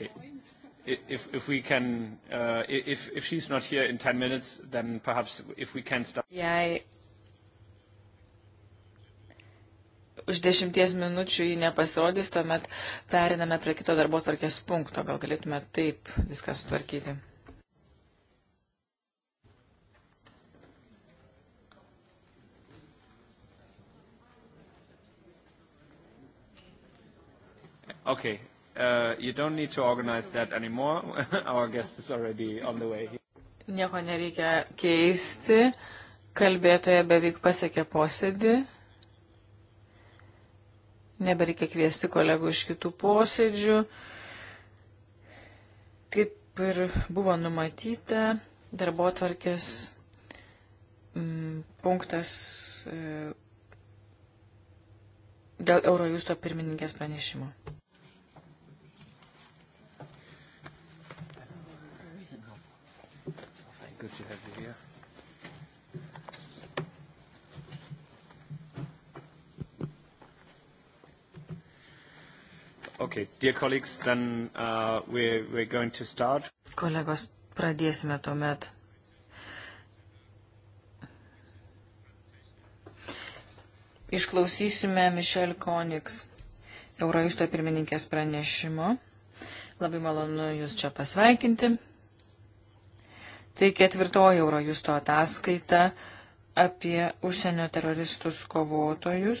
Okay. If, if we can, uh, if, if she's not here in 10 minutes, then perhaps if we can start. Jei už dešimties minučių ji nepasirodys, tuomet periname prie kito darbo tvarkės punkto. Gal galėtume taip viską sutvarkyti. Okay. Uh, you don't need to organize that anymore. Our guest is already on the way. Nieko nereikia keisti. Kalbėtoja beveik pasiekė posėdį. Nebereikia kviesti kolegų iš kitų posėdžių. Kaip ir buvo numatyta, darbo tvarkės m, mm, punktas e, dėl Eurojusto pirmininkės pranešimo. good to have you here. Okay, dear colleagues, then uh, we're, we're going to start. Kolegos, pradėsime tuomet. Išklausysime Michelle Koniks, Eurojusto pirmininkės pranešimo. Labai malonu Jūs čia pasveikinti. Tai ketvirtoji Eurojusto ataskaita apie užsienio teroristus kovotojus.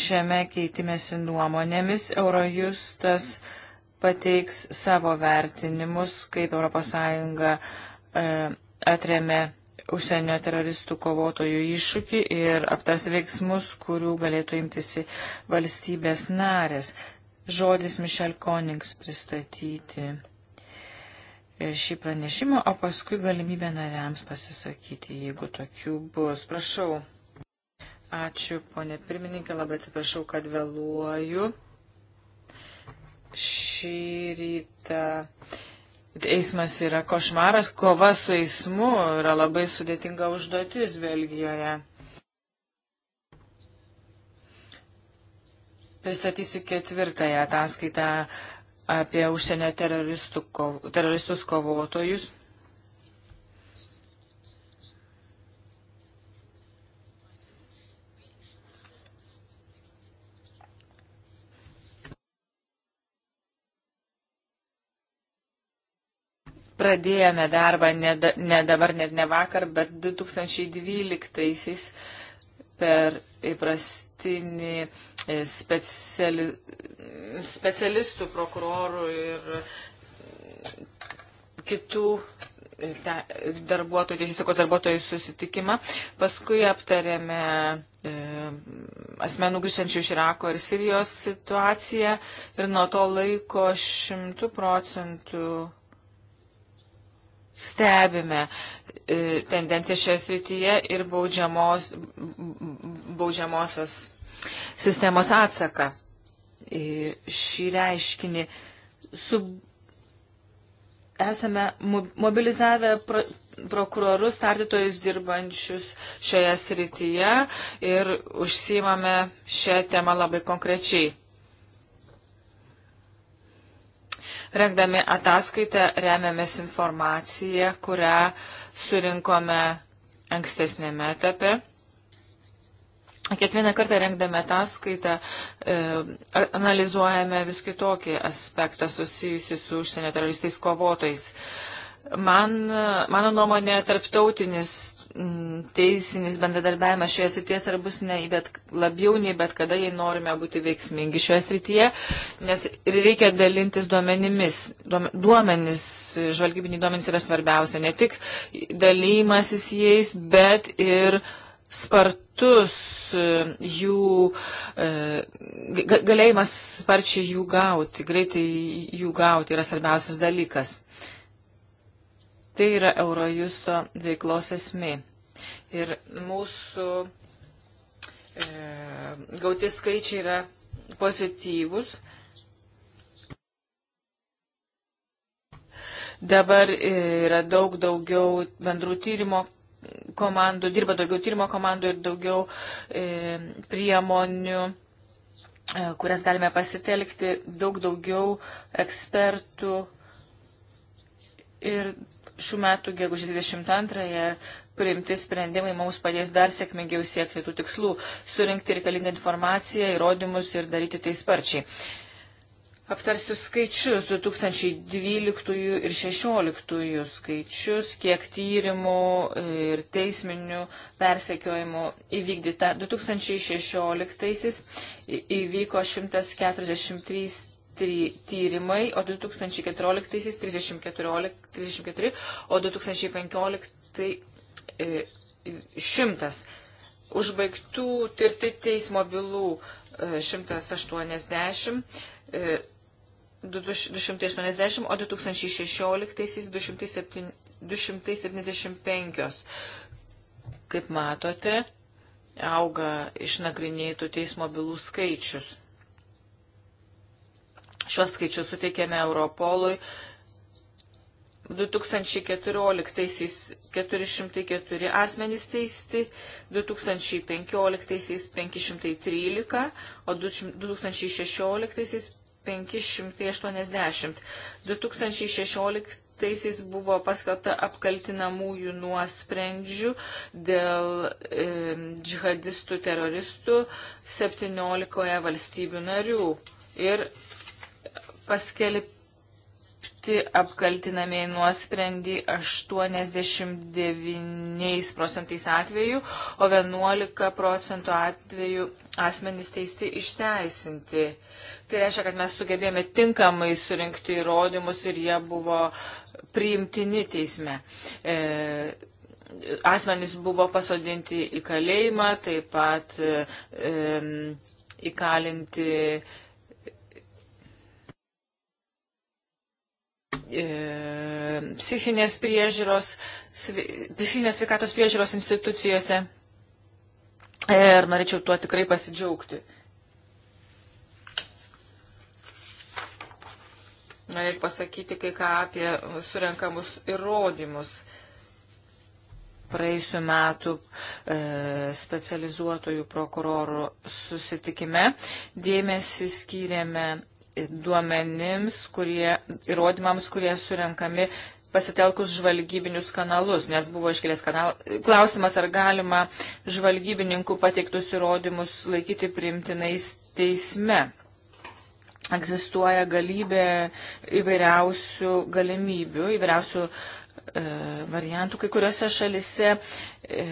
Šiame keitimėsi nuomonėmis Eurojustas pateiks savo vertinimus, kaip ES e, atremė užsienio teroristų kovotojų iššūkį ir aptars veiksmus, kurių galėtų imtisi valstybės narės. Žodis Mišel Konings pristatyti šį pranešimą, o paskui galimybę nariams pasisakyti, jeigu tokių bus. Prašau. Ačiū, ponė pirmininkė, labai atsiprašau, kad vėluoju. Šį rytą eismas yra košmaras, kova su eismu yra labai sudėtinga užduotis Belgijoje. Pristatysiu ketvirtąją ataskaitą apie užsienio kov, teroristus kovotojus. Pradėjome darbą ne, da, ne dabar, net ne vakar, bet 2012 per įprastinį E, speciali, specialistų, prokurorų ir kitų e, darbuotojų, teisėsaugos darbuotojų susitikimą. Paskui aptarėme e, asmenų grįžtančių iš Irako ir Sirijos situaciją ir nuo to laiko šimtų procentų stebime e, tendenciją šioje srityje ir baudžiamos, baudžiamosios sistemos atsaką į šį reiškinį. Su, esame mobilizavę pro, prokurorus, tardytojus dirbančius šioje srityje ir užsimame šią temą labai konkrečiai. Rengdami ataskaitą remiamės informaciją, kurią surinkome ankstesnėme etape Kiekvieną kartą rengdame tą skaitą, e, analizuojame vis kitokį aspektą susijusi su užsienio teroristais kovotojais. Man, mano nuomonė, tarptautinis teisinis bendradarbiavimas šioje srityje svarbus ne bet, labiau nei bet kada, jei norime būti veiksmingi šioje srityje, nes reikia dalintis duomenimis. Duomenis, žvalgybiniai duomenys yra svarbiausia, ne tik dalymasis jais, bet ir uh, spartus e, jų e, galėjimas sparčiai jų gauti, greitai jų gauti yra svarbiausias dalykas. Tai yra Eurojusto veiklos esmė. Ir mūsų e, gauti skaičiai yra pozityvus. Dabar e, yra daug daugiau bendrų tyrimo komandų, dirba daugiau tyrimo komandų ir daugiau e, priemonių e, kurias galime pasitelkti, daug daugiau ekspertų. Ir šių metų gegužės 22-ąją priimti sprendimai mums padės dar sėkmingiau siekti tų tikslų, surinkti reikalingą informaciją, įrodymus ir daryti tai sparčiai. E, Aptarsiu skaičius 2012 ir 2016 skaičius, kiek tyrimų ir teisminių persekiojimų įvykdyta. 2016 įvyko 143 tyrimai, o 2014 34, 34 o 2015 100. E, Užbaigtų tirti teismo bylų 180 e, 280, o 2016 275. Kaip matote, auga išnagrinėtų teismo bylų skaičius. Šios skaičius suteikėme Europolui. 2014 404 asmenys teisti, 2015 513, o 2016 580. 2016 buvo paskelbta apkaltinamųjų nuosprendžių dėl e, džihadistų teroristų 17 valstybių narių ir paskelbti apkaltinamieji nuosprendį 89 procentais atvejų, o 11 procentų atvejų asmenys teisti išteisinti. Tai reiškia, kad mes sugebėjome tinkamai surinkti įrodymus ir jie buvo priimtini teisme. E, asmenys buvo pasodinti į kalėjimą, taip pat e, e įkalinti. E, psichinės priežiūros, psichinės sveikatos priežiūros institucijose. Ir norėčiau tuo tikrai pasidžiaugti. Norėčiau pasakyti kai ką apie surenkamus įrodymus. Praėjusiu metu e, specializuotojų prokurorų susitikime dėmesį skyrėme duomenims, kurie, įrodymams, kurie surenkami pasitelkus žvalgybinius kanalus, nes buvo iškėlęs kanal... klausimas, ar galima žvalgybininkų pateiktus įrodymus laikyti primtinais teisme. Egzistuoja galybė įvairiausių galimybių, įvairiausių e, variantų. Kai kuriuose šalise e,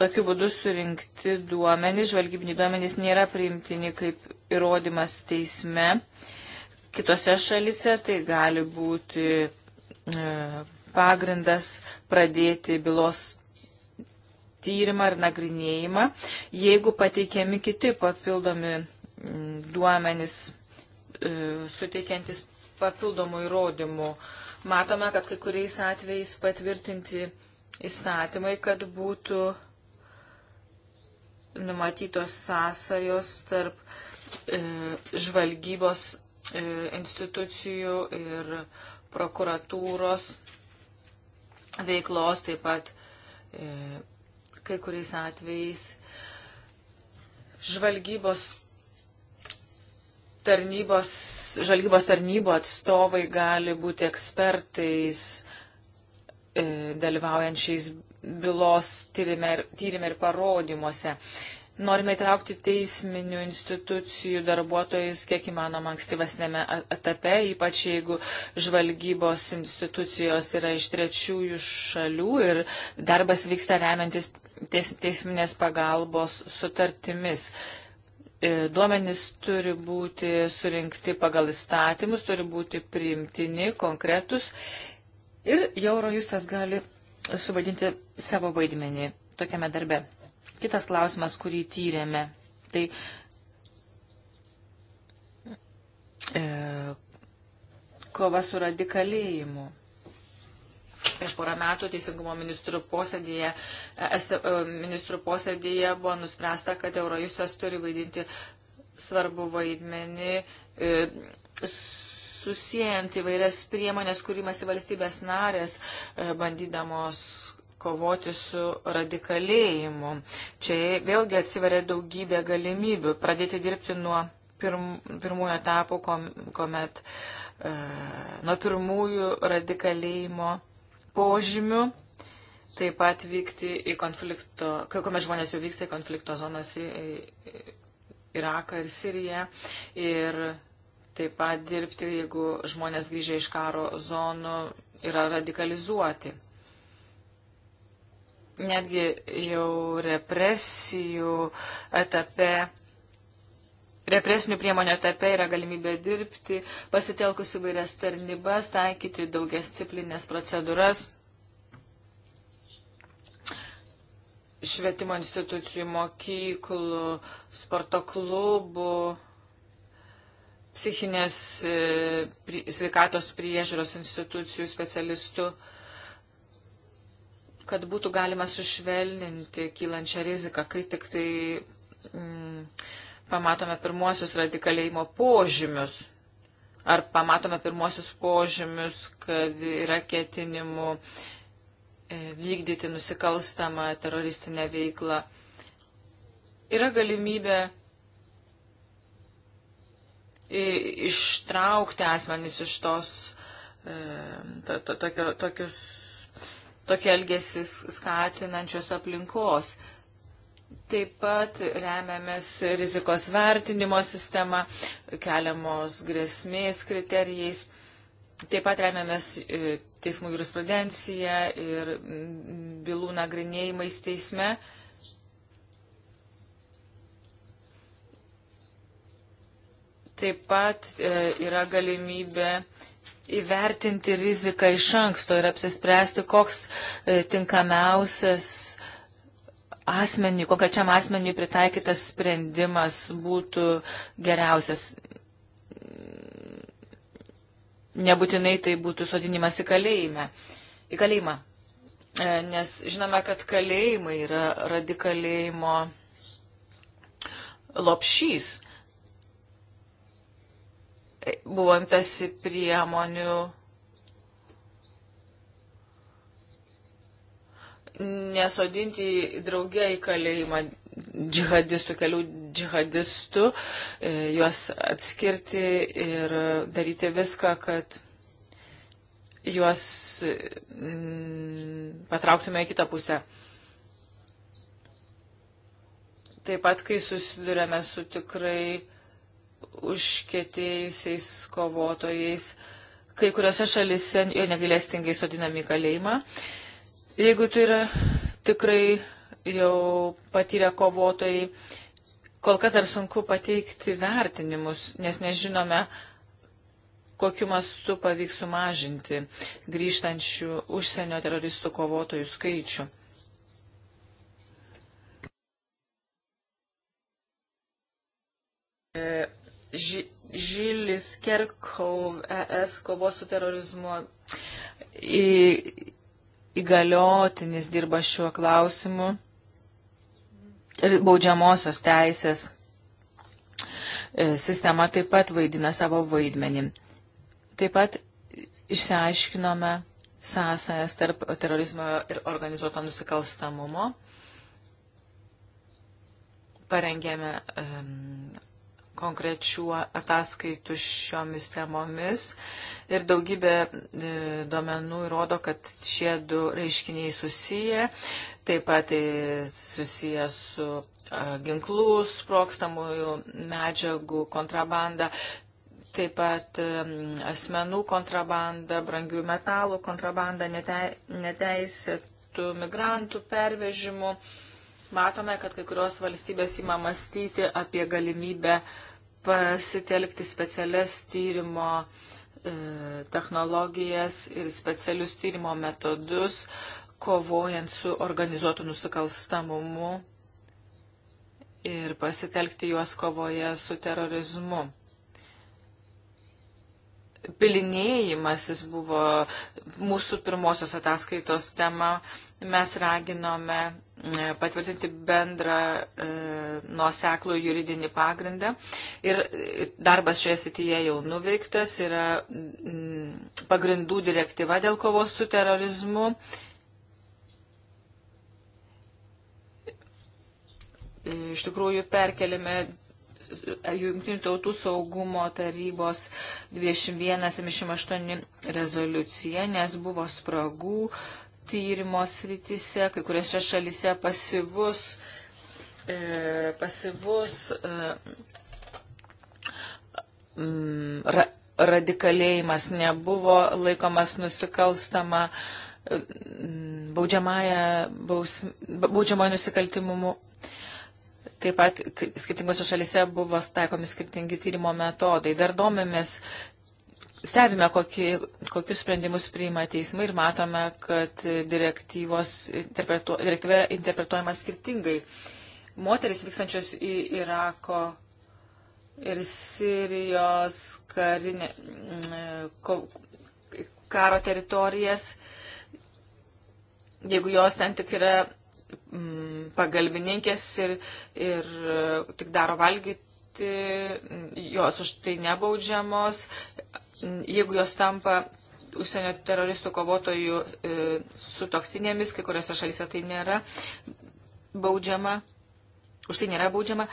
tokiu būdu surinkti duomenys, žvalgybiniai duomenys nėra priimtini kaip įrodymas teisme. Kitose šalise tai gali būti E, pagrindas pradėti bylos tyrimą ir nagrinėjimą, jeigu pateikiami kiti papildomi duomenys e, suteikiantis papildomų įrodymų. Matome, kad kai kuriais atvejais patvirtinti įstatymai, kad būtų numatytos sąsajos tarp e, žvalgybos e, institucijų ir e, prokuratūros veiklos, taip pat e, kai kuriais atvejais žvalgybos tarnybos, žvalgybos tarnybo atstovai gali būti ekspertais e, dalyvaujančiais bylos tyrime ir, tyrime ir parodymuose. Norime įtraukti teisminių institucijų darbuotojus kiek įmanoma ankstyvasnėme etape, ypač jeigu žvalgybos institucijos yra iš trečiųjų šalių ir darbas vyksta remiantis teis, teisminės pagalbos sutartimis. E, duomenys turi būti surinkti pagal įstatymus, turi būti priimtini, konkretus ir Eurojustas gali suvadinti savo vaidmenį tokiame darbe. Kitas klausimas, kurį tyrėme, tai e, kova su radikalėjimu. Prieš porą metų Teisingumo ministrų posėdėje, e, es, e, ministrų posėdėje buvo nuspręsta, kad Eurojustas turi vaidinti svarbu vaidmenį, e, susijęjant įvairias priemonės, kūrimasi valstybės narės, e, bandydamos kovoti su radikalėjimu. Čia vėlgi atsiveria daugybė galimybių pradėti dirbti nuo pirm, pirmųjų etapų, kuomet e, nuo pirmųjų radikalėjimo požymių taip pat vykti į konflikto, kai kuomet žmonės jau vyksta į konflikto zonas į, į Iraką ir Siriją ir taip pat dirbti, jeigu žmonės grįžę iš karo zonų yra radikalizuoti netgi jau represijų etape, represinių priemonių etape yra galimybė dirbti, pasitelkus įvairias tarnybas, taikyti daugias disciplinės procedūras. Švietimo institucijų, mokyklų, sporto klubų, psichinės e, sveikatos priežiūros institucijų specialistų. E, kad būtų galima sušvelninti kylančią riziką, kai tik tai mm, pamatome pirmuosius radikalėjimo požymius. Ar pamatome pirmuosius požymius, kad yra ketinimų e, vykdyti nusikalstamą teroristinę veiklą. Yra galimybė e, ištraukti asmenys iš tos e, to, to, tokio, tokius tokia elgesis skatinančios aplinkos. Taip pat remiamės rizikos vertinimo sistema, keliamos grėsmės kriterijais. Taip pat remiamės e, teismų jurisprudencija ir bylų nagrinėjimais teisme. Taip pat e, yra galimybė įvertinti riziką iš anksto ir apsispręsti, koks e, tinkamiausias asmeniui, kokiam asmeniui pritaikytas sprendimas būtų geriausias. Nebūtinai tai būtų sodinimas į kalėjimą. Į kalėjimą. E, nes žinome, kad kalėjimai yra radikalėjimo lopšys buvo imtasi priemonių nesodinti draugė į kalėjimą džihadistų, kelių džihadistų, e, juos atskirti ir daryti viską, kad juos mm, patrauktume į kitą pusę. Taip pat, kai susidurėme su tikrai užkėtėjusiais kovotojais. Kai kuriuose šalise jo negalėstingai sodinami į kalėjimą. Jeigu tai yra tikrai jau patyrę kovotojai, kol kas dar sunku pateikti vertinimus, nes nežinome, kokiu mastu pavyks sumažinti grįžtančių užsienio teroristų kovotojų skaičių. Ži, Žilis Kerkhov ES kovos su terorizmu į, įgaliotinis dirba šiuo klausimu ir baudžiamosios teisės e, sistema taip pat vaidina savo vaidmenį. Taip pat išsiaiškinome sąsajas tarp terorizmo ir organizuoto nusikalstamumo. Parengėme um, konkrečių ataskaitų šiomis temomis ir daugybė e, duomenų įrodo, kad šie du reiškiniai susiję, taip pat e, susiję su e, ginklų sprokstamųjų medžiagų kontrabanda, taip pat asmenų kontrabanda, brangių metalų kontrabanda, neteisėtų migrantų pervežimų matome, kad kai kurios valstybės ima mąstyti apie galimybę pasitelkti specialias tyrimo e, technologijas ir specialius tyrimo metodus, kovojant su organizuotu nusikalstamumu ir pasitelkti juos kovoje su terorizmu. Pilinėjimasis buvo mūsų pirmosios ataskaitos tema mes raginome e, patvirtinti bendrą e, nuoseklų juridinį pagrindą. Ir e, darbas šioje srityje jau nuveiktas, yra m, pagrindų direktyva dėl kovos su terorizmu. E, iš tikrųjų, perkelime Junktinių tautų saugumo tarybos 2178 rezoliuciją, nes buvo spragų, e, tyrimo srityse, kai kuriuose šalise pasyvus, e, pasyvus e, mm, ra, radikalėjimas nebuvo laikomas nusikalstama e, mm, baudžiamojo nusikaltimumu. Taip pat skirtingose šalise buvo taikomi skirtingi tyrimo metodai. Dar domėmės Stebime, kokie, kokius sprendimus priima teismai ir matome, kad direktyvos interpretuo, direktyva interpretuojama skirtingai. Moteris vykstančios į Irako ir Sirijos karinė, mm, karo teritorijas, jeigu jos ten tik yra mm, pagalbininkės ir, ir e, tik daro valgyti jos už tai nebaudžiamos, jeigu jos tampa užsienio teroristų kovotojų e, sutoktinėmis, kai kuriuose šalyse tai nėra baudžiama, už tai nėra baudžiama.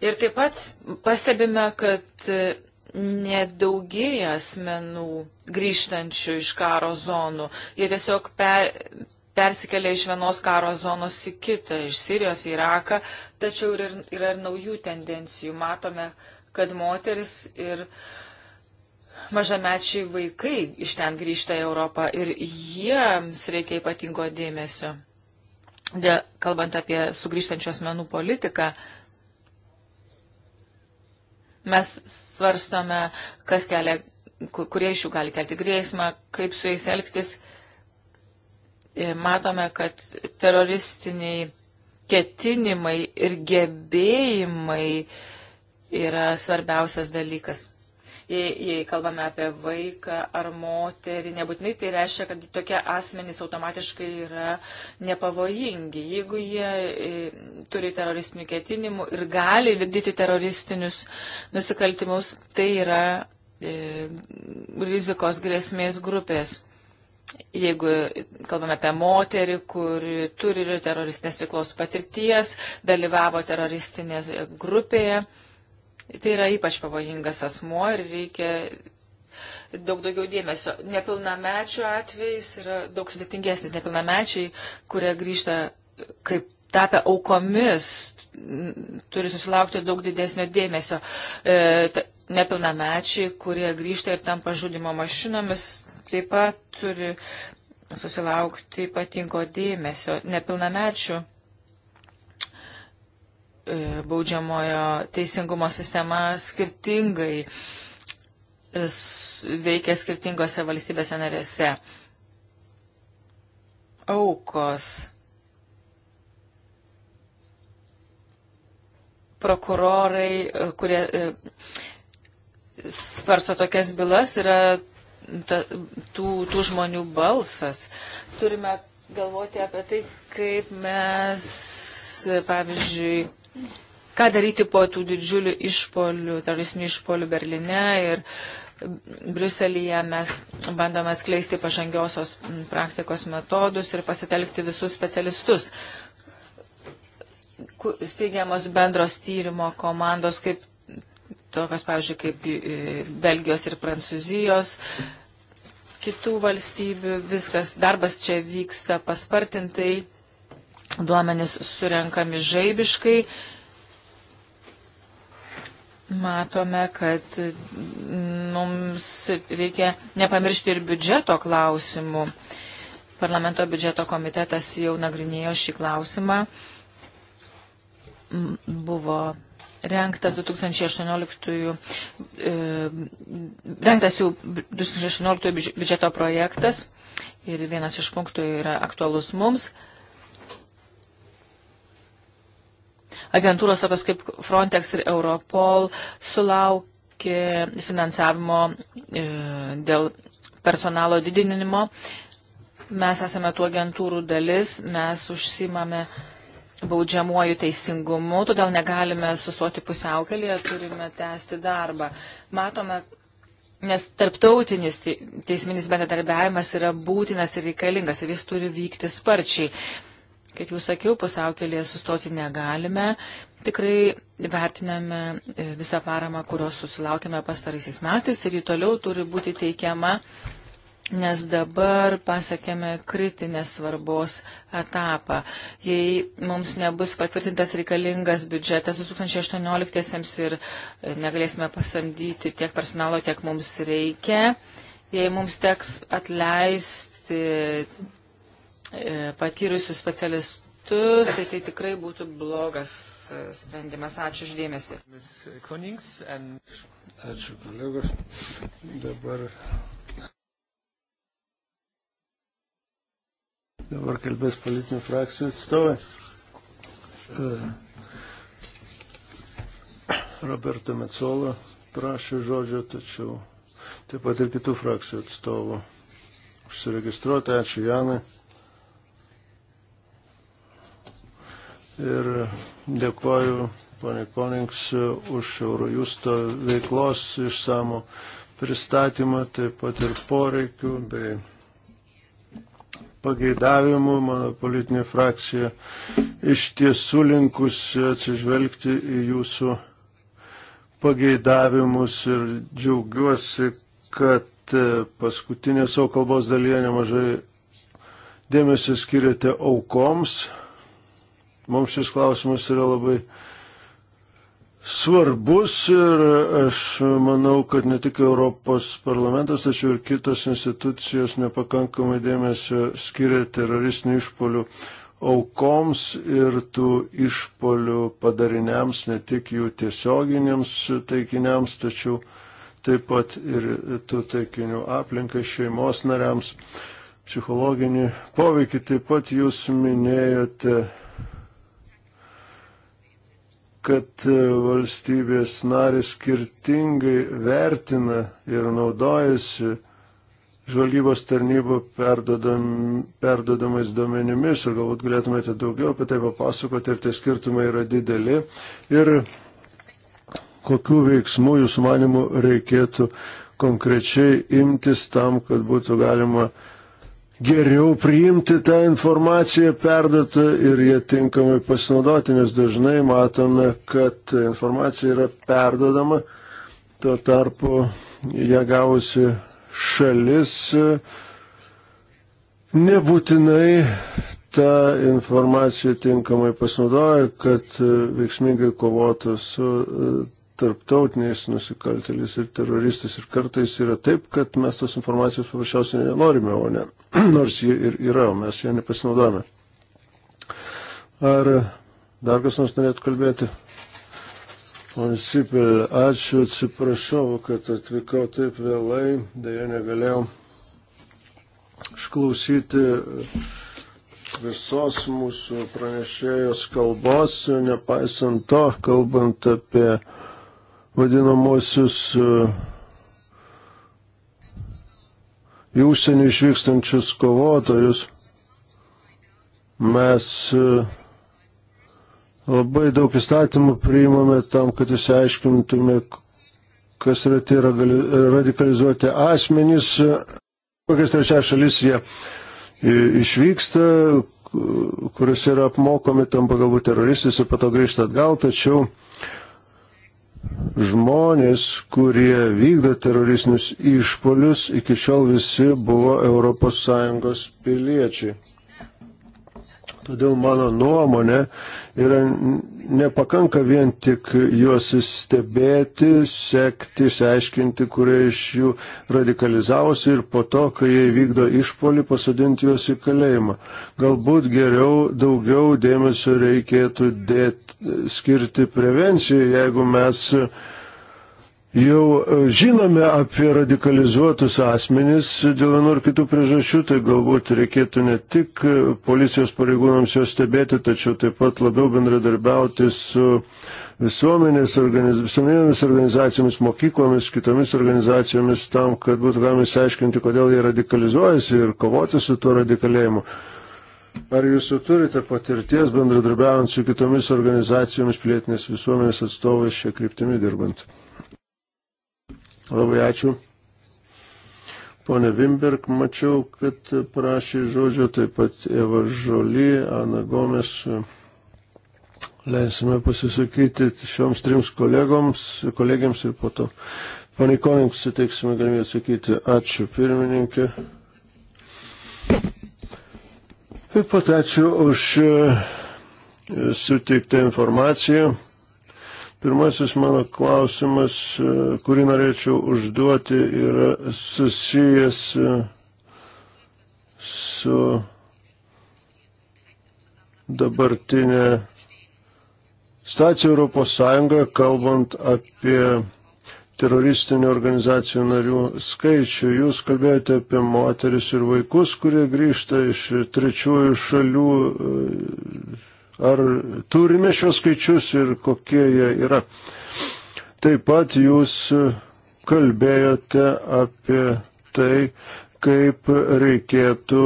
Ir taip pat pastebime, kad nedaugėja asmenų grįžtančių iš karo zonų. Jie tiesiog per, persikelia iš vienos karo zonos į kitą, iš Sirijos į Iraką, tačiau yra, yra ir naujų tendencijų. Matome, kad moteris ir mažamečiai vaikai iš ten grįžta į Europą ir jiems reikia ypatingo dėmesio. Dėl, kalbant apie sugrįžtančios menų politiką, mes svarstome, kas kelia, kurie iš jų gali kelti grėsmę, kaip su jais elgtis E, matome, kad teroristiniai ketinimai ir gebėjimai yra svarbiausias dalykas. Jei, jei kalbame apie vaiką ar moterį, nebūtinai tai reiškia, kad tokie asmenys automatiškai yra nepavojingi. Jeigu jie e, turi teroristinių ketinimų ir gali vykdyti teroristinius nusikaltimus, tai yra e, rizikos grėsmės grupės. Jeigu kalbame apie moterį, kuri turi teroristinės veiklos patirties, dalyvavo teroristinės grupėje, tai yra ypač pavojingas asmuo ir reikia daug daugiau dėmesio. Nepilnamečių atvejais yra daug sudėtingesnis. Nepilnamečiai, kurie grįžta kaip tapę aukomis, turi susilaukti daug didesnio dėmesio. E, nepilnamečiai, kurie grįžta ir tampa žudimo mašinomis, taip pat turi susilaukti ypatingo dėmesio. Nepilnamečių e, baudžiamojo teisingumo sistema skirtingai e, veikia skirtingose valstybėse narėse. Aukos. Prokurorai, e, kurie sparso tokias bylas, yra ta, tų, tų žmonių balsas. Turime galvoti apie tai, kaip mes, pavyzdžiui, ką daryti po tų didžiulių išpolių, teroristinių išpolių Berline ir Briuselyje mes bandome skleisti pažangiosios praktikos metodus ir pasitelkti visus specialistus. Steigiamos bendros tyrimo komandos, kaip tokios, pavyzdžiui, kaip e, Belgijos ir Prancūzijos, kitų valstybių, viskas, darbas čia vyksta paspartintai, duomenys surenkami žaibiškai. Matome, kad mm, mums reikia nepamiršti ir biudžeto klausimų. Parlamento biudžeto komitetas jau nagrinėjo šį klausimą. Buvo renktas 2018, e, renktas jau 2018 biudžeto projektas ir vienas iš punktų yra aktualus mums. Agentūros tokios kaip Frontex ir Europol sulaukė finansavimo e, dėl personalo didinimo. Mes esame tų agentūrų dalis, mes užsimame e, baudžiamuoju teisingumu, todėl negalime sustoti pusiaukelėje, turime tęsti darbą. Matome, nes tarptautinis teisminis bendradarbiavimas yra būtinas ir reikalingas ir jis turi vykti sparčiai. Kaip jau sakiau, pusiaukelėje sustoti negalime. Tikrai vertiname e, visą paramą, kurios susilaukime pastaraisiais metais ir ji toliau turi būti teikiama nes dabar pasakėme kritinės svarbos etapą. Jei mums nebus patvirtintas reikalingas biudžetas 2018 ir e, negalėsime pasamdyti tiek personalo, kiek mums reikia, jei mums teks atleisti e, patyrusius specialistus, metus, tai tai tikrai būtų blogas e, sprendimas. Ačiū uždėmesi. Ačiū kolegos. Dabar Dabar kalbės politinių frakcijų atstovai. E, Roberto Metzola prašė žodžio, tačiau taip pat ir kitų frakcijų atstovų užsiregistruoti. Ačiū Janai. Ir dėkoju ponė Konings už Eurojusto veiklos išsamų pristatymą, taip pat ir poreikių bei pageidavimų mano politinė frakcija iš tiesų linkusi atsižvelgti į jūsų pageidavimus ir džiaugiuosi, kad e, paskutinė savo kalbos dalyje nemažai dėmesio skiriate aukoms. Mums šis klausimas yra labai svarbus ir aš manau, kad ne tik Europos parlamentas, tačiau ir kitos institucijos nepakankamai dėmesio skiria teroristinių išpolių aukoms ir tų išpolių padariniams, ne tik jų tiesioginiams taikiniams, tačiau taip pat ir tų taikinių aplinkai šeimos nariams. Psichologinį poveikį taip pat jūs minėjote kad e, valstybės narės skirtingai vertina ir naudojasi žvalgybos tarnybų perdodam, perdodamais duomenimis ir galbūt galėtumėte daugiau apie tai papasakoti, ar tie skirtumai yra dideli ir kokių veiksmų jūsų manimų reikėtų konkrečiai imtis tam, kad būtų galima uh, geriau priimti tą informaciją perduotą ir jie tinkamai pasinaudoti, nes dažnai matome, kad informacija yra perdodama, tuo tarpu ją gavusi šalis nebūtinai tą informaciją tinkamai pasinaudoja, kad veiksmingai kovotų su tarptautiniais nusikaltėliais ir teroristais. Ir kartais yra taip, kad mes tos informacijos paprasčiausiai nenorime, o ne, nors ji ir yra, o mes ją nepasinaudojame. Ar dar kas nors norėtų kalbėti? Man Sipel, ačiū, atsiprašau, kad atvykau taip vėlai, dėja negalėjau išklausyti visos mūsų pranešėjos kalbos, nepaisant to, kalbant apie uh, vadinamosius e, į užsienį išvykstančius kovotojus. Mes e, labai daug įstatymų priimame tam, kad įsiaiškintume, kas yra tie radikalizuoti asmenys, e, kokias trečia šalis jie išvyksta, kuris yra apmokomi, tampa galbūt teroristais ir pato grįžta atgal, tačiau žmonės, kurie vykdo teroristinius išpolius, iki šiol visi buvo ES piliečiai. Todėl mano nuomonė yra nepakanka vien tik juos stebėti, sekti, išsiaiškinti, kurie iš jų radikalizavosi ir po to, kai jie vykdo išpolį, pasodinti juos į kalėjimą. Galbūt geriau daugiau dėmesio reikėtų dėt, skirti prevencijai, jeigu mes uh, jau e, žinome apie radikalizuotus asmenis dėl vienų ar kitų priežasčių, tai galbūt reikėtų ne tik e, policijos pareigūnams juos stebėti, tačiau taip pat labiau bendradarbiauti su visuomenės, organiz... visuomenėmis organizacijomis, mokyklomis, kitomis organizacijomis tam, kad būtų galima įsiaiškinti, kodėl jie radikalizuojasi ir kovoti su tuo radikalėjimu. Ar jūs turite patirties bendradarbiaujant su kitomis organizacijomis, pilietinės visuomenės atstovais šią kryptimį dirbant? Labai ačiū. Pone Vimberg, mačiau, kad prašė žodžio taip pat Eva Žoly, Ana Gomes. Leisime pasisakyti šioms trims kolegoms, kolegiams ir po to. Pane Konings, suteiksime galimybę atsakyti. Ačiū pirmininkė. Taip pat ačiū už e, suteiktą informaciją. Pirmasis mano klausimas, e, kurį norėčiau užduoti, yra susijęs e, su dabartinė situacija Europos Sąjungoje, kalbant apie teroristinių organizacijų narių skaičių. Jūs kalbėjote apie moteris ir vaikus, kurie grįžta iš trečiųjų šalių e, Ar turime šios skaičius ir kokie jie yra? Taip pat jūs kalbėjote apie tai, kaip reikėtų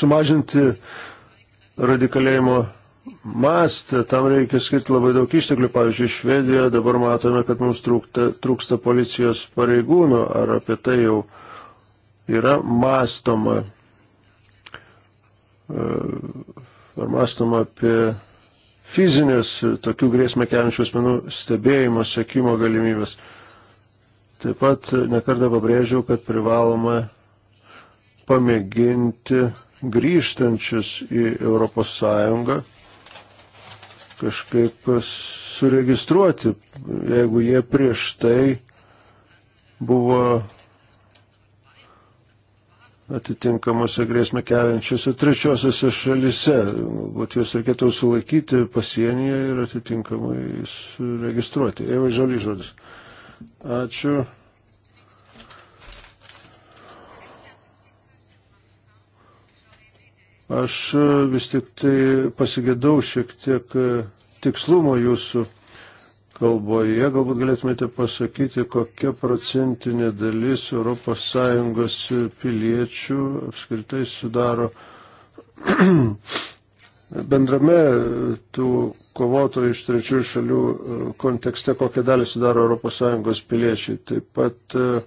sumažinti radikalėjimo mastą, tam reikia skirti labai daug išteklių. Pavyzdžiui, Švedijoje dabar matome, kad mums trūksta, trūksta policijos pareigūnų, ar apie tai jau yra mastoma. E, ar mąstoma apie fizinės e, tokių grėsmę keliančių asmenų stebėjimo, sekimo galimybės. Taip pat e, nekartą pabrėžiau, kad privaloma pamėginti grįžtančius į Europos Sąjungą kažkaip suregistruoti, jeigu jie prieš tai buvo atitinkamuose grėsmę keliančiose trečiosiose šalise. Galbūt juos reikėtų sulaikyti pasienyje ir atitinkamai registruoti. Eva Žalį žodis. Ačiū. Aš vis tik tai pasigėdau šiek tiek tikslumo jūsų kalboje. Galbūt galėtumėte pasakyti, kokia procentinė dalis ES piliečių apskritai sudaro bendrame tų kovotojų iš trečiųjų šalių e, kontekste, kokią dalį sudaro ES piliečiai. Taip pat e,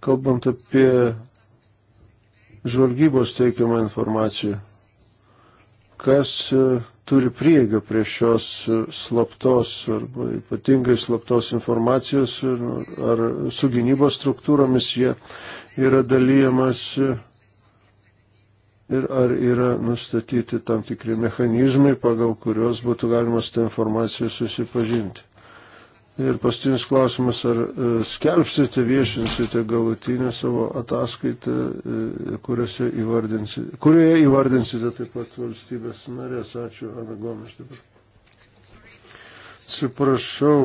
kalbant apie žvalgybos teikiamą informaciją kas e, turi prieigą prie šios e, slaptos arba ypatingai slaptos informacijos ar su gynybos struktūromis jie yra dalyjamas ir ar yra nustatyti tam tikri mechanizmai, pagal kuriuos būtų galima su tą informaciją susipažinti. Ir pastinis klausimas, ar e, skelbsite, viešinsite galutinę savo ataskaitą, e, įvardinsite, kurioje įvardinsite taip pat valstybės narės. Ačiū, Ana Gomes. Atsiprašau,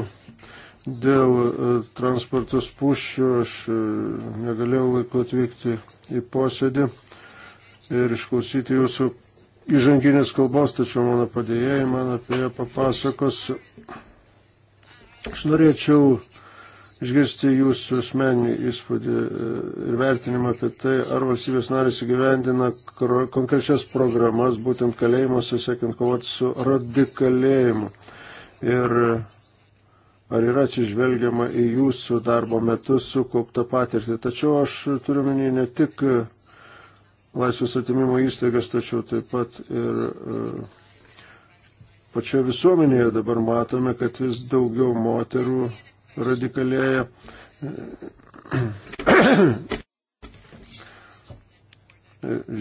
dėl e, transporto spūščių aš negalėjau laiko atvykti į posėdį ir išklausyti jūsų įžanginės kalbos, tačiau mano padėjėjai man apie ją papasakos. Aš norėčiau išgirsti jūsų asmenį įspūdį e, ir vertinimą apie tai, ar valstybės narės įgyvendina konkrečias programas, būtent kalėjimuose, siekiant kovoti su radikalėjimu. Ir e, ar yra atsižvelgiama į jūsų darbo metus sukauptą patirtį. Tačiau aš turiu minį ne tik e, laisvės atimimo įstaigas, tačiau taip pat ir. Uh, pačioje visuomenėje dabar matome, kad vis daugiau moterų radikalėja.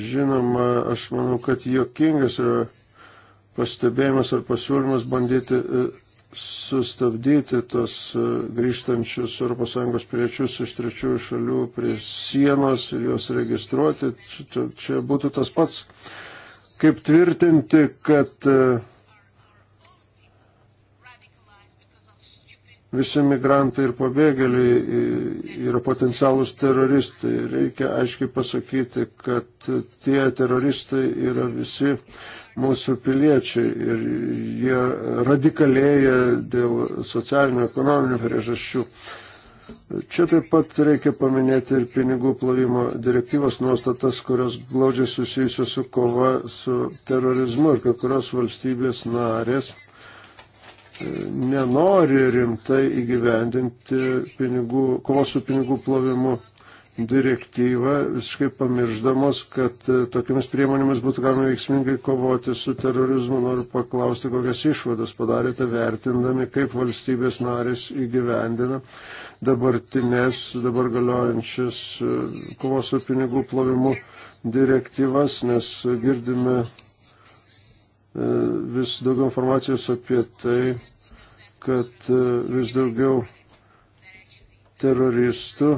Žinoma, aš manau, kad jokingas yra pastebėjimas ar pasiūlymas bandyti e, sustabdyti tos e, grįžtančius ES piliečius iš trečiųjų šalių prie sienos ir juos registruoti. Čia, čia būtų tas pats, kaip tvirtinti, kad uh, visi migrantai ir pabėgėliai yra potencialūs teroristai. Reikia aiškiai pasakyti, kad tie teroristai yra visi mūsų piliečiai ir jie radikalėja dėl socialinių, ekonominių priežasčių. Čia taip pat reikia paminėti ir pinigų plovimo direktyvos nuostatas, kurios glaudžiai susijusios su kova su terorizmu ir kai kurios valstybės narės nenori rimtai įgyvendinti pinigų, kovos su pinigų plovimu direktyvą, visiškai pamirždamos, kad e, tokiamis priemonėmis būtų galima veiksmingai kovoti su terorizmu. Noriu paklausti, kokias išvadas padarėte vertindami, kaip valstybės narės įgyvendina dabartinės, dabar galiojančias e, kovos su pinigų plovimu direktyvas, nes girdime E, vis daugiau informacijos apie tai, kad e, vis daugiau teroristų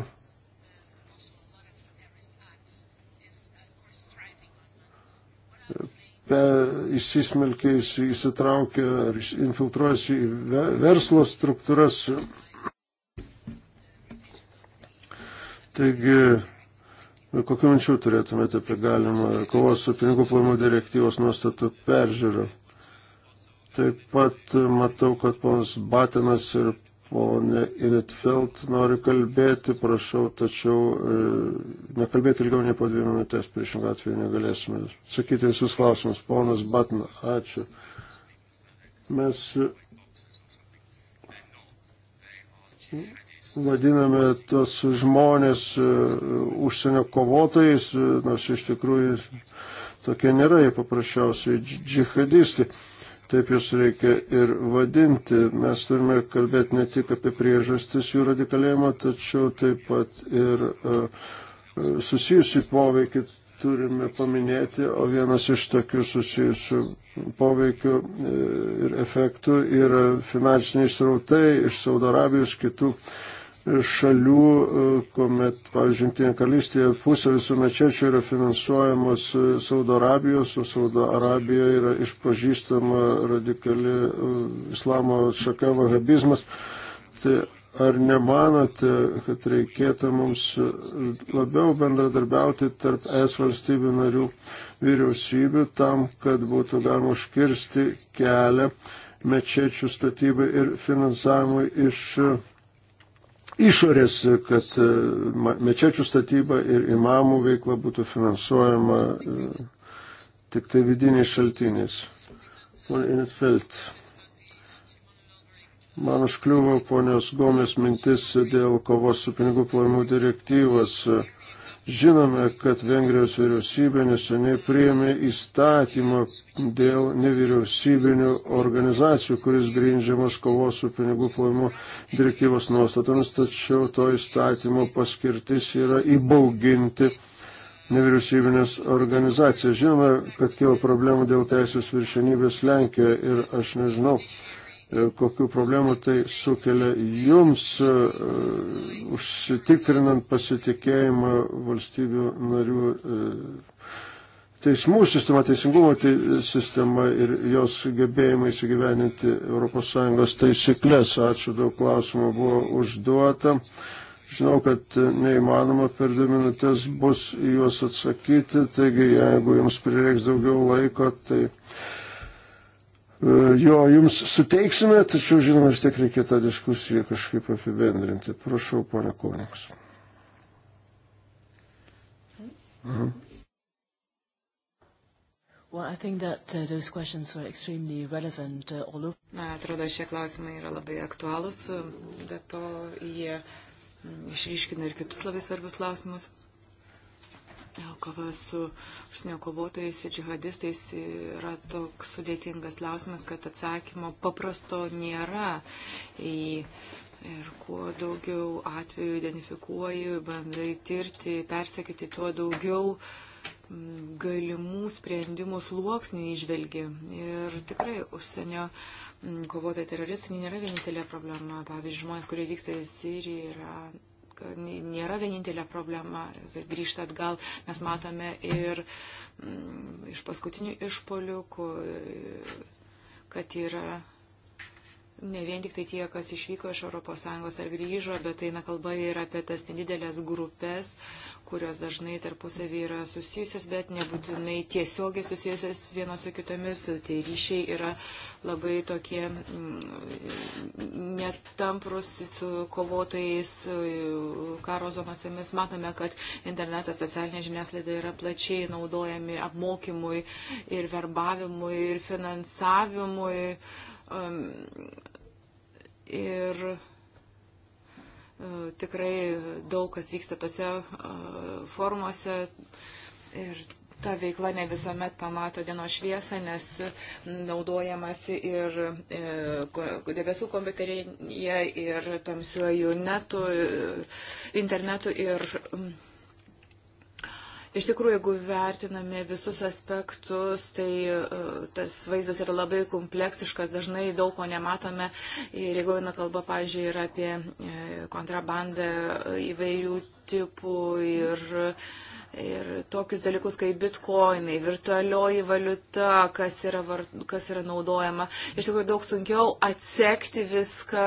pe, įsismelkia, įsitraukia ar infiltruojasi į verslo struktūras. Taigi Kokiu minčiu turėtumėte apie galimą kovos su pinigų plovimo direktyvos nuostatų peržiūrą? Taip pat matau, kad ponas Batinas ir ponė Inetfeld nori kalbėti, prašau, tačiau e, nekalbėti ilgiau nei po dvi minutės, priešingą atveju negalėsime sakyti visus klausimus. Ponas Batina, ačiū. Mes vadiname tos žmonės e, užsienio kovotojais, e, nors iš tikrųjų tokie nėra, jie paprasčiausiai džihadistai. Taip jūs reikia ir vadinti. Mes turime kalbėti ne tik apie priežastis jų radikalėjimo, tačiau taip pat ir e, susijusi poveikį turime paminėti, o vienas iš tokių susijusių poveikių ir efektų yra finansiniai srautai iš Saudarabijos kitų šalių, e, kuomet, pavyzdžiui, Junktinė karalystė pusė visų mečečių yra finansuojamos e, Saudo Arabijos, o Saudo Arabija yra išpažįstama radikali e, islamo šaka vahabizmas. Tai ar nemanote, kad reikėtų mums labiau bendradarbiauti tarp es valstybių narių vyriausybių tam, kad būtų galima užkirsti kelią mečečių statybai ir finansavimui iš išorės, kad e, mečečių statyba ir imamų veikla būtų finansuojama e, tik tai vidiniais šaltiniais. Inetfeld. Man užkliuvo ponios Gomis mintis dėl kovos su pinigų plovimu direktyvos. E, Žinome, kad Vengrijos vyriausybė neseniai priėmė įstatymą dėl nevyriausybinių organizacijų, kuris grindžiamas kovos su pinigų plovimu direktyvos nuostatomis, tačiau to įstatymo paskirtis yra įbauginti nevyriausybinės organizacijas. Žinome, kad kilo problemų dėl teisės viršenybės Lenkijoje ir aš nežinau, E, kokių problemų tai sukelia jums, e, užsitikrinant pasitikėjimą valstybių narių e, teismų sistema, teisingumo te, sistema ir jos gebėjimai įsigyveninti ES taisyklės. Ačiū, daug klausimų buvo užduota. Žinau, kad neįmanoma per dvi minutės bus juos atsakyti, taigi jeigu jums prireiks daugiau laiko, tai E, jo jums suteiksime, tačiau žinoma, vis tiek reikia tą diskusiją kažkaip apibendrinti. Prašau, pana Koniks. Mhm. Uh, uh, Man atrodo, šie klausimai yra labai aktualūs, bet to jie mm, išryškina ir kitus labai svarbius klausimus. Kova su užsienio kovotojais ir džihadistais yra toks sudėtingas klausimas, kad atsakymo paprasto nėra. Į, ir kuo daugiau atvejų identifikuoji, bandai tirti, persekyti, tuo daugiau galimų sprendimų sluoksnių išvelgi. Ir tikrai užsienio kovotojai teroristai nėra vienintelė problema. Pavyzdžiui, žmonės, kurie vyksta į Siriją, yra nėra vienintelė problema. Ir grįžta atgal mes matome ir m, mm, iš paskutinių išpolių, kad yra ne vien tik tai tie, kas išvyko iš ES ar grįžo, bet eina tai, kalba ir apie tas nedidelės grupės, kurios dažnai tarpusavį yra susijusios, bet nebūtinai tiesiogiai susijusios vienos su kitomis. Tai ryšiai yra labai tokie mm, netamprus su kovotojais karo zonose. Mes matome, kad internetas, socialinė žiniaslaida yra plačiai naudojami apmokymui ir verbavimui ir finansavimui. Um, ir E, tikrai daug kas vyksta tose e, formuose ir ta veikla ne visuomet pamato dienos šviesą, nes naudojamasi ir e, debesų kompiuterėje, ir tamsiuoju netu, internetu. Ir Iš tikrųjų, jeigu vertiname visus aspektus, tai e, tas vaizdas yra labai kompleksiškas, dažnai daug ko nematome. Ir jeigu eina kalba, pavyzdžiui, yra apie e, kontrabandą įvairių tipų ir uh, Ir tokius dalykus kaip bitkoinai, virtualioji valiuta, kas yra, var, kas yra naudojama. Iš tikrųjų daug sunkiau atsekti viską,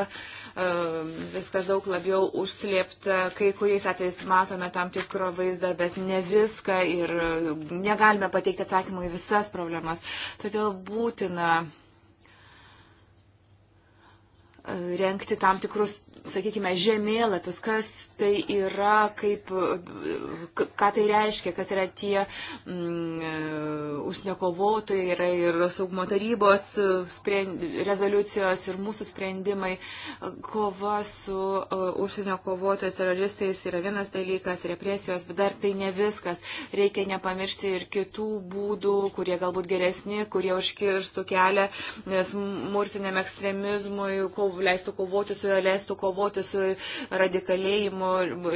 um, viskas daug labiau užslėpta. Kai kuriais atvejais matome tam tikrą vaizdą, bet ne viską ir negalime pateikti atsakymų į visas problemas. Todėl būtina uh, renkti tam tikrus sakykime, žemėlapius, kas tai yra, kaip, ką tai reiškia, kas yra tie mm, e, užsnekovotojai, yra ir saugumo tarybos e, sprend, rezoliucijos ir mūsų sprendimai. Kova su uh, užsienio kovotojais teroristais yra vienas dalykas, represijos, bet dar tai ne viskas. Reikia nepamiršti ir kitų būdų, kurie galbūt geresni, kurie užkirstų kelią smurtiniam ekstremizmui, kov, leistų kovoti su juo, leistų kovoti kovoti su radikalėjimu,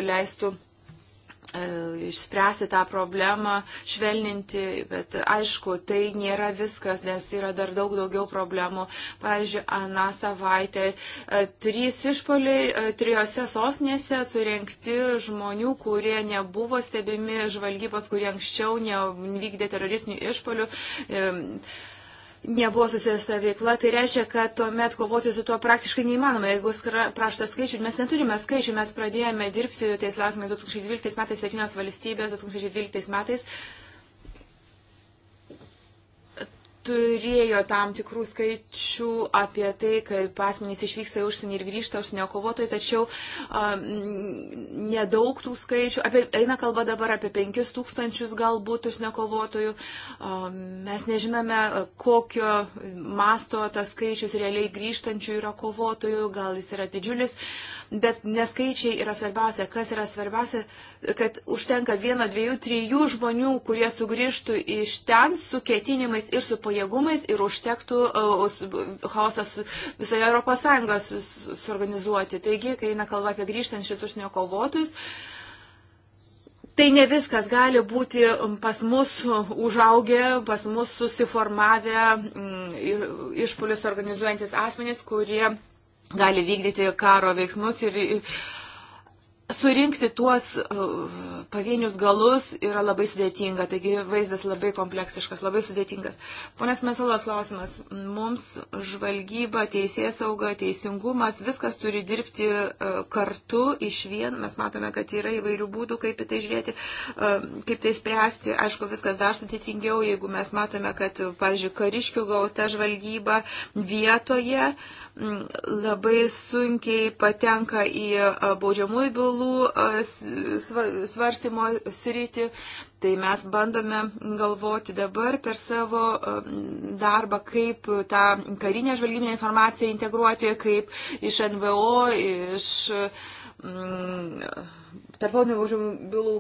leistų e, išspręsti tą problemą, švelninti, bet aišku, tai nėra viskas, nes yra dar daug daugiau problemų. Pavyzdžiui, aną savaitę e, trys išpoliai e, trijose sosnėse surenkti žmonių, kurie nebuvo stebimi žvalgybos, kurie anksčiau nevykdė teroristinių išpolių. E, nebuvo susijęs ta veikla, tai reiškia, kad tuomet kovoti su tuo praktiškai neįmanoma. Jeigu prašta skaičių, mes neturime skaičių, mes pradėjome dirbti tais klausimais 2012 metais, 7 valstybės 2012 metais turėjo tam tikrų skaičių apie tai, kaip asmenys išvyksta į užsienį ir grįžta užsienio kovotojai, tačiau um, nedaug tų skaičių, apie, eina kalba dabar apie 5 tūkstančius galbūt užsienio kovotojų, um, mes nežinome, kokio masto tas skaičius realiai grįžtančių yra kovotojų, gal jis yra didžiulis. Uh, bet neskaičiai yra svarbiausia. Kas yra svarbiausia, kad užtenka vieno, dviejų, trijų žmonių, kurie sugrįžtų iš ten su ketinimais ir su pajėgumais ir užtektų chaosas visoje Europos Sąjungos suorganizuoti. Taigi, kai eina kalba apie grįžtančius užsienio kovotojus, Tai ne viskas gali būti pas mus užaugę, pas mus susiformavę išpolius organizuojantis asmenys, kurie gali vykdyti karo veiksmus ir surinkti tuos e, pavienius galus yra labai sudėtinga. Taigi vaizdas labai kompleksiškas, labai sudėtingas. Ponas Mesolas klausimas. Mums žvalgyba, teisės sauga, teisingumas, viskas turi dirbti e, kartu iš vien. Mes matome, kad yra įvairių būdų, kaip į tai žiūrėti, e, kaip tai spręsti. Aišku, viskas dar sudėtingiau, jeigu mes matome, kad, pavyzdžiui, kariškių gauta žvalgyba vietoje. Uh, labai sunkiai patenka į baudžiamųjų bylų svarstymo sritį. Tai mes bandome galvoti dabar per savo darbą, kaip tą karinę žvalgybinę informaciją integruoti, kaip iš NVO, iš tarptautinių baudžiamųjų bylų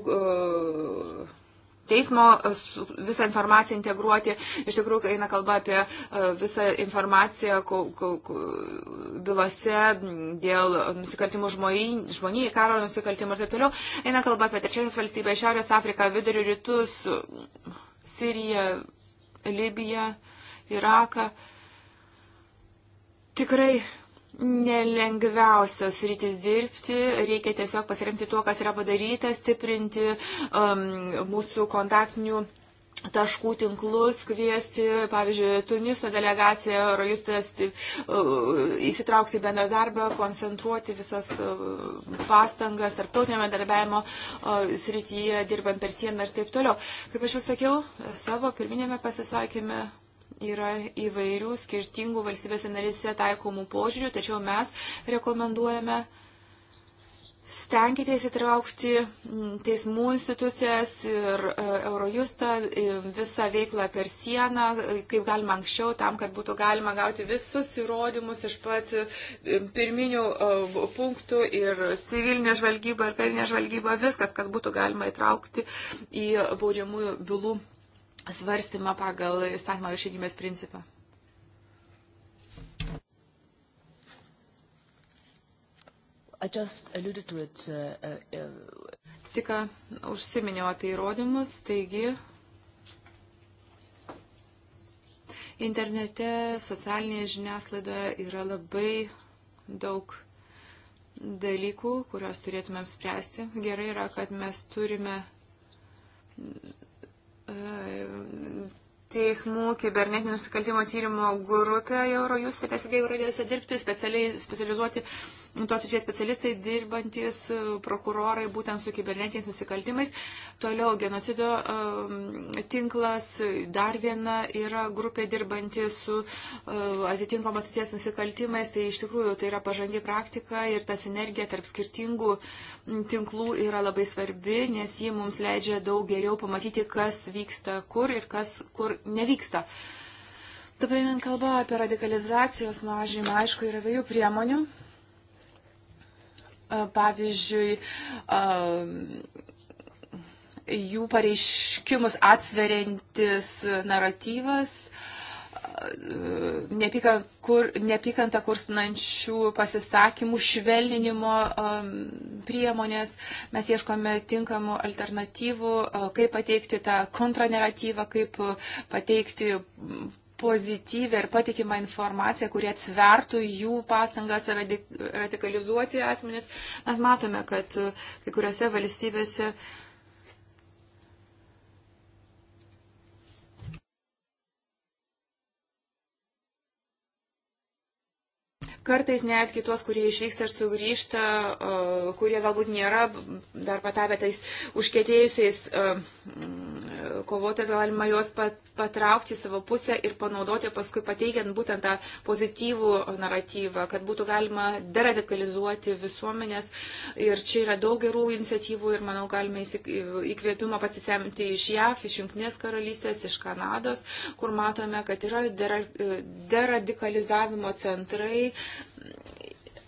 teismo visą informaciją integruoti. Iš tikrųjų, eina kalba apie e, visą informaciją bylose dėl nusikaltimų žmonijai, karo nusikaltimų ir taip toliau. Eina kalba apie trečiasias valstybės, Šiaurės Afriką, Vidurio rytus, Siriją, Libiją, Iraką. Tikrai nelengviausios rytis dirbti, reikia tiesiog pasiremti tuo, kas yra padaryta, stiprinti um, mūsų kontaktinių taškų tinklus kviesti, pavyzdžiui, Tuniso delegaciją, Rojustas tai, uh, įsitraukti į bendradarbą, koncentruoti visas uh, pastangas tarptautinėme darbiavimo uh, srityje, dirbant per sieną ir taip toliau. Kaip aš jau sakiau, savo pirminėme pasisakymė yra įvairių skirtingų valstybėse narėse taikomų požiūrių, tačiau mes rekomenduojame stenkitės įtraukti mm, teismų institucijas ir e, Eurojustą e, visą veiklą per sieną, e, kaip galima anksčiau, tam, kad būtų galima gauti visus įrodymus iš pat pirminių punktų ir civilinė žvalgyba ir karinė žvalgyba, viskas, kas būtų galima įtraukti į baudžiamųjų bylų svarstymą pagal įstatymą viršinybės principą. It, uh, uh, uh Tik užsiminiau apie įrodymus, taigi internete, socialinėje žiniaslaidoje yra labai daug dalykų, kuriuos turėtumėm spręsti. Gerai yra, kad mes turime teismų kibernetinių nusikaltimo tyrimo grupė Eurojust ir tai SG pradėjusi dirbti specializuoti Nu, tos išės specialistai dirbantis e, prokurorai būtent su kibernetiniais nusikaltimais. Toliau genocido e, tinklas, dar viena yra grupė dirbanti su e, atitinkamos ateities nusikaltimais. Tai iš tikrųjų tai yra pažangi praktika ir ta sinergija tarp skirtingų tinklų yra labai svarbi, nes ji mums leidžia daug geriau pamatyti, kas vyksta kur ir kas kur nevyksta. Dabar einant kalba apie radikalizacijos mažymą, aišku, yra vėjų priemonių pavyzdžiui, jų pareiškimus atsveriantis naratyvas, neapykantą kurstančių pasisakymų švelninimo priemonės. Mes ieškome tinkamų alternatyvų, kaip pateikti tą kontranaratyvą, kaip pateikti pozityvę ir patikimą informaciją, kurie atsvertų jų pastangas radikalizuoti asmenis. Mes matome, kad e, kai kuriuose valstybėse kartais netgi tuos, kurie išvyksta ir sugrįžta, e, kurie galbūt nėra dar patavę tais užkėtėjusiais e, kovotojas galima juos patraukti savo pusę ir panaudoti paskui pateikiant būtent tą pozityvų naratyvą, kad būtų galima deradikalizuoti visuomenės. Ir čia yra daug gerų iniciatyvų ir manau galime įkvėpimo pasisemti iš JAF, iš Junktinės karalystės, iš Kanados, kur matome, kad yra deradikalizavimo centrai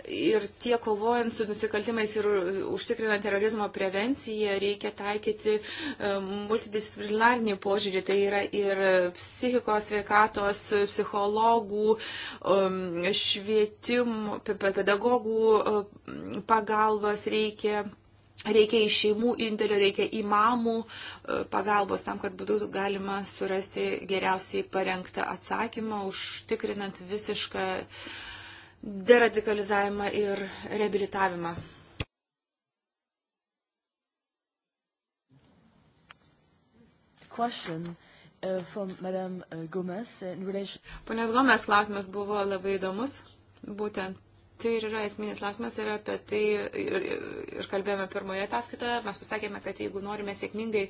Ir tiek kovojant su nusikaltimais ir užtikrinant terorizmo prevenciją reikia taikyti e, multidisciplinarinį požiūrį. Tai yra ir psichikos sveikatos, psichologų, švietimo, pedagogų e, pagalbas reikia. Reikia iš šeimų indėlio, reikia įmamų e, pagalbos tam, kad būtų galima surasti geriausiai parengtą atsakymą, užtikrinant visišką uh, deradikalizavimą ir reabilitavimą. Question. Uh, uh, Gomes relation... Ponios Gomes klausimas buvo labai įdomus, būtent Tai ir yra esminis klausimas ir apie tai ir, ir kalbėjome pirmoje ataskaitoje. Mes pasakėme, kad jeigu norime sėkmingai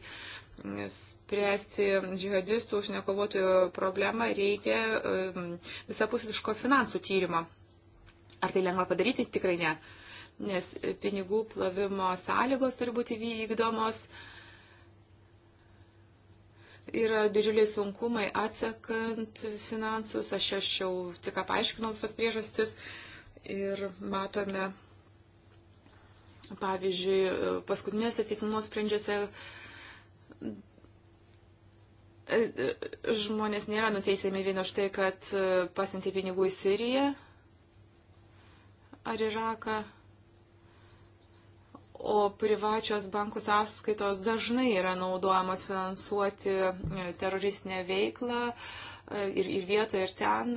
spręsti džihadistų užnekovotojų problemą, reikia um, visapusiško finansų tyrimo. Ar tai lengva padaryti? Tikrai ne. Nes pinigų plovimo sąlygos turi būti vykdomos. Yra didžiuliai sunkumai atsakant finansus. Aš aš jau tik paaiškinau visas priežastis. Ir matome, pavyzdžiui, paskutiniuose teismų sprendžiuose e, e, žmonės nėra nuteisiami vien už tai, kad pasiuntė pinigų į Siriją, ar Iraką, o privačios bankų sąskaitos dažnai yra naudojamos finansuoti e, teroristinę veiklą e, ir, ir vietoje, ir ten.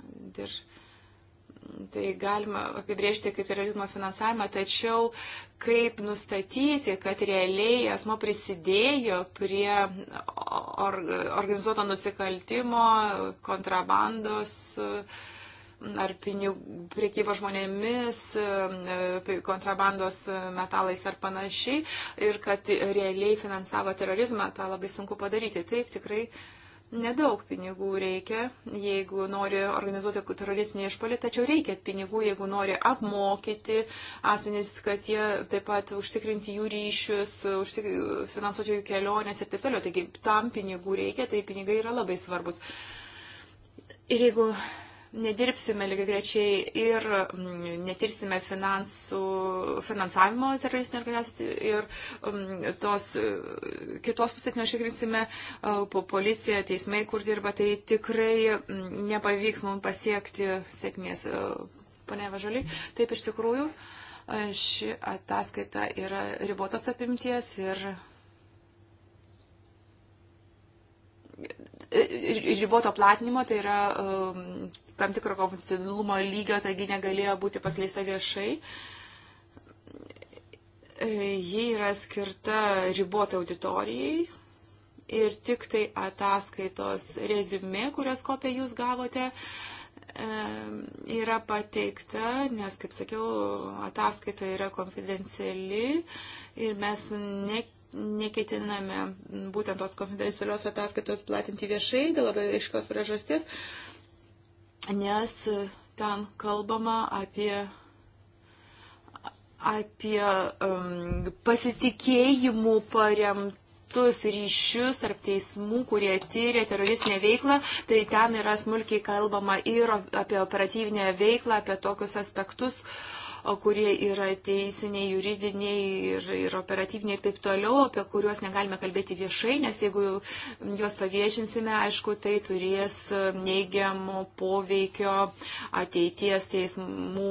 Ir mm, tai galima apibriežti kaip terorizmo finansavimą, tačiau kaip nustatyti, kad realiai asmo prisidėjo prie or, organizuoto nusikaltimo, kontrabandos. Uh, ar pinigų, priekybo žmonėmis, e, kontrabandos metalais ar panašiai, ir kad realiai finansavo terorizmą, tą labai sunku padaryti. Taip, tikrai nedaug pinigų reikia, jeigu nori organizuoti teroristinį išpolį, tačiau reikia pinigų, jeigu nori apmokyti asmenys, kad jie taip pat užtikrinti jų ryšius, užtik... finansuoti jų keliones ir taip toliau. Taigi tam pinigų reikia, tai pinigai yra labai svarbus. Ir jeigu nedirbsime lygiai grečiai ir mm, netirsime finansų, finansavimo teroristinių organizacijų ir um, tos kitos pusės neužtikrinsime po policiją, teismai, kur dirba, tai tikrai mm, nepavyks mums pasiekti sėkmės. Pane Važaliai, taip iš tikrųjų ši ataskaita yra ribotas apimties ir riboto platinimo, tai yra um, tam tikro konfidencialumo lygio, taigi negalėjo būti pasleista viešai. E, ji yra skirta ribotai auditorijai ir tik tai ataskaitos rezumė, kurios kopiją jūs gavote, e, yra pateikta, nes, kaip sakiau, ataskaita yra konfidenciali ir mes ne neketiname būtent tos konfidencialios ataskaitos platinti viešai dėl labai aiškios priežasties, nes ten kalbama apie apie um, pasitikėjimų paremtų kontaktus, ryšius tarp teismų, kurie tyria teroristinę veiklą, tai ten yra smulkiai kalbama ir apie operatyvinę veiklą, apie tokius aspektus, uh, kurie yra teisiniai, juridiniai ir, ir operatyviniai ir taip toliau, apie kuriuos negalime kalbėti viešai, nes jeigu juos paviešinsime, aišku, tai turės um, neigiamo poveikio ateities teismų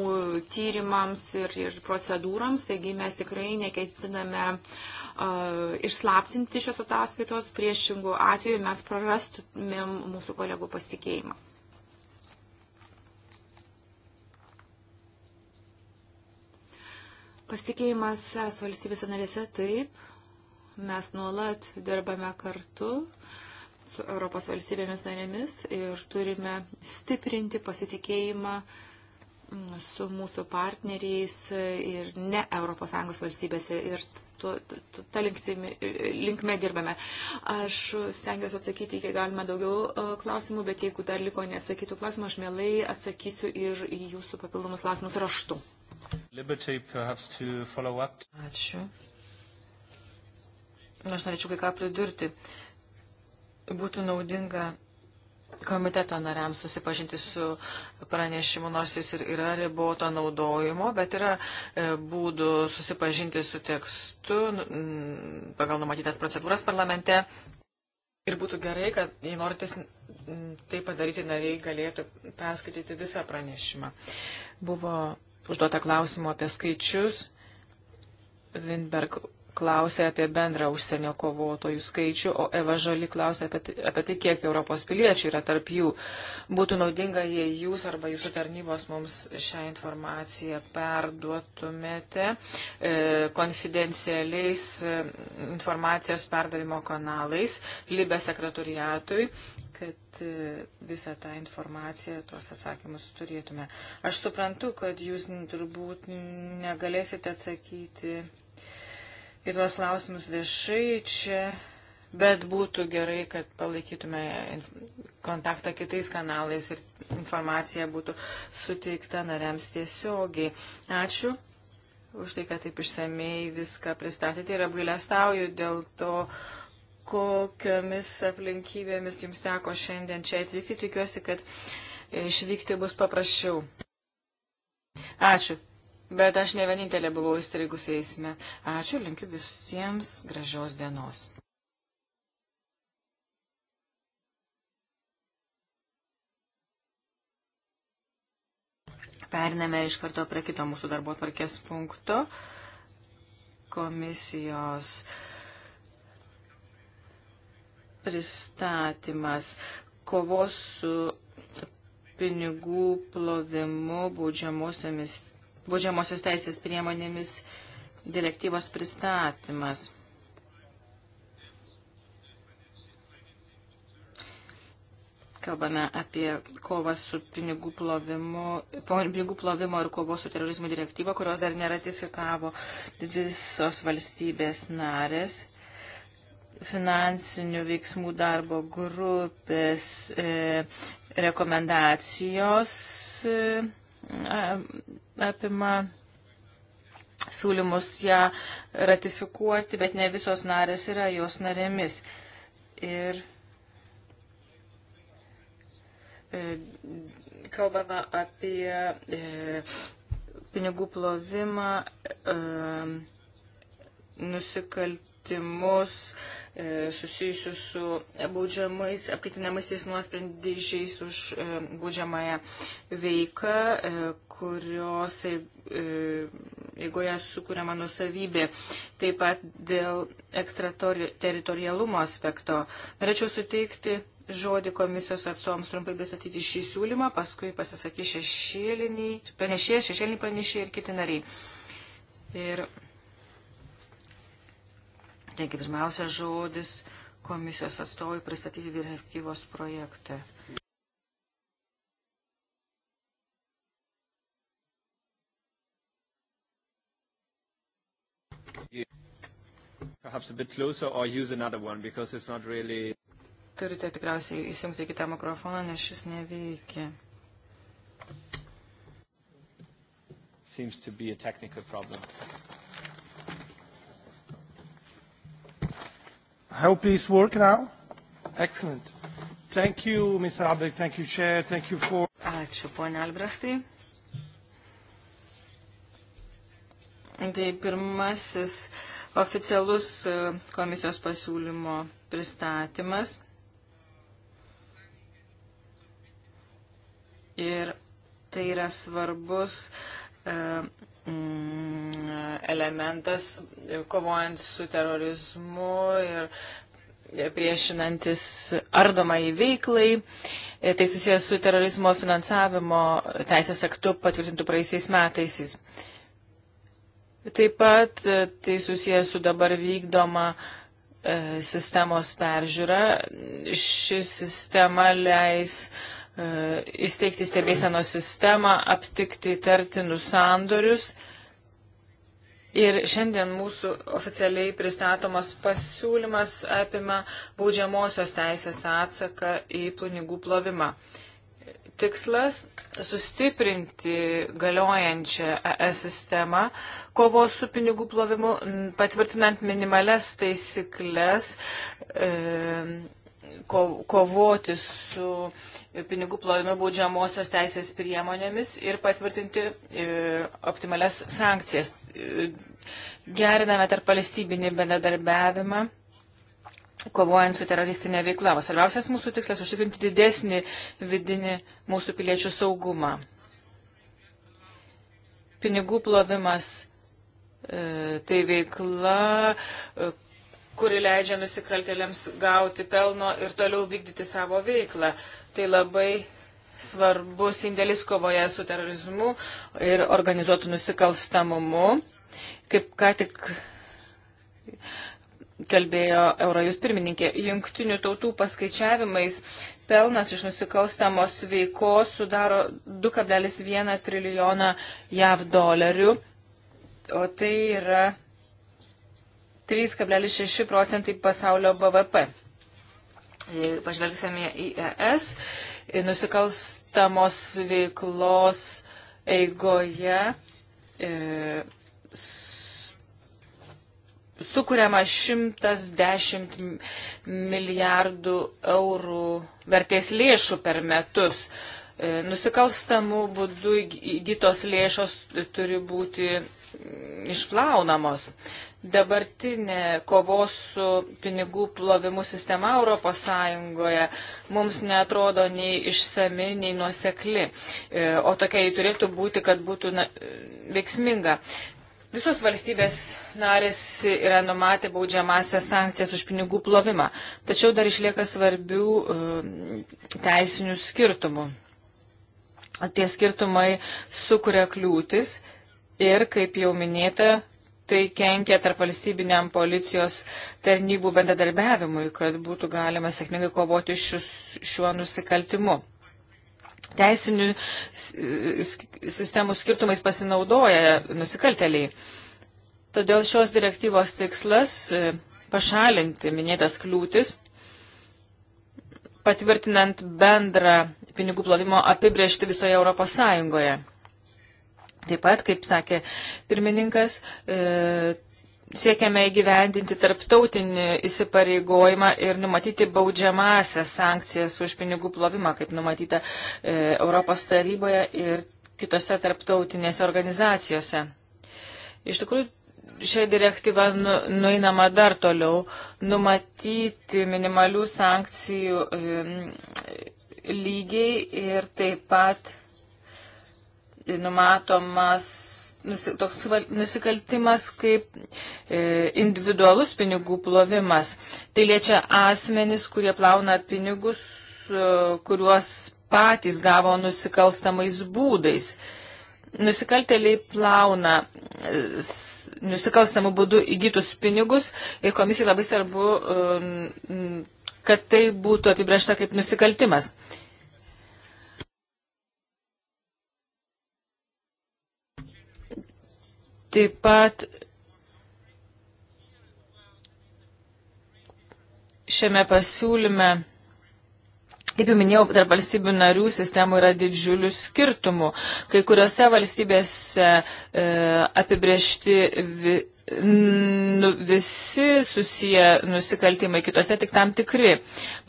tyrimams ir, ir procedūrams, taigi mes tikrai neketiname uh, išslaptinti šios ataskaitos, priešingų atveju mes prarastumėm mūsų kolegų pasitikėjimą. Pasitikėjimas es valstybėse narėse taip, mes nuolat dirbame kartu su Europos valstybėmis narėmis ir turime stiprinti pasitikėjimą mm, su mūsų partneriais ir ne ES valstybėse. Ir tu, tu, ta linktimi, linkme dirbame. Aš stengiuosi atsakyti, kiek galima daugiau e, klausimų, bet jeigu dar liko neatsakytų klausimų, aš mielai atsakysiu ir į jūsų papildomus klausimus raštu. Liberty, Ačiū. Aš norėčiau kai ką pridurti. Būtų naudinga komiteto nariams susipažinti su pranešimu, nors jis ir yra riboto naudojimo, bet yra e, būdų susipažinti su tekstu pagal numatytas procedūras parlamente. Ir būtų gerai, kad jei norintis tai padaryti, nariai galėtų perskaityti visą pranešimą. Buvo užduotą klausimą apie skaičius. Winberg klausė apie bendrą užsienio kovotojų skaičių, o Eva Žali klausė apie, tai, apie tai, kiek Europos piliečių yra tarp jų. Būtų naudinga, jei jūs arba jūsų tarnybos mums šią informaciją perduotumėte e, konfidencialiais e, informacijos perdavimo kanalais Libė sekretoriatui kad e, visą tą informaciją, tuos atsakymus turėtume. Aš suprantu, kad jūs turbūt negalėsite atsakyti į tuos klausimus viešai čia, bet būtų gerai, kad palaikytume kontaktą kitais kanalais ir informacija būtų suteikta nariams tiesiogiai. Ačiū už tai, kad taip išsamei viską pristatėte ir apgailestauju dėl to, kokiomis aplinkybėmis jums teko šiandien čia atvykti. Tikiuosi, kad išvykti bus paprasčiau. Ačiū. Bet aš ne vienintelė buvau įstrigus eisme. Ačiū, linkiu visiems gražios dienos. Periname iš karto prie kito mūsų darbo tvarkės punkto komisijos pristatymas kovos su pinigų plovimu baudžiamosios teisės priemonėmis direktyvos pristatymas. Kalbame apie kovą su pinigų plovimu, pinigų plovimo ir kovos su terorizmu direktyvą, kurios dar neratifikavo visos valstybės narės finansinių veiksmų darbo grupės e, rekomendacijos e, apima siūlymus ją ratifikuoti, bet ne visos narės yra jos narėmis. Ir e, kalbame apie e, pinigų plovimą, e, nusikaltimus, E, susijusių su baudžiamais, apkaltinamaisiais nuosprendžiais už e, baudžiamąją veiką, e, kurios eigoje sukūriama nusavybė, taip pat dėl ekstrateritorialumo aspekto. Norėčiau suteikti žodį komisijos atstovams trumpai pristatyti šį siūlymą, paskui pasisakys šešėliniai, pranešėjai, šešėliniai pranešėjai ir kiti nariai. Ir Taigi, pirmiausia, žodis komisijos atstovui pristatyti direktyvos projektą. Perhaps a bit closer or use another one because it's not really. Turite tikriausiai įsijungti kitą mikrofoną, nes šis neveikia. Seems to be a technical problem. I hope it's work now. Excellent. Thank you, Mr. Albrecht. Thank you, Chair. Thank you for... Ačiū, pone Albrechtai. Tai pirmasis oficialus e, komisijos pasiūlymo pristatymas. Ir tai yra svarbus uh, Mm, elementas e, kovojant su terorizmu ir e, priešinantis ardomai veiklai. E, tai susijęs su terorizmo finansavimo teisės aktu patvirtintų praeisiais metais. Taip pat tai susijęs su dabar vykdoma sistemos peržiūra. Ši sistema leis uh, E, įsteigti stebėsenos sistemą, aptikti tartinus sandorius. Ir šiandien mūsų oficialiai pristatomas pasiūlymas apima baudžiamosios teisės atsaką į pinigų plovimą tikslas - sustiprinti galiojančią ES sistemą kovos su pinigų plovimu, patvirtinant minimales taisyklės e, kovoti su pinigų plovimu baudžiamosios teisės priemonėmis ir patvirtinti e, optimales sankcijas. E, geriname tarp palestybinį bendradarbiavimą kovojant su teroristinė veikla. Svarbiausias mūsų tikslas - užtikrinti didesnį vidinį mūsų piliečių saugumą. Pinigų plovimas e, tai veikla, e, kuri leidžia nusikaltėliams gauti pelno ir toliau vykdyti savo veiklą. Tai labai svarbus indėlis kovoje su terorizmu ir organizuotų nusikalstamumu. Kaip ką tik kalbėjo Eurojus pirmininkė, jungtinių tautų paskaičiavimais pelnas iš nusikalstamos veikos sudaro 2,1 trilijoną JAV dolerių, o tai yra 3,6 procentai pasaulio BVP. E, pažvelgsime į ES. E, nusikalstamos veiklos eigoje e, sukuriama 110 milijardų eurų vertės lėšų per metus. E, nusikalstamų būdų įgytos lėšos turi būti išplaunamos dabartinė kovos su pinigų plovimu sistema ES mums netrodo nei išsami, nei nuosekli, e, o tokia jį turėtų būti, kad būtų na, e, veiksminga. Visos valstybės narės yra numatę baudžiamąsias sankcijas už pinigų plovimą, tačiau dar išlieka svarbių e, teisinių skirtumų. Tie skirtumai sukuria kliūtis ir, kaip jau minėta, tai kenkia tarp valstybiniam policijos tarnybų bendradarbiavimui, kad būtų galima sėkmingai kovoti šius, šiuo nusikaltimu. Teisinių sistemų skirtumais pasinaudoja nusikalteliai. Todėl šios direktyvos tikslas e, pašalinti minėtas kliūtis, patvirtinant bendrą pinigų plovimo apibriežti visoje Europos Sąjungoje. Taip pat, kaip sakė pirmininkas, e, siekiame įgyvendinti tarptautinį įsipareigojimą ir numatyti baudžiamąsias sankcijas už pinigų plovimą, kaip numatyta e, Europos taryboje ir kitose tarptautinėse organizacijose. Iš tikrųjų, šią direktyvą nu, nueinama dar toliau, numatyti minimalių sankcijų e, lygiai ir taip pat numatomas toks nusikaltimas kaip e, individualus pinigų plovimas. Tai liečia asmenys, kurie plauna pinigus, e, kuriuos patys gavo nusikalstamais būdais. Nusikalteliai plauna e, nusikalstamų būdų įgytus pinigus ir komisijai labai svarbu, kad tai būtų apibriešta kaip nusikaltimas. Taip pat šiame pasiūlyme, kaip jau minėjau, tarp valstybių narių sistemų yra didžiulių skirtumų. Kai kuriuose valstybėse e, apibriešti vi, nu, visi susiję nusikaltimai, kitose tik tam tikri.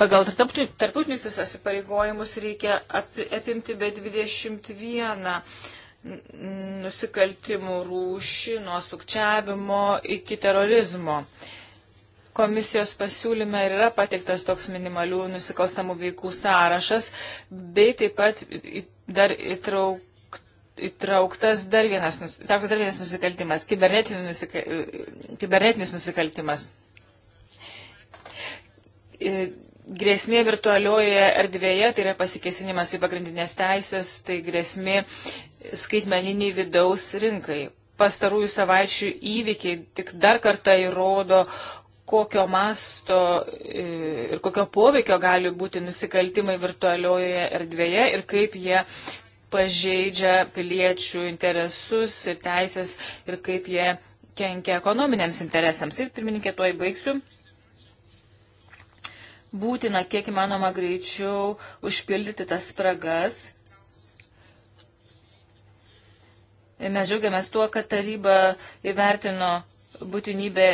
Pagal tarptautinius įsipareigojimus reikia ap, apimti be 21 nusikaltimų rūšį, nuo sukčiavimo iki terorizmo. Komisijos pasiūlyme yra pateiktas toks minimalių nusikalstamų veikų sąrašas, bei taip pat dar įtrauk, įtrauktas dar vienas, įtrauktas dar vienas nusikaltimas, kibernetinis, nusika, e, kibernetinis nusikaltimas. E, grėsmė virtualioje erdvėje, tai yra pasikesinimas į pagrindinės teisės, tai grėsmė skaitmeniniai vidaus rinkai. Pastarųjų savaičių įvykiai tik dar kartą įrodo, kokio masto e, ir kokio poveikio gali būti nusikaltimai virtualioje erdvėje ir kaip jie pažeidžia piliečių interesus ir teisės ir kaip jie kenkia ekonominiams interesams. Ir pirmininkė, tuo įbaigsiu būtina kiek įmanoma greičiau užpildyti tas spragas Mes džiaugiamės tuo, kad taryba įvertino būtinybę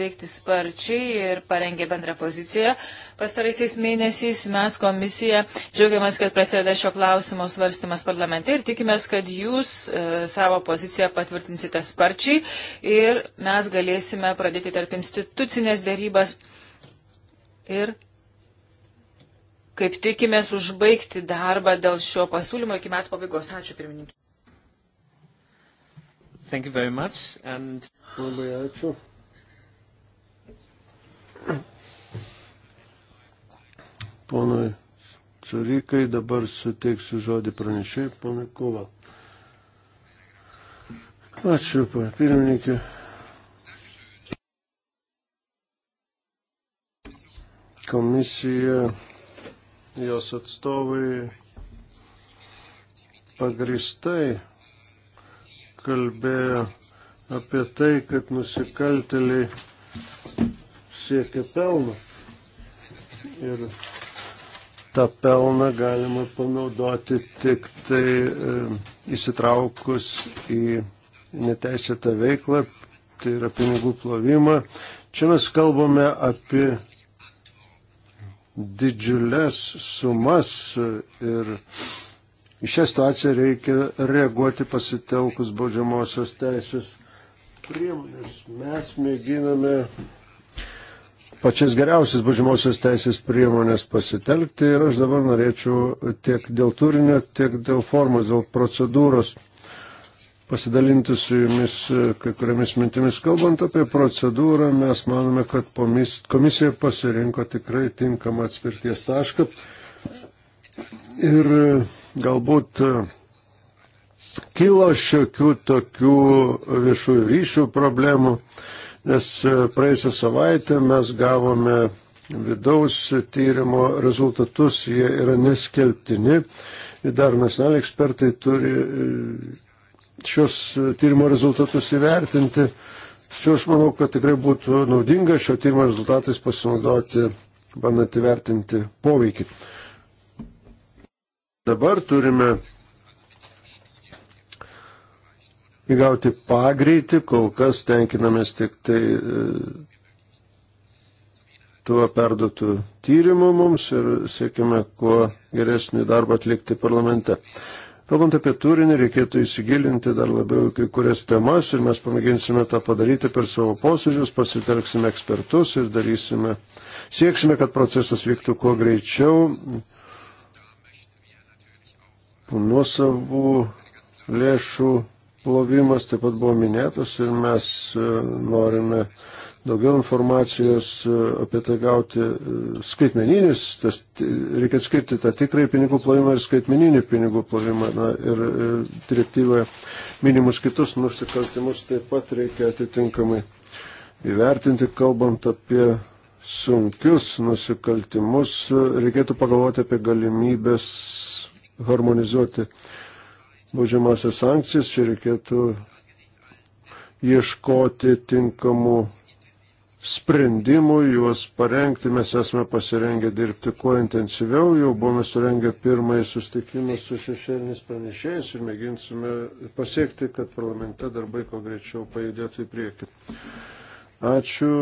veikti sparčiai ir parengė bendrą poziciją. Pastaraisiais mėnesiais mes komisija džiaugiamės, kad prasideda šio klausimo svarstymas parlamente ir tikimės, kad jūs e, savo poziciją patvirtinsite sparčiai ir mes galėsime pradėti tarp institucinės dėrybas ir kaip tikimės užbaigti darbą dėl šio pasiūlymo iki metų pabaigos. Ačiū pirmininkė. Thank you very much. And... Labai ačiū. Ponui Curikai dabar suteiksiu žodį pranešėjai, ponui Kova. Ačiū, ponai pirmininkė. Komisija, jos atstovai pagristai kalbėjo apie tai, kad nusikalteliai siekia pelno. Ir tą pelną galima panaudoti tik tai e, įsitraukus į neteisėtą veiklą, tai yra pinigų plovimą. Čia mes kalbame apie didžiulės sumas ir e, Į šią situaciją reikia reaguoti pasitelkus baudžiamosios teisės priemonės. Mes mėginame pačias geriausias baudžiamosios teisės priemonės pasitelkti ir aš dabar norėčiau tiek dėl turinio, tiek dėl formos, dėl procedūros pasidalinti su jumis e, kai kuriamis mintimis. Kalbant apie procedūrą, mes manome, kad komisija pasirinko tikrai tinkamą atspirties tašką. Ir e, Galbūt e, kilo šiokių tokių viešųjų ryšių problemų, nes e, praėjusią savaitę mes gavome vidaus tyrimo rezultatus, jie yra neskelbtini. Dar nacionaliniai ekspertai turi e, šios tyrimo rezultatus įvertinti. Tačiau aš manau, kad tikrai būtų naudinga šio tyrimo rezultatais pasinaudoti, bandant įvertinti poveikį. Dabar turime įgauti pagreitį, kol kas tenkinamės tik tai e, tuo perduotų tyrimų mums ir siekime kuo geresnį darbą atlikti parlamente. Kalbant apie turinį, reikėtų įsigilinti dar labiau kai kurias temas ir mes pamėginsime tą padaryti per savo posėdžius, pasitelksime ekspertus ir darysime, sieksime, kad procesas vyktų kuo greičiau, nuosavų lėšų plovimas taip pat buvo minėtas ir mes e, norime daugiau informacijos e, apie tai gauti e, skaitmeninis, tas, reikia atskirti tą tikrai pinigų plovimą ir skaitmeninį pinigų plovimą. Na, ir direktyvoje minimus kitus nusikaltimus taip pat reikia atitinkamai įvertinti, kalbant apie sunkius nusikaltimus, reikėtų pagalvoti apie galimybės harmonizuoti baudžiamasias sankcijas, čia reikėtų ieškoti tinkamų sprendimų, juos parengti. Mes esame pasirengę dirbti kuo intensyviau, jau buvome surengę pirmąjį sustikimą su šešėlinis pranešėjais ir mėginsime pasiekti, kad parlamente darbai kuo greičiau pajudėtų į priekį. Ačiū.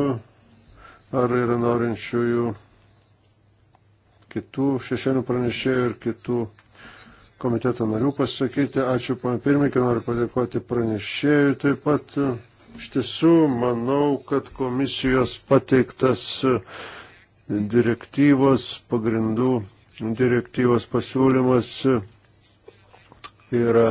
Ar yra norinčiųjų kitų šešėlių pranešėjų ir kitų komiteto narių pasakyti. Ačiū, pana pirmininkė, noriu padėkoti pranešėjui taip pat. Iš tiesų, manau, kad komisijos pateiktas direktyvos pagrindų, direktyvos pasiūlymas yra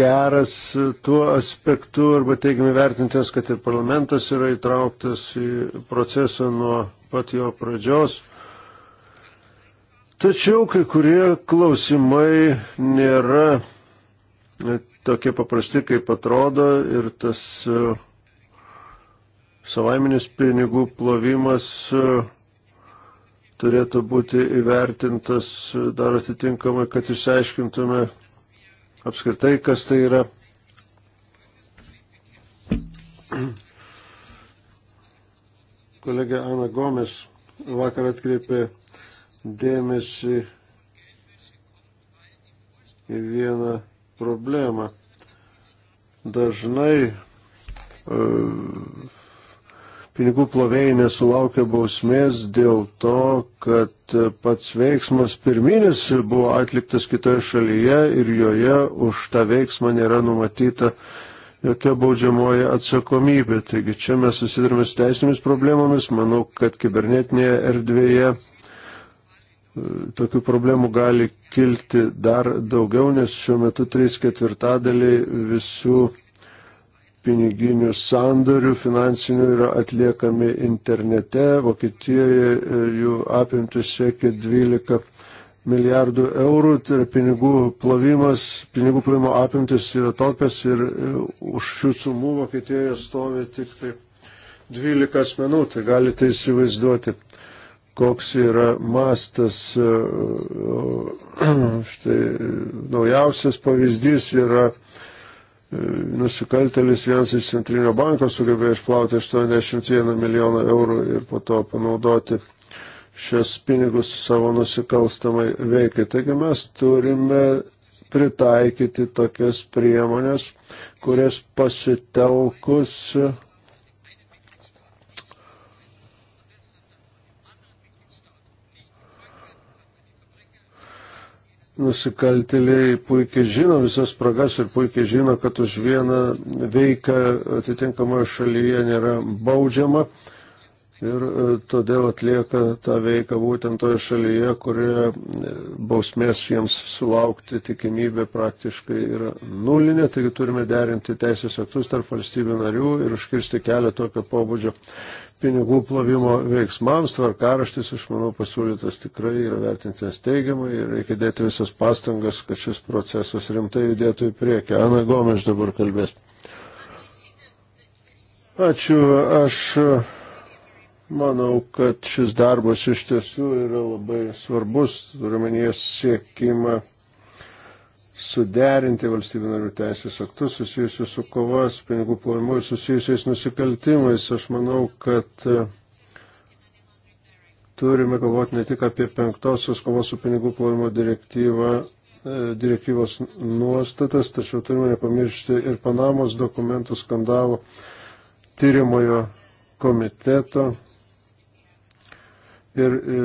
geras tuo aspektu arba teigiamai vertintas, kad ir parlamentas yra įtrauktas į procesą nuo pat jo pradžios Tačiau kai kurie klausimai nėra e, tokie paprasti, kaip atrodo ir tas e, savaiminis pinigų plovimas e, turėtų būti įvertintas dar atitinkamai, kad išsiaiškintume apskritai, kas tai yra. Kolegė Ana Gomes vakar atkreipė dėmesį į vieną problemą. Dažnai e, pinigų plovėjai nesulaukia bausmės dėl to, kad pats veiksmas pirminis buvo atliktas kitoje šalyje ir joje už tą veiksmą nėra numatyta jokia baudžiamoji atsakomybė. Taigi čia mes susidurime su teisinėmis problemomis. Manau, kad kibernetinėje erdvėje tokių problemų gali kilti dar daugiau, nes šiuo metu 3 ketvirtadaliai visų piniginių sandorių finansinių yra atliekami internete, Vokietijoje e, jų apimtis siekia 12 milijardų eurų, tai yra pinigų plovimas, pinigų plovimo apimtis yra tokios ir e, už šių sumų Vokietijoje stovi tik tai 12 asmenų, tai galite įsivaizduoti koks yra mastas. E, štai naujausias pavyzdys yra e, nusikaltelis vienas iš centrinio banko sugebėjo išplauti 81 milijoną eurų ir po to panaudoti šias pinigus savo nusikalstamai veikai. Taigi mes turime pritaikyti tokias priemonės, kurias pasitelkus nusikaltėliai puikiai žino visas spragas ir puikiai žino, kad už vieną veiką atitinkamoje šalyje nėra baudžiama ir e, todėl atlieka tą veiką būtent toje šalyje, kurioje e, bausmės jiems sulaukti tikimybė praktiškai yra nulinė, taigi turime derinti teisės aktus tarp valstybių narių ir užkirsti kelią tokio pobūdžio pinigų plovimo veiksmams tvarkaraštis, aš manau, pasiūlytas tikrai yra vertintinas teigiamai ir reikia dėti visas pastangas, kad šis procesas rimtai judėtų į priekį. Ana Gomes dabar kalbės. Ačiū. Aš e, manau, kad šis darbas iš tiesų yra labai svarbus, turiu minės siekimą suderinti valstybių narių teisės aktus susijusius su kovas, pinigų plovimu ir susijusiais nusikaltimais. Aš manau, kad e, turime galvoti ne tik apie penktosios kovos su pinigų plovimo direktyvą, e, direktyvos nuostatas, tačiau turime nepamiršti ir Panamos dokumentų skandalo tyrimojo komiteto. Ir e,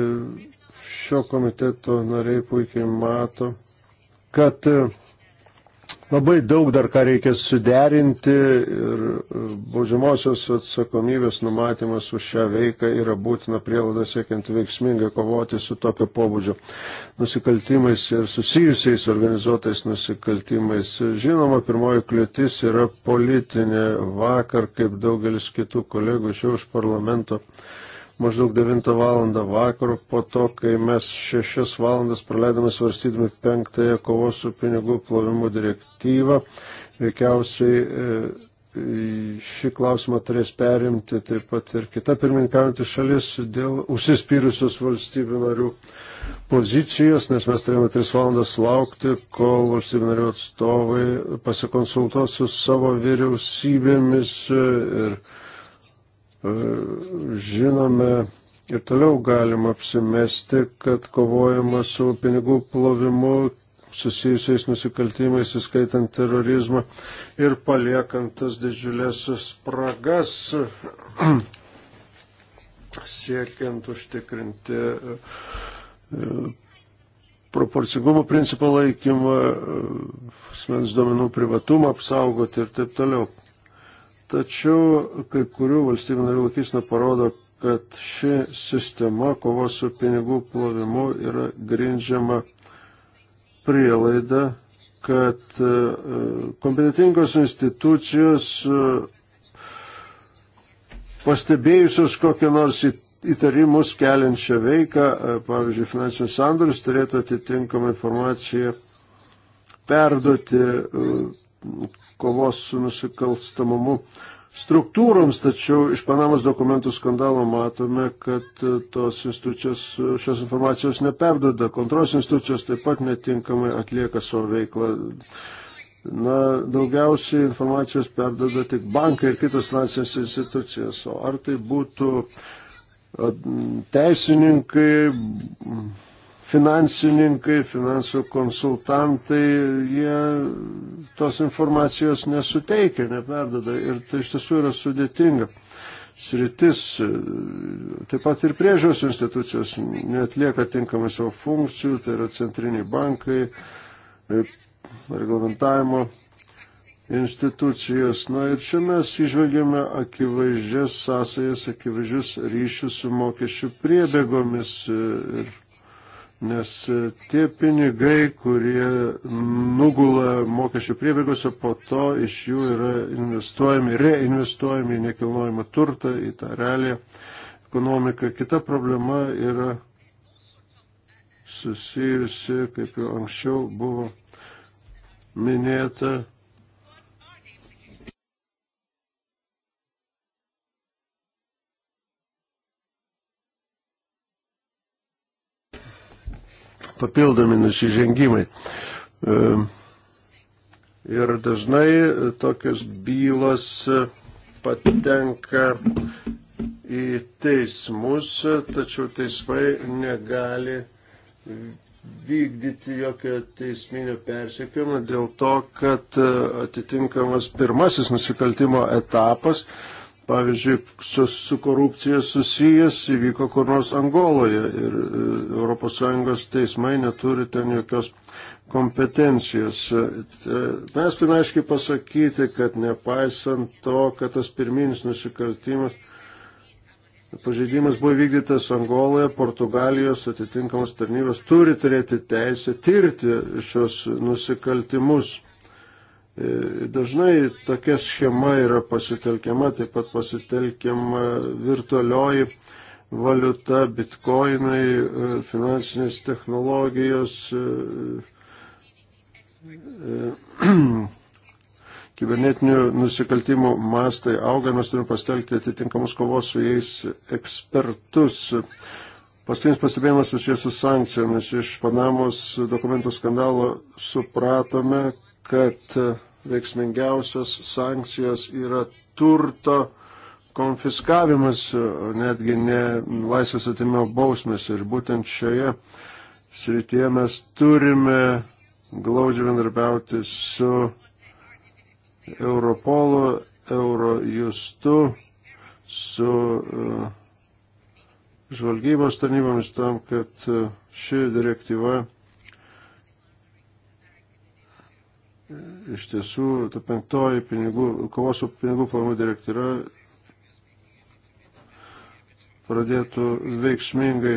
šio komiteto nariai puikiai mato, kad e, labai daug dar ką reikia suderinti ir e, baudžiamosios atsakomybės numatymas už šią veiką yra būtina prielada siekiant veiksmingai kovoti su tokio pobūdžio nusikaltimais ir susijusiais organizuotais nusikaltimais. Žinoma, pirmoji kliūtis yra politinė vakar, kaip daugelis kitų kolegų iš jau iš parlamento maždaug 9 val. vakaro, po to, kai mes 6 valandas praleidome svarstydami penktąją kovos su pinigų plovimu direktyvą. Veikiausiai e, šį klausimą turės perimti taip pat ir kita pirmininkaujantį šalis dėl užsispyrusios valstybių narių pozicijos, nes mes turėjome 3 valandas laukti, kol valstybių narių atstovai pasikonsultuos su savo vyriausybėmis e, ir žinome ir toliau galima apsimesti, kad kovojama su pinigų plovimu susijusiais nusikaltimais, įskaitant terorizmą ir paliekant tas didžiulės spragas, siekiant užtikrinti e, proporcingumo principą laikymą, e, asmens duomenų privatumą apsaugoti ir taip toliau. Tačiau kai kurių valstybių narių laikysna parodo, kad ši sistema kovos su pinigų plovimu yra grindžiama prielaida, kad e, kompetitingos institucijos e, pastebėjusios kokią nors įtarimus keliančią veiką, e, pavyzdžiui, finansinius sandorius, turėtų atitinkamą informaciją perduoti kovos su nusikalstamumu struktūroms, tačiau iš Panamos dokumentų skandalo matome, kad e, tos institucijos e, šios informacijos neperdoda, kontros institucijos taip pat netinkamai atlieka savo veiklą. Na, daugiausiai informacijos perdoda tik bankai ir kitos finansinės institucijos. O ar tai būtų e, teisininkai, finansininkai, finansų konsultantai, jie tos informacijos nesuteikia, neperdada ir tai iš tiesų yra sudėtinga. Sritis, taip pat ir priežiūros institucijos netlieka tinkamai savo funkcijų, tai yra centriniai bankai, reglamentavimo institucijos. Na ir čia mes išvelgėme akivaizdžias sąsajas, akivaizdžius ryšius su mokesčių priebėgomis. Ir nes e, tie pinigai, kurie nugula mokesčių priebėgose, po to iš jų yra investuojami, reinvestuojami į nekilnojimą turtą, į tą realią ekonomiką. Kita problema yra susijusi, kaip jau anksčiau buvo minėta, papildomi nusižengimai. E, ir dažnai tokios bylos patenka į teismus, tačiau teismai negali vykdyti jokio teisminio persiekimo dėl to, kad atitinkamas pirmasis nusikaltimo etapas pavyzdžiui, su, su korupcija susijęs įvyko kur nors Angoloje ir e, ES teismai neturi ten jokios kompetencijos. E, mes turime aiškiai pasakyti, kad nepaisant to, kad tas pirminis nusikaltimas, pažeidimas buvo vykdytas Angoloje, Portugalijos atitinkamos tarnybos turi turėti teisę tirti šios nusikaltimus. E, dažnai tokia schema yra pasitelkiama, taip pat pasitelkiama virtualioji valiuta, bitkoinai, e, finansinės technologijos, e, kibernetinių nusikaltimų mastai auga, mes turime pastelgti atitinkamus kovos su jais ekspertus. Pastinis pastebėjimas susijęs su sankcijomis. Iš Panamos dokumentų skandalo supratome, kad veiksmingiausios sankcijos yra turto konfiskavimas, netgi ne laisvės atimimo bausmės. Ir būtent šioje srityje mes turime glaudžiai bendrabiauti su Europolu, Eurojustu, su uh, žvalgybos tarnybomis tam, kad uh, ši direktyva Iš tiesų, ta penktoji pinigų, kovos su pinigų plovimu direktyra pradėtų veiksmingai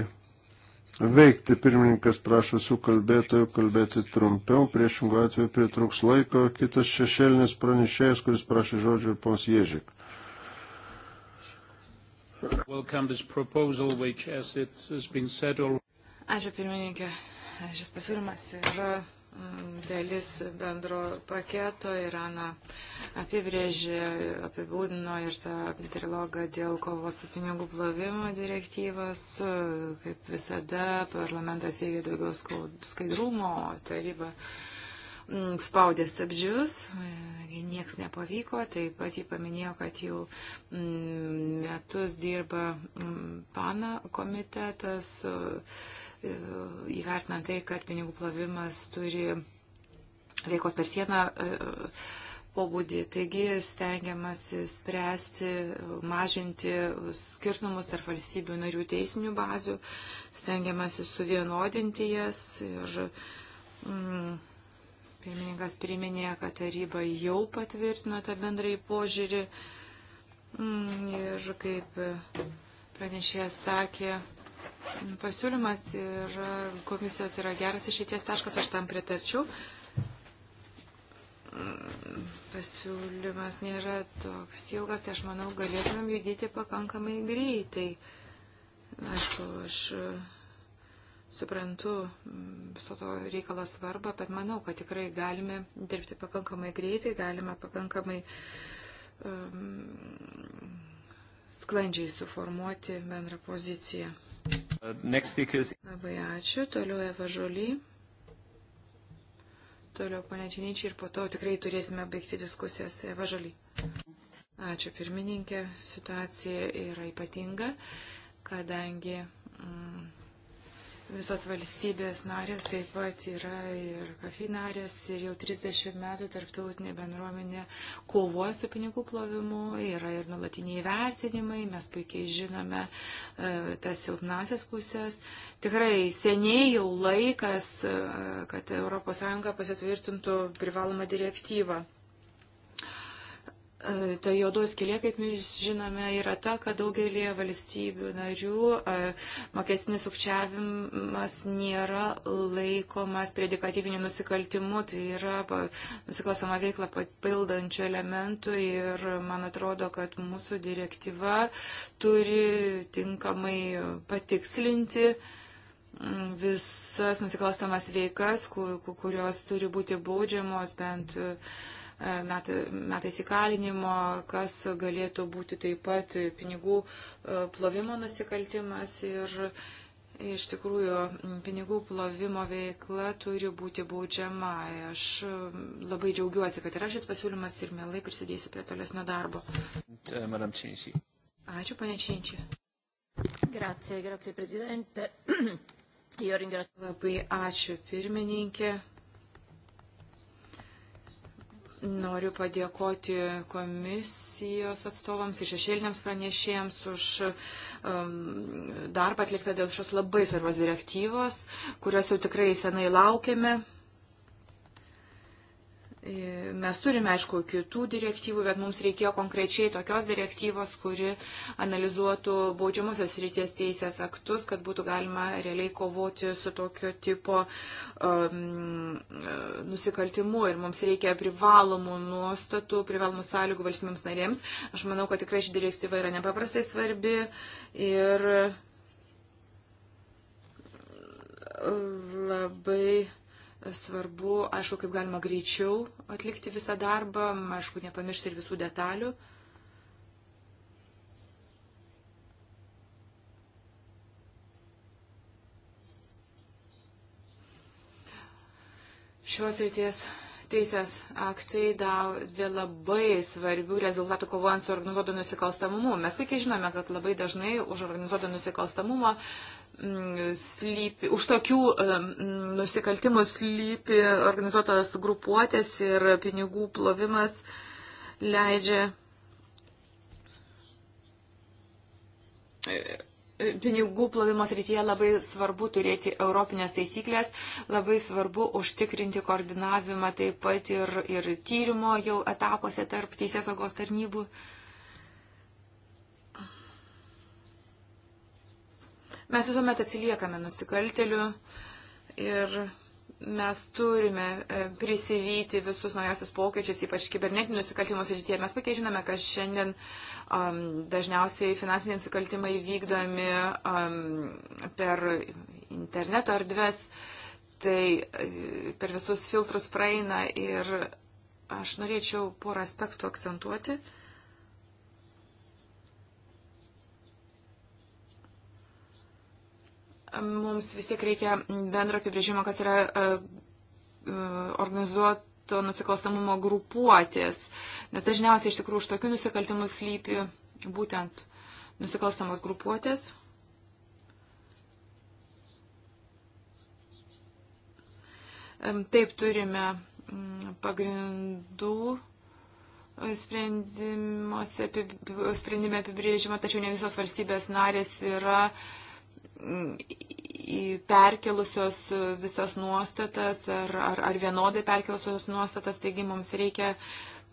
veikti. Pirmininkas prašo su kalbėtoju kalbėti trumpiau, priešingų atveju pritruks laiko. Kitas šešėlinis pranešėjas, kuris prašė žodžio, pons Ježik. Ačiū pirmininkė. Šis pasiūlymas yra dalis bendro paketo ir Ana apibrėžė, apibūdino ir tą trilogą dėl kovos su pinigų plovimo direktyvos. Kaip visada, parlamentas siekia daugiau skaidrumo, taryba mm, spaudė stabdžius, e, nieks nepavyko, taip pat jį paminėjo, kad jau mm, metus dirba mm, pana komitetas E, įvertinant tai, kad pinigų plovimas turi veikos per sieną e, pobūdį. Taigi stengiamasi spręsti, mažinti skirtumus tarp valstybių narių teisinių bazių, stengiamasi suvienodinti jas ir mm, pirmininkas priminė, kad taryba jau patvirtino tą bendrąjį požiūrį mm, ir kaip pranešėjas sakė, pasiūlymas ir komisijos yra geras išeities taškas, aš tam pritarčiau. Pasiūlymas nėra toks ilgas, tai aš manau, galėtumėm judėti pakankamai greitai. Aišku, aš suprantu viso to reikalo svarbą, bet manau, kad tikrai galime dirbti pakankamai greitai, galime pakankamai. Um, sklandžiai suformuoti bendrą poziciją. Is... Labai ačiū. Toliau Eva Žoly. Toliau pane Činyčiai ir po to tikrai turėsime baigti diskusijas. Eva Žoly. Ačiū pirmininkė. Situacija yra ypatinga, kadangi. Mm, Visos valstybės narės taip pat yra ir kafi narės ir jau 30 metų tarptautinė bendruomenė kovoja su pinigų plovimu, yra ir nulatiniai vertinimai, mes puikiai žinome e, tas silpnasias pusės. Tikrai seniai jau laikas, e, kad ES pasitvirtintų privalomą direktyvą. E, ta juodos skilė, kaip mes žinome, yra ta, kad daugelį valstybių narių e, mokestinis sukčiavimas nėra laikomas predikatyviniu nusikaltimu, tai yra nusikalstama veikla papildančių elementų ir man atrodo, kad mūsų direktyva turi tinkamai patikslinti mm, visas nusikalstamas veikas, kurios turi būti baudžiamos bent. Uh, metais įkalinimo, kas galėtų būti taip pat pinigų e, plovimo nusikaltimas ir iš tikrųjų pinigų plovimo veikla turi būti baudžiama. Aš labai džiaugiuosi, kad yra šis pasiūlymas ir mielai prisidėsiu prie tolesnio darbo. E, ačiū, panė Činčiai. Grazie, grazie, prezidente. Labai ačiū, pirmininkė. Noriu padėkoti komisijos atstovams ir šešėliniams pranešėjams už um, darbą atliktą dėl šios labai svarbios direktyvos, kurios jau tikrai senai laukiame. E, mes turime, aišku, kitų direktyvų, bet mums reikėjo konkrečiai tokios direktyvos, kuri analizuotų baudžiamosios ryties teisės aktus, kad būtų galima realiai kovoti su tokio tipo um, e, nusikaltimu. Ir mums reikia privalomų nuostatų, privalomų sąlygų valstybėms narėms. Aš manau, kad tikrai ši direktyva yra nepaprastai svarbi. Ir e, labai Svarbu, aišku, kaip galima greičiau atlikti visą darbą, aišku, nepamiršti ir visų detalių. Šios ryties teisės aktai davė labai svarbių rezultatų kovojant su organizuotu nusikalstamumu. Mes puikiai žinome, kad labai dažnai už organizuotą nusikalstamumą Mm, slypi, už tokių nusikaltimų slypi organizuotas grupuotės ir pinigų plovimas leidžia e, e, pinigų plovimo srityje labai svarbu turėti europinės taisyklės, labai svarbu užtikrinti koordinavimą taip pat ir, ir tyrimo jau etapuose tarp teisės saugos tarnybų. Uh, Mes visuomet atsiliekame nusikaltelių ir mes turime e, prisivyti visus naujasius pokyčius, ypač kibernetinių nusikaltimų srityje. Mes puikiai žinome, kad šiandien um, dažniausiai finansiniai nusikaltimai vykdomi um, per interneto erdves, tai e, per visus filtrus praeina ir aš norėčiau porą aspektų akcentuoti. Uh, Mums vis tiek reikia bendro apibrėžimo, kas yra e, e, organizuoto nusikalstamumo grupuotės, nes dažniausiai iš tikrųjų už tokių nusikaltimų slypi būtent nusikalstamos grupuotės. Taip turime mm, pagrindų e, sprendime apibrėžimą, tačiau ne visos valstybės narės yra uh, perkelusios visas nuostatas ar, ar, ar vienodai perkelusios nuostatas, taigi mums reikia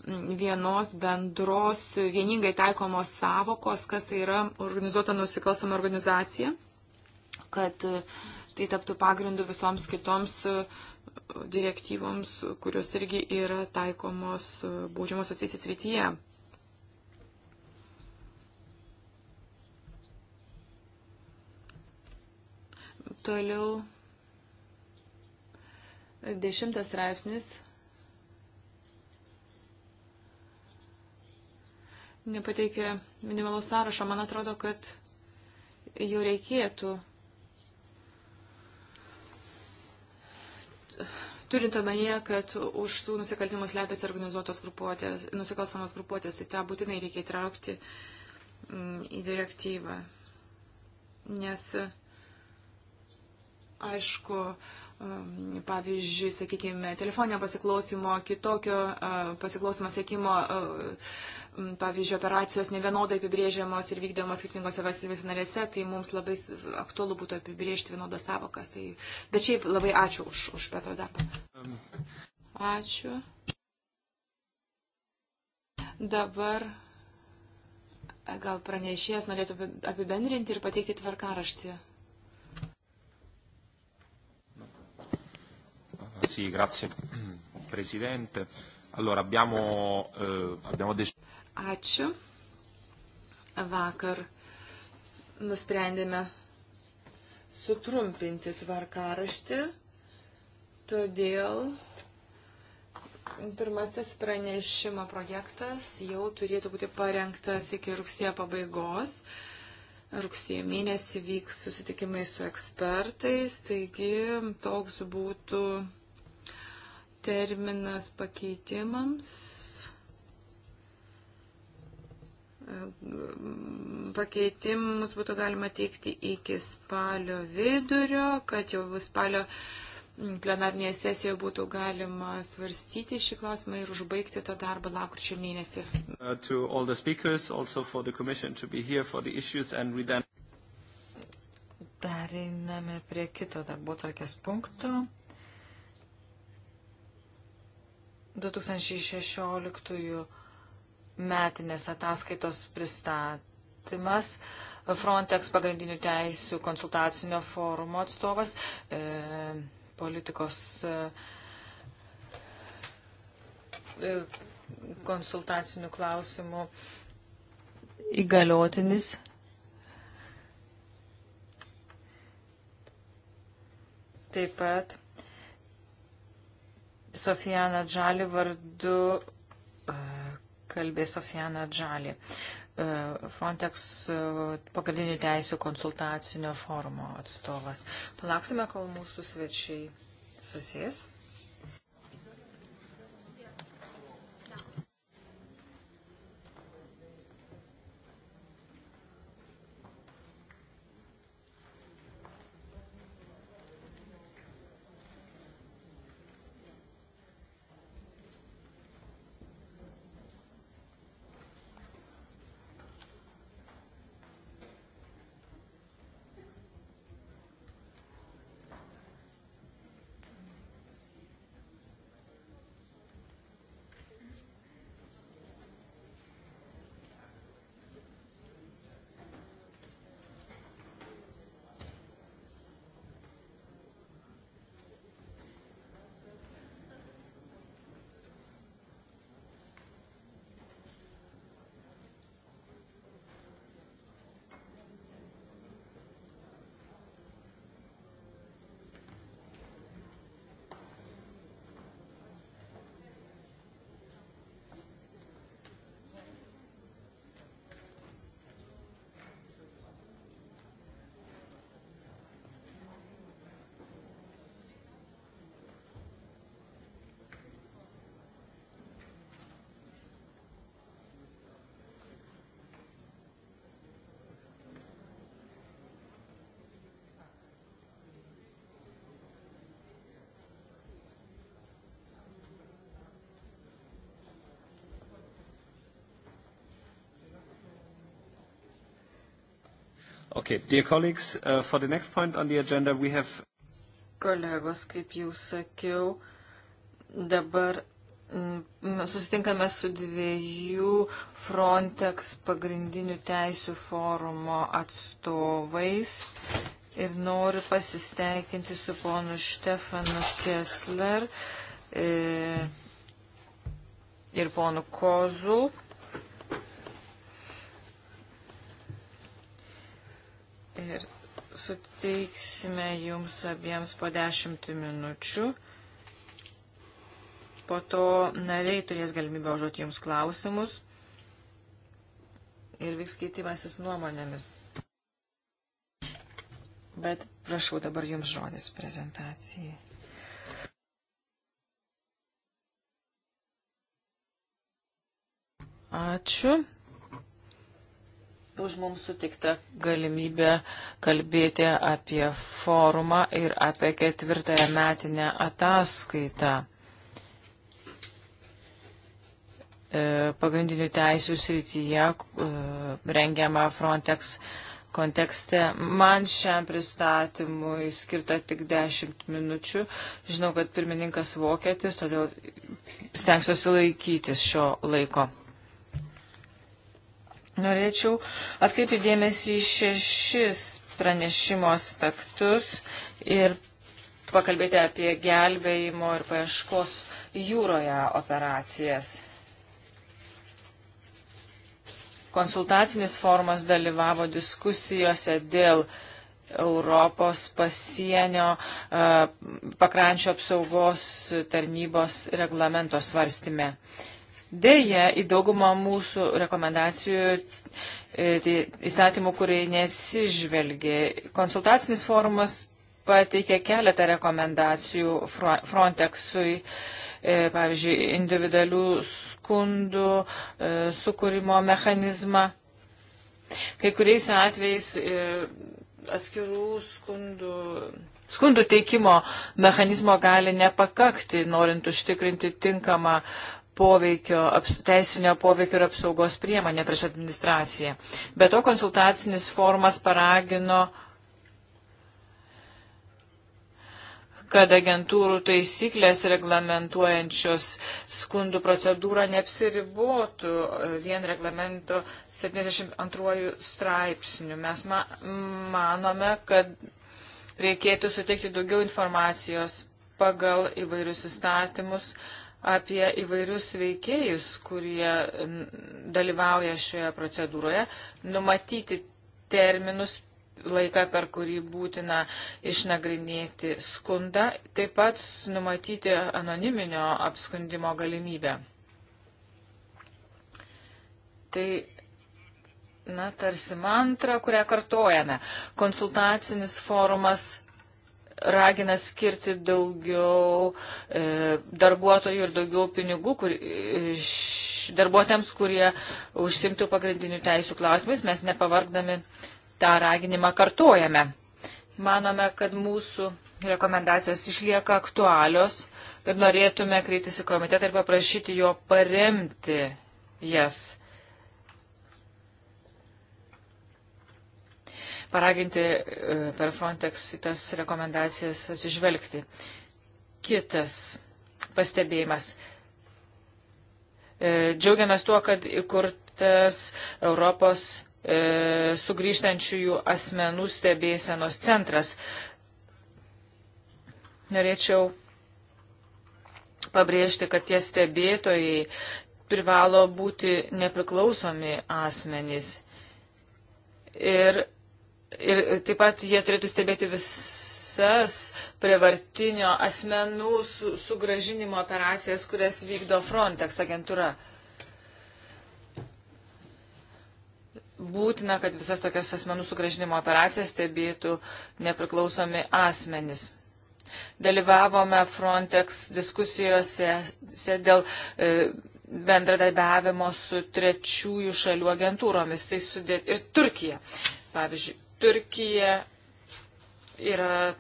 mm, vienos bendros, vieningai taikomos savokos, kas tai yra organizuota nusikalstama organizacija, kad e, tai taptų pagrindu visoms kitoms e, direktyvoms, kurios irgi yra taikomos e, baudžiamos atsisės rytyje. Toliau dešimtas straipsnis. Nepateikė minimalaus sąrašo. Man atrodo, kad jo reikėtų. Turint omenyje, kad už tų nusikaltimų slepiasi organizuotos grupuotės, nusikalstamos grupuotės, tai tą būtinai reikia įtraukti mm, į direktyvą. Nes aišku, um, pavyzdžiui, sakykime, telefoninio pasiklausimo, kitokio uh, pasiklausimo sėkimo uh, pavyzdžiui, operacijos nevienodai apibrėžiamos ir vykdomos skirtingose valstybės narėse, tai mums labai aktualu būtų apibrėžti vienodas savokas. Tai... Bet šiaip labai ačiū už, už Petro darbą. Um. Ačiū. Dabar e, gal pranešėjas norėtų apibendrinti ir pateikti tvarkaraštį. Sì, grazie Presidente. Allora, abbiamo, eh, abbiamo deciso. Ačiū. Vakar nusprendėme sutrumpinti tvarkaraštį, todėl pirmasis pranešimo projektas jau turėtų būti parengtas iki rugsėjo pabaigos. Rugsėjo mėnesį vyks susitikimai su ekspertais, taigi toks būtų terminas pakeitimams. Pakeitimus būtų galima teikti iki spalio vidurio, kad jau spalio plenarnėje sesijoje būtų galima svarstyti šį klausimą ir užbaigti tą darbą lapkričio mėnesį. Uh, Pereiname prie kito darbo tarkės punkto. 2016 metinės ataskaitos pristatymas. Frontex pagrindinių teisių konsultacinio forumo atstovas, e, politikos e, konsultacinių klausimų įgaliotinis. Taip pat Sofijana Džali vardu e, kalbė Sofijana Džali. E, Frontex e, pagrindinių teisų konsultacinio forumo atstovas. Palauksime, kol mūsų svečiai susės. Okay, dear colleagues, uh, for the next point on the agenda we have. Kolegos, kaip jau sakiau, dabar mm, susitinkame su dviejų Frontex pagrindinių teisų forumo atstovais ir noriu pasisteikinti su ponu Štefanu Kessler e, ir ponu Kozul. suteiksime jums abiems po dešimt minučių. Po to nariai turės galimybę užduoti jums klausimus ir vyks keitimasis nuomonėmis. Bet prašau dabar jums žodis prezentacijai. Ačiū už mums sutikta galimybė kalbėti apie forumą ir apie ketvirtąją metinę ataskaitą. E, pagrindinių teisų srityje e, rengiama Frontex kontekste. Man šiam pristatymui skirta tik 10 minučių. Žinau, kad pirmininkas vokietis, todėl stengsiuosi laikytis šio laiko. Norėčiau atkreipti dėmesį į šešis pranešimo aspektus ir pakalbėti apie gelbėjimo ir paieškos jūroje operacijas. Konsultacinis formas dalyvavo diskusijose dėl Europos pasienio e, pakrančio apsaugos tarnybos reglamento svarstime. Deja, į daugumą mūsų rekomendacijų e, tai įstatymų, kurie nesižvelgia. Konsultacinis forumas pateikė keletą rekomendacijų Frontexui, e, pavyzdžiui, individualių skundų e, sukūrimo mechanizmą. Kai kuriais atvejais atskirų skundų. Skundų teikimo mechanizmo gali nepakakti, norint užtikrinti tinkamą poveikio, teisinio poveikio ir apsaugos priemonė prieš administraciją. Be to konsultacinis formas paragino, kad agentūrų taisyklės reglamentuojančios skundų procedūrą neapsiribotų vien reglamento 72 straipsnių. Mes ma manome, kad reikėtų suteikti daugiau informacijos pagal įvairius įstatymus, uh, apie įvairius veikėjus, kurie dalyvauja šioje procedūroje, numatyti terminus laiką, per kurį būtina išnagrinėti skundą, taip pat numatyti anoniminio apskundimo galimybę. Tai, na, tarsi mantra, kurią kartojame. Konsultacinis forumas ragina skirti daugiau e, darbuotojų ir daugiau pinigų kur, e, š, darbuotojams, kurie užsimtų pagrindinių teisų klausimais. Mes nepavargdami tą raginimą kartuojame. Manome, kad mūsų rekomendacijos išlieka aktualios ir norėtume kreiptis į komitetą ir paprašyti jo paremti jas. Yes paraginti e, per Frontex į tas rekomendacijas atsižvelgti. Kitas pastebėjimas. E, džiaugiamės tuo, kad įkurtas Europos e, sugrįžtančiųjų asmenų stebėsenos centras. Norėčiau pabrėžti, kad tie stebėtojai privalo būti nepriklausomi asmenys. Ir Ir taip pat jie turėtų stebėti visas prievartinio asmenų su, sugražinimo operacijas, kurias vykdo Frontex agentūra. Būtina, kad visas tokias asmenų sugražinimo operacijas stebėtų nepriklausomi asmenys. Dalyvavome Frontex diskusijose dėl e, bendradarbiavimo su trečiųjų šalių agentūromis, tai sudėt ir Turkija. Pavyzdžiui, Turkija yra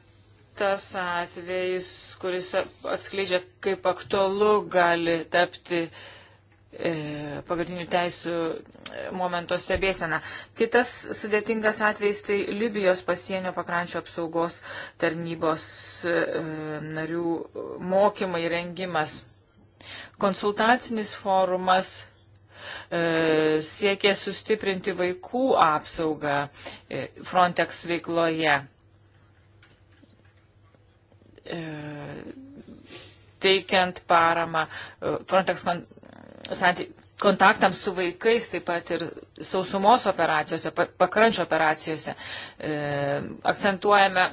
tas atvejis, kuris atskleidžia, kaip aktualu gali tapti e, pagrindinių teisų e, momento stebėsena. Kitas sudėtingas atvejis tai Libijos pasienio pakrančio apsaugos tarnybos e, narių mokymai rengimas. Konsultacinis forumas E, siekė sustiprinti vaikų apsaugą e, Frontex veikloje. E, teikiant paramą Frontex kontaktams su vaikais, taip pat ir sausumos operacijose, pakrančio operacijose, akcentuojame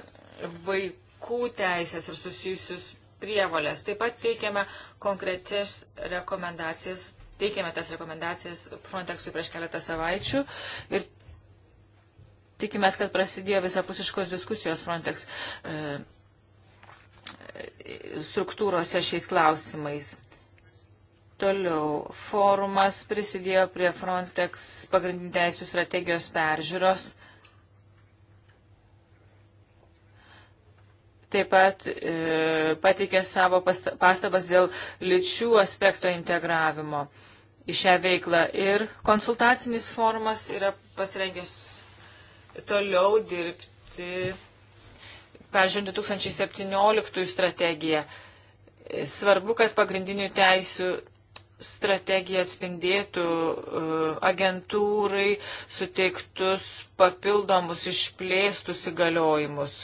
vaikų teisės ir susijusius prievolės. Taip pat teikiame konkrečias rekomendacijas teikėme tas rekomendacijas Frontexui prieš keletą savaičių ir tikimės, kad prasidėjo visapusiškos diskusijos Frontex e, struktūrose šiais klausimais. Toliau, forumas prisidėjo prie Frontex pagrindinių teisų strategijos peržiūros. Taip pat e, pateikė savo pastabas dėl lyčių aspekto integravimo. E, į šią veiklą. Ir konsultacinis formas yra pasirengęs toliau dirbti, peržiūrint 2017 strategiją. Svarbu, kad pagrindinių teisių strategija atspindėtų uh, agentūrai suteiktus papildomus išplėstus įgaliojimus.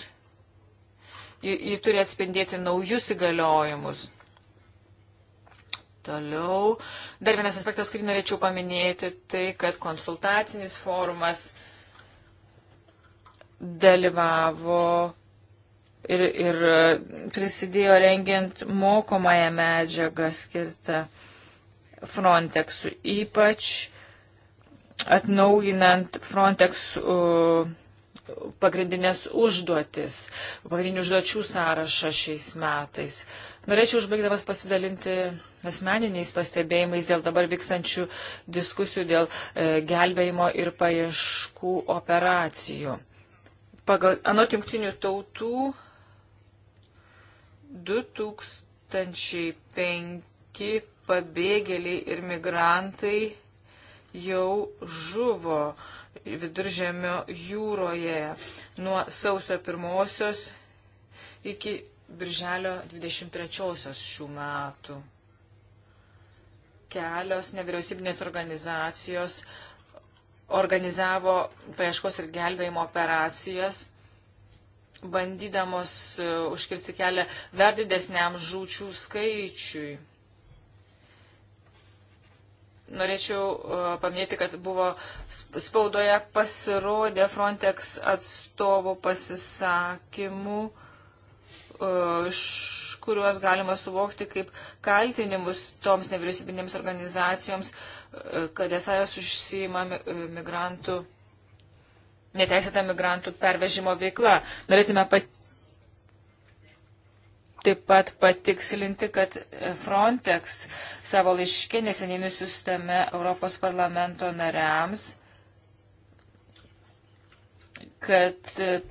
Ji, ji turi atspindėti naujus įgaliojimus. Toliau, dar vienas aspektas, kurį norėčiau paminėti, tai kad konsultacinis forumas dalyvavo ir, ir prisidėjo rengiant mokomąją medžiagą skirtą Frontexui, ypač atnaujinant Frontex uh, pagrindinės užduotis, pagrindinių užduočių sąrašą šiais metais. Norėčiau užbaigdamas pasidalinti asmeniniais pastebėjimais dėl dabar vykstančių diskusijų dėl e, gelbėjimo ir paieškų operacijų. Pagal, anot jungtinių tautų 2005 pabėgėliai ir migrantai jau žuvo. E, viduržėmio jūroje nuo sausio pirmosios iki birželio 23 šių metų. Kelios nevyriausybinės organizacijos organizavo paieškos ir gelbėjimo operacijas, bandydamos uh, užkirsti kelią dar didesniam žūčių skaičiui norėčiau e, paminėti, kad buvo spaudoje pasirodė Frontex atstovų pasisakymų, e, iš kuriuos galima suvokti kaip kaltinimus toms nevyriausybinėms organizacijoms, e, kad esą jos užsima migrantų neteisėta migrantų pervežimo veikla. Norėtume pat, taip pat patikslinti, kad Frontex savo laiškė neseniai nusistame Europos parlamento nariams kad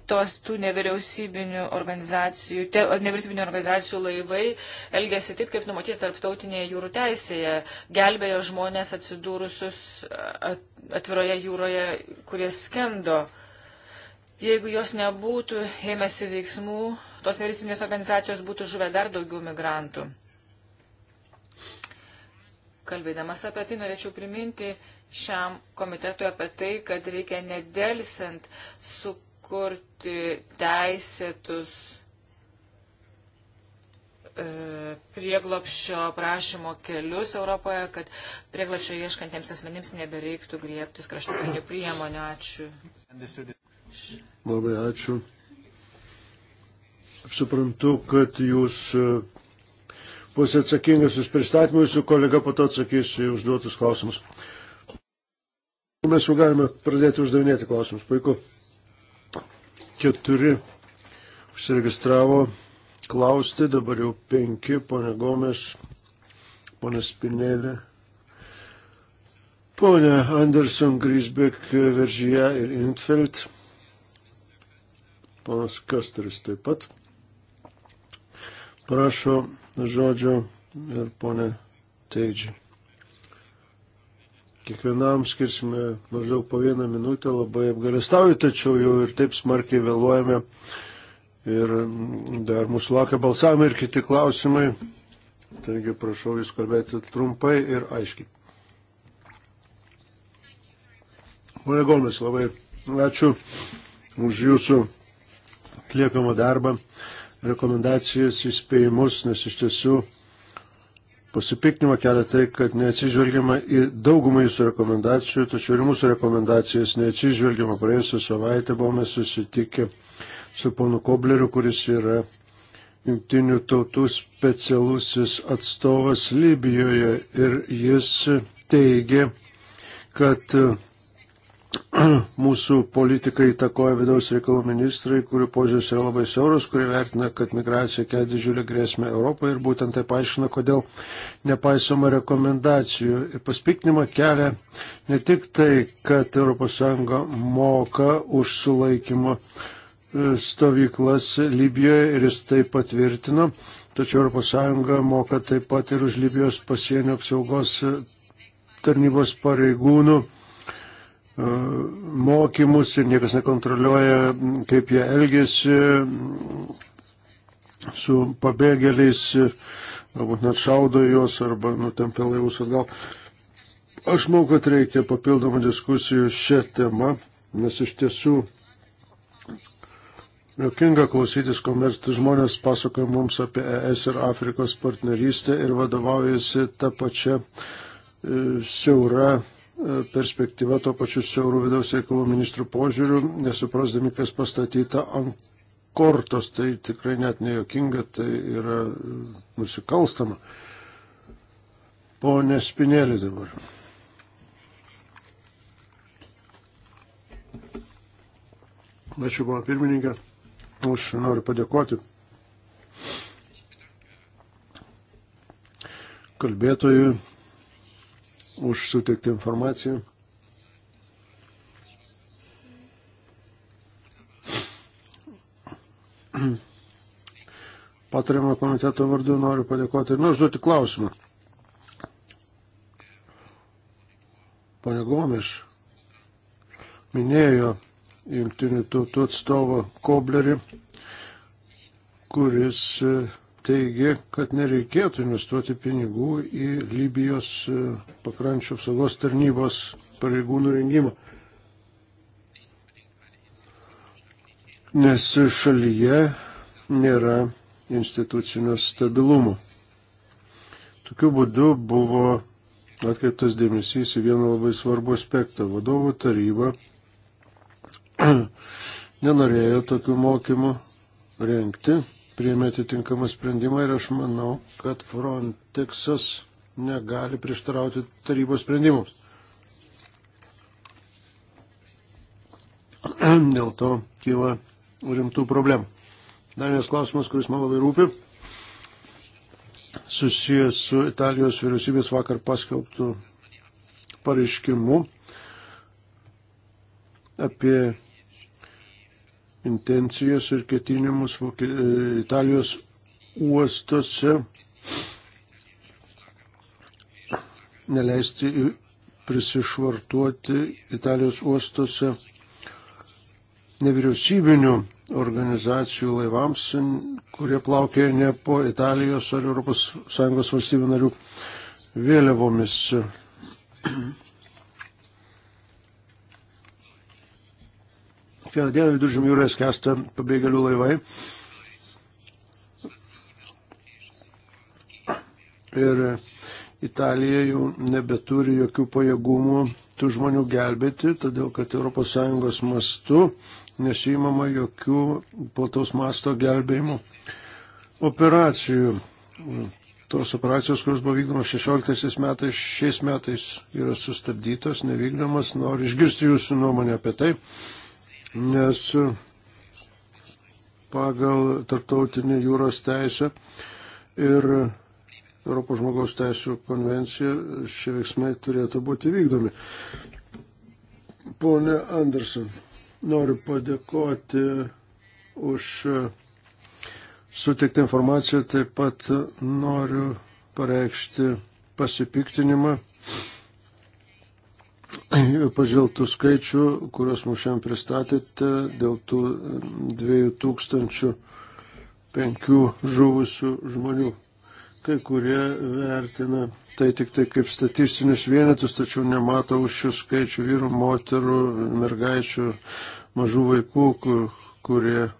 tos tų nevyriausybinių organizacijų, te, nevyriausybinių organizacijų laivai elgėsi taip, kaip numatyta tarptautinėje jūrų teisėje, gelbėjo žmonės atsidūrusius atviroje jūroje, kurie skendo. Jeigu jos nebūtų ėmėsi veiksmų, tos nevyriausybinės organizacijos būtų žuvę dar daugiau migrantų. Kalbėdamas apie tai, norėčiau priminti šiam komitetui apie tai, kad reikia nedelsint sukurti teisėtus e, prieglopščio prašymo kelius Europoje, kad prieglopščio ieškantiems asmenims nebereiktų griebtis kraštutinių priemonių. Ačiū. Labai ačiū suprantu, kad jūs būsite atsakingas už pristatymą, jūsų kolega po to atsakys į užduotus klausimus. Mes jau galime pradėti uždavinėti klausimus. Puiku. Keturi užsiregistravo klausti, dabar jau penki, ponė Gomes, ponė Spinėlė, ponė Anderson, Grisbek, Veržyje ir Intfeld, ponas Kasteris taip pat prašo žodžio ir ponė Teidžiai. Kiekvienam skirsime maždaug po vieną minutę, labai apgalėstauju, tačiau jau ir taip smarkiai vėluojame. Ir dar mūsų laukia balsavimai ir kiti klausimai. Taigi prašau Jūs kalbėti trumpai ir aiškiai. Pone Gomis, labai ačiū už Jūsų atliekamą darbą rekomendacijas, įspėjimus, nes iš tiesų pasipiknimą kelia tai, kad neatsižvelgiama į daugumą jūsų rekomendacijų, tačiau ir mūsų rekomendacijas neatsižvelgiama. Praėjusią savaitę buvome susitikę su ponu Kobleriu, kuris yra jungtinių tautų specialusis atstovas Libijoje ir jis teigia, kad mūsų politikai įtakoja vidaus reikalų ministrai, kurių požiūris yra labai siauras, kurie vertina, kad migracija kelia didžiulę grėsmę Europai ir būtent tai paaiškina, kodėl nepaisoma rekomendacijų. Ir paspiknimą kelia ne tik tai, kad ES moka už sulaikymo e, stovyklas Libijoje ir jis tai patvirtino, tačiau ES moka taip pat ir už Libijos pasienio apsaugos e, tarnybos pareigūnų mokymus ir niekas nekontroliuoja, kaip jie elgesi su pabėgėliais, galbūt net šaudo juos arba nutempia laivus atgal. Aš manau, kad reikia papildomų diskusijų šią temą, nes iš tiesų Jokinga klausytis, kuomet žmonės pasakoja mums apie ES ir Afrikos partnerystę ir vadovaujasi tą pačią e, siaurą perspektyva to pačiu siaurų vidaus reikalų ministrų požiūriu, nesuprasdami, kas pastatyta ant kortos, tai tikrai net nejokinga, tai yra e, nusikalstama. Pone Spinėlį dabar. Ačiū, buvo pirmininkė. Aš noriu padėkoti kalbėtojui už suteiktą informaciją. Patariamo komiteto vardu noriu padėkoti ir nu, užduoti klausimą. Pane Gomiš minėjo jungtinių tautų atstovą Koblerį, kuris teigia, kad nereikėtų investuoti pinigų į Libijos e, pakrančių apsaugos tarnybos pareigūnų rengimą. Nes šalyje nėra institucinio stabilumo. Tokiu būdu buvo atkreiptas dėmesys į vieną labai svarbų aspektą. Vadovų taryba nenorėjo tokių mokymų rengti, priėmė atitinkamą sprendimą ir aš manau, kad Frontexas negali prieštarauti tarybos sprendimus. Dėl to kyla rimtų problemų. Dar vienas klausimas, kuris man labai rūpi, susijęs su Italijos vyriausybės vakar paskelbtų pareiškimu apie intencijas ir ketinimus e, Italijos uostose neleisti prisišvartuoti Italijos uostose nevyriausybinių organizacijų laivams, kurie plaukė ne po Italijos ar ES valstybių narių vėliavomis. Kiekvieną dieną viduržymį jūroje skęsta pabėgėlių laivai. Ir Italija jau nebeturi jokių pajėgumų tų žmonių gelbėti, todėl kad ES mastu nesimama jokių plataus masto gelbėjimų operacijų. Tos operacijos, kurios buvo vykdomos 16 metais, šiais metais yra sustabdytos, nevykdomas. Noriu išgirsti jūsų nuomonę apie tai nes pagal tarptautinį jūros teisę ir Europos žmogaus teisų konvenciją šie veiksmai turėtų būti vykdomi. Pone Anderson, noriu padėkoti už sutiktą informaciją, taip pat noriu pareikšti pasipiktinimą pažvelgtų skaičių, kuriuos mums šiandien pristatėte, dėl tų 2005 e, žuvusių žmonių. Kai kurie vertina tai tik tai kaip statistinius vienetus, tačiau nemato už šių skaičių vyrų, moterų, mergaičių, mažų vaikų, kur, kurie e,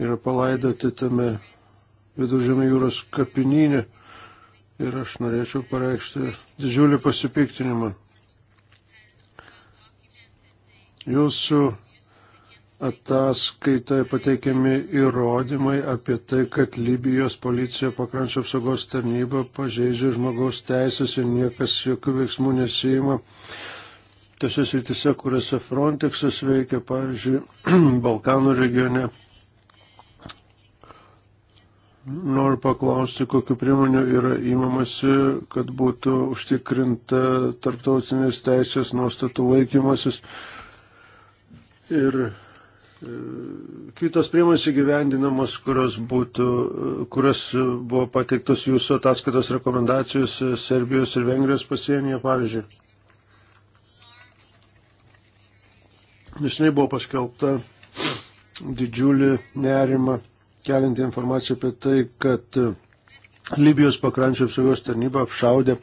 yra palaidoti tame viduržėme jūros kapinyne ir aš norėčiau pareikšti didžiulį pasipiktinimą. Jūsų ataskaitoje pateikiami įrodymai apie tai, kad Libijos policija pakrančio apsaugos tarnyba pažeidžia žmogaus teisės ir niekas jokių veiksmų nesijima. Tose srityse, kuriuose Frontexas veikia, pavyzdžiui, Balkanų regione, Noriu paklausti, kokiu priemoniu yra įmamasi, kad būtų užtikrinta tarptautinės teisės nuostatų laikymasis. Ir e, kitos priemonės įgyvendinamos, kurios, būtų, e, kurios buvo pateiktos jūsų ataskaitos rekomendacijos e, Serbijos ir Vengrijos pasienyje, pavyzdžiui. Nesiniai buvo paskelbta didžiulį nerimą kelinti informaciją apie tai, kad e, Libijos pakrančio apsaugos tarnyba apšaudė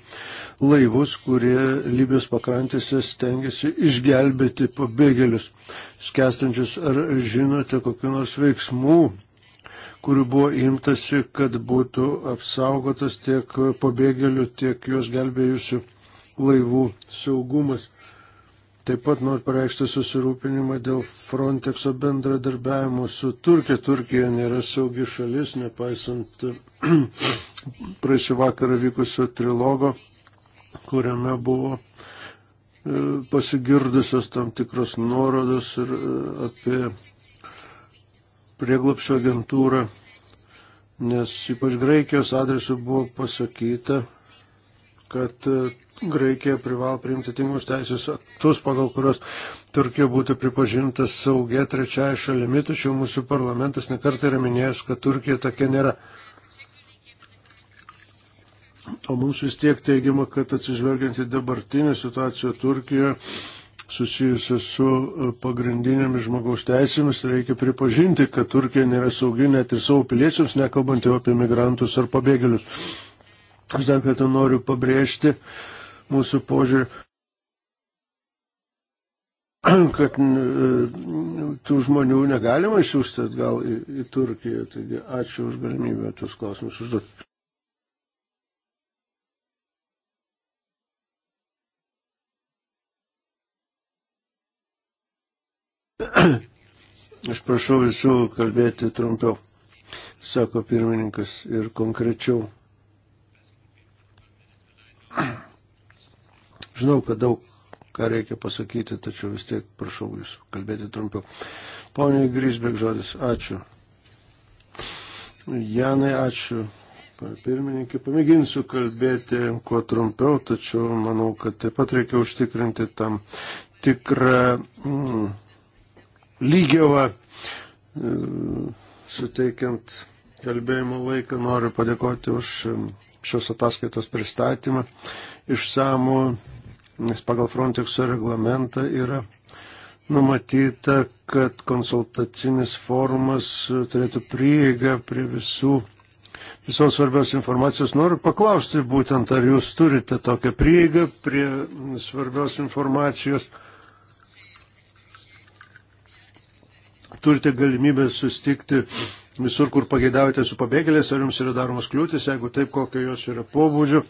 laivus, kurie Libijos pakrantėse stengiasi išgelbėti pabėgėlius skestančius. Ar žinote kokiu nors veiksmų, kurių buvo imtasi, kad būtų apsaugotas tiek pabėgėlių, tiek juos gelbėjusių laivų saugumas? Taip pat noriu pareikšti susirūpinimą dėl Frontexo bendradarbiavimo su Turkija. Turkija nėra saugi šalis, nepaisant praeisį vakarą vykusio trilogo, kuriame buvo e, pasigirdusios tam tikros nuorodos ir e, apie prieglapšio agentūrą, nes ypač Graikijos adresu buvo pasakyta, kad e, Graikija privalo priimti tinkamus teisės aktus, pagal kurios Turkija būtų pripažinta saugia trečiaja šalimi, tačiau mūsų parlamentas nekartai yra minėjęs, kad Turkija tokia nėra. O mums vis tiek teigiama, kad atsižvelgiant į dabartinę situaciją Turkijoje susijusią su e, pagrindinėmis žmogaus teisėmis, reikia pripažinti, kad Turkija nėra saugi net ir savo piliečiams, nekalbant jau apie migrantus ar pabėgėlius. Aš dar kartą noriu pabrėžti mūsų požiūrį, kad e, tų žmonių negalima siūsti atgal į, į Turkiją. Taigi ačiū už galimybę tuos klausimus užduoti. Aš prašau visų kalbėti trumpiau, sako pirmininkas, ir konkrečiau. Žinau, kad daug ką reikia pasakyti, tačiau vis tiek prašau jūs kalbėti trumpiau. Pone Grįžbėk žodis, ačiū. Janai, ačiū. Pirmininkai, pamėginsiu kalbėti kuo trumpiau, tačiau manau, kad taip pat reikia užtikrinti tam tikrą mm, lygiavą, e, suteikiant kalbėjimo laiką. Noriu padėkoti už šios ataskaitos pristatymą išsamų, nes pagal Frontexo reglamentą yra numatyta, kad konsultacinis forumas turėtų prieigą prie visų, visos svarbios informacijos. Noriu paklausti būtent, ar jūs turite tokią prieigą prie svarbios informacijos. Turite galimybę sustikti visur, kur pageidaujate su pabėgėliais, ar jums yra daromas kliūtis, jeigu taip, kokio jos yra pobūdžio.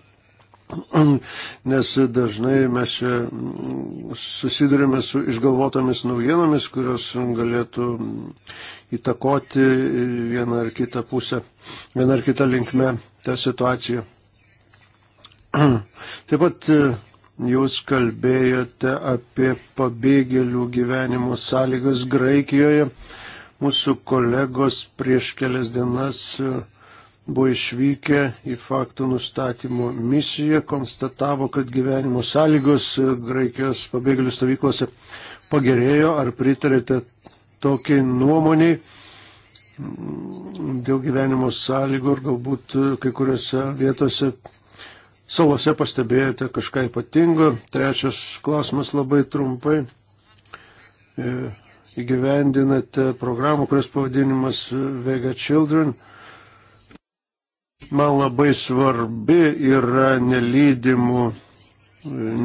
Nes dažnai mes čia mm, susidurime su išgalvotomis naujienomis, kurios galėtų įtakoti vieną ar kitą pusę, vieną ar kitą linkmę tą situaciją. Taip pat e, jūs kalbėjote apie pabėgėlių gyvenimo sąlygas Graikijoje. Mūsų kolegos prieš kelias dienas e, buvo išvykę į faktų nustatymo misiją, konstatavo, kad gyvenimo sąlygos e, Graikijos pabėgėlių stovyklose pagerėjo. Ar pritarėte tokiai nuomoniai mm, dėl gyvenimo sąlygų ir galbūt e, kai kuriuose vietose salose pastebėjote kažką ypatingo? Trečias klausimas labai trumpai įgyvendinate programą, kurios pavadinimas Vega Children. Man labai svarbi yra nelydimų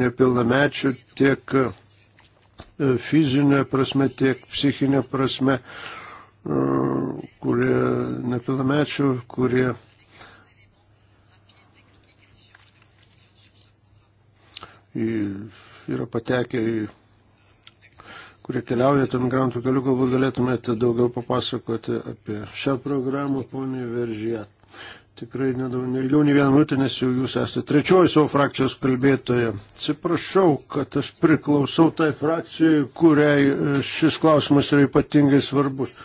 nepilnamečių tiek e, fizinė prasme, tiek psichinė prasme, e, kurie nepilnamečių, kurie yra patekę į kurie keliauja tam migrantų keliu, galbūt galėtumėte daugiau papasakoti apie šią programą, ponė Veržė. Tikrai nedaug, neilgiau nei vieną minutę, nes jau jūs esate trečioji savo frakcijos kalbėtoja. Atsiprašau, kad aš priklausau tai frakcijai, kuriai e, šis klausimas yra ypatingai svarbus.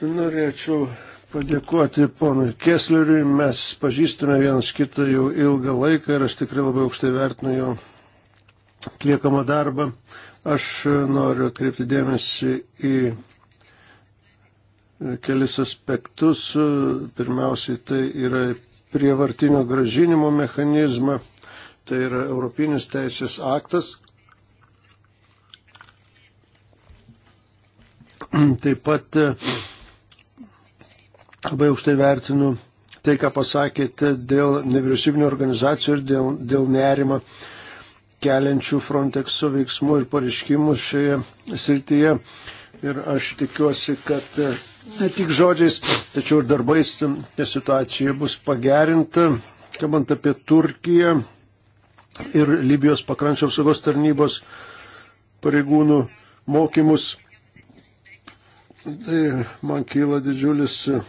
Norėčiau padėkoti ponui Kesleriui. Mes pažįstame vienas kitą jau ilgą laiką ir aš tikrai labai aukštai vertinu jo atliekamą darbą. Aš noriu atkreipti dėmesį į kelis aspektus. Pirmiausiai tai yra prievartinio gražinimo mechanizmą, tai yra Europinis teisės aktas. Taip pat labai už tai vertinu tai, ką pasakėte dėl nevyriausybinio organizacijų ir dėl, dėl nerima uh, keliančių Frontexo veiksmų ir pareiškimų šioje srityje. Ir aš tikiuosi, kad e, ne tik žodžiais, tačiau ir darbais situacija bus pagerinta, kalbant apie Turkiją ir Libijos pakrančio apsaugos tarnybos pareigūnų mokymus. Tai man kyla didžiulis e,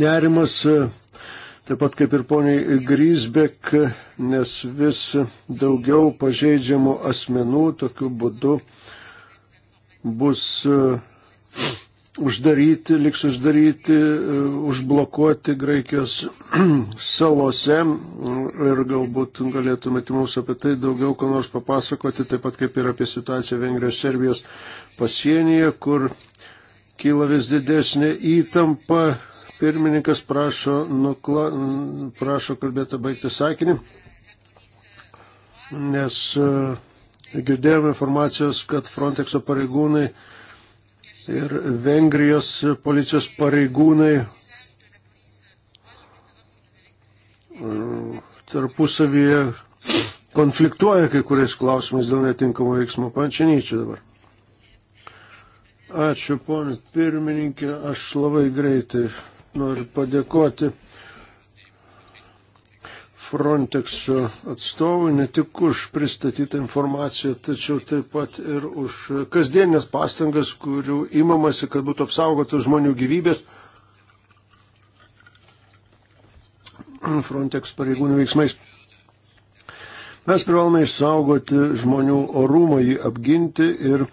nerimas e, taip pat kaip ir poniai Grisbek, nes vis daugiau pažeidžiamų asmenų tokiu būdu bus uh, uždaryti, liks uždaryti, uh, užblokuoti Graikijos salose ir galbūt galėtumėte mums apie tai daugiau ko nors papasakoti, taip pat kaip ir apie situaciją Vengrijos Serbijos pasienyje, kur kyla vis didesnė įtampa Pirmininkas prašo, nukla, prašo kalbėti baigti sakinį, nes e, girdėjome informacijos, kad Frontexo pareigūnai ir Vengrijos policijos pareigūnai e, tarpusavyje konfliktuoja kai kuriais klausimais dėl netinkamo veiksmo. Pančinyčiai dabar. Ačiū, ponė pirmininkė, aš labai greitai Noriu padėkoti Frontex atstovui ne tik už pristatytą informaciją, tačiau taip pat ir už kasdienės pastangas, kurių įmamasi, kad būtų apsaugotos žmonių gyvybės. Frontex pareigūnų veiksmais. Mes privalome išsaugoti žmonių orumą, jį apginti ir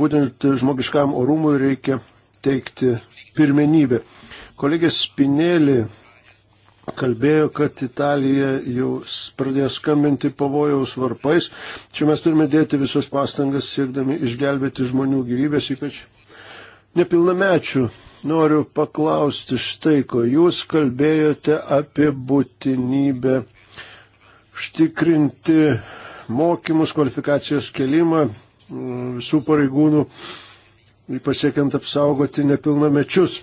būtent žmogiškam orumui reikia teikti pirmenybę. Kolegė Spinėlį kalbėjo, kad Italija jau pradėjo skambinti pavojaus varpais. Čia mes turime dėti visas pastangas siekdami išgelbėti žmonių gyvybės, ypač nepilnamečių. Noriu paklausti štai ko. Jūs kalbėjote apie būtinybę užtikrinti mokymus, kvalifikacijos kelimą mm, visų pareigūnų, ypač siekiant apsaugoti nepilnamečius.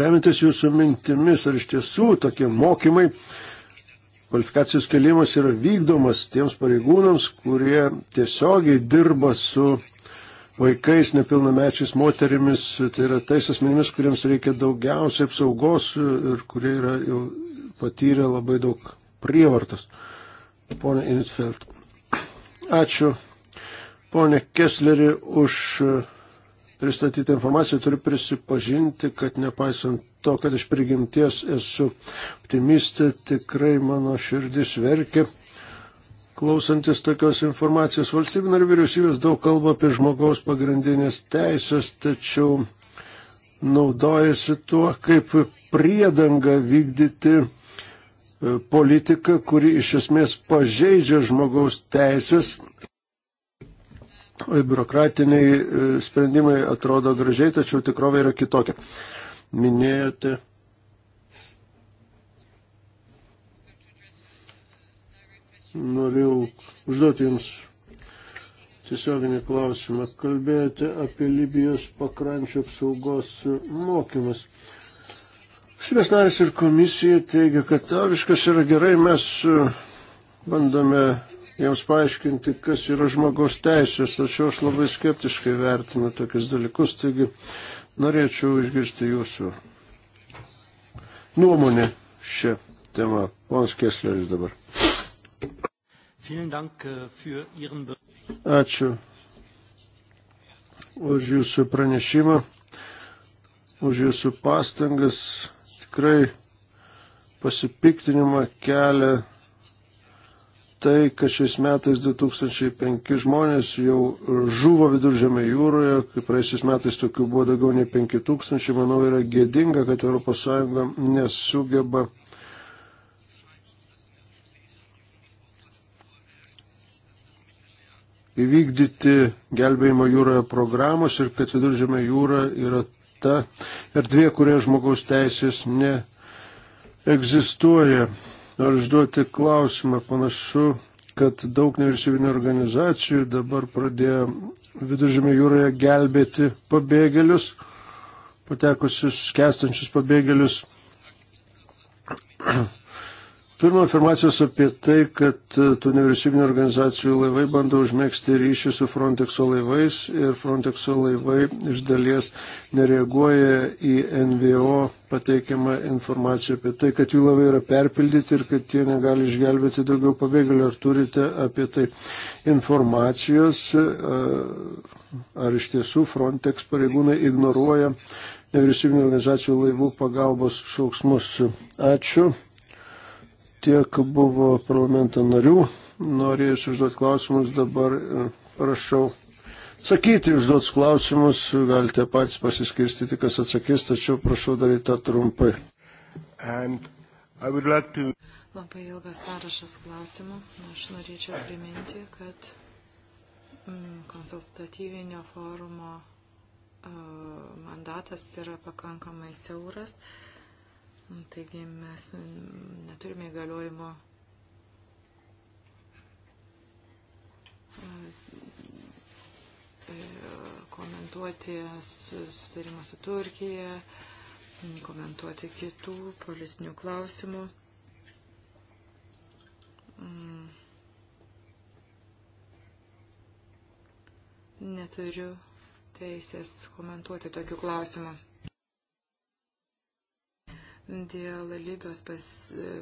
Remintis jūsų mintimis, ar iš tiesų tokie mokymai, kvalifikacijos kelimas yra vykdomas tiems pareigūnams, kurie tiesiogiai dirba su vaikais, nepilnamečiais moterimis, tai yra tais asmenimis, kuriems reikia daugiausiai apsaugos ir kurie yra jau patyrę labai daug prievartos. Pone Initfeld. Ačiū, pone Kesleri, už pristatytą informaciją, turiu prisipažinti, kad nepaisant to, kad iš prigimties esu optimistė, tikrai mano širdis verkia. Klausantis tokios informacijos, valstybinė ir vyriausybės daug kalba apie žmogaus pagrindinės teisės, tačiau naudojasi tuo kaip priedanga vykdyti e, politiką, kuri iš esmės pažeidžia žmogaus teisės biurokratiniai e, sprendimai atrodo gražiai, tačiau tikrovė yra kitokia. Minėjote. Norėjau užduoti Jums tiesioginį klausimą. Kalbėjote apie Libijos pakrančio apsaugos mokymas. Šimės narys ir komisija teigia, kad aviškas yra gerai, mes e, bandome jiems paaiškinti, kas yra žmogaus teisės, tačiau aš labai skeptiškai vertinu tokius dalykus, taigi norėčiau išgirsti jūsų nuomonę šią temą. Ponas Kesleris dabar. Äh, Ačiū už jūsų pranešimą, už jūsų pastangas. Tikrai pasipiktinimą kelia tai, kad šiais metais 2005 žmonės jau žuvo viduržėme jūroje, kaip praeisiais metais tokių buvo daugiau nei 5000, manau, yra gėdinga, kad ES nesugeba įvykdyti gelbėjimo jūroje programos ir kad viduržėme jūra yra ta erdvė, kurioje žmogaus teisės neegzistuoja. Noriu užduoti klausimą. Panašu, kad daug nevyriausybinio organizacijų dabar pradėjo viduržymė jūroje gelbėti pabėgėlius, patekusius, kestančius pabėgėlius. Turime informacijos apie tai, kad e, tų nevyriausybinio organizacijų laivai bando užmėgsti ryšį su Frontexo laivais ir Frontexo laivai iš dalies nereaguoja į NVO pateikiamą informaciją apie tai, kad jų laivai yra perpildyti ir kad jie negali išgelbėti daugiau pabėgėlių. Ar turite apie tai informacijos, e, ar iš tiesų Frontex pareigūnai ignoruoja nevyriausybinio organizacijų laivų pagalbos šauksmus? Ačiū tiek buvo parlamento narių. Norėjusi užduoti klausimus, dabar e, prašau. Sakyti užduotus klausimus, galite patys pasiskirstyti, kas atsakys, tačiau prašau daryti tą trumpai. Like to... Labai ilgas sąrašas klausimų. Aš norėčiau priminti, kad mm, konsultatyvinio forumo uh, mandatas yra pakankamai siauras. Uh, Taigi mes neturime įgaliojimo e, komentuoti susitarimą su Turkija, komentuoti kitų politinių klausimų. Mm. Neturiu teisės komentuoti tokių klausimų dėl lygios pas,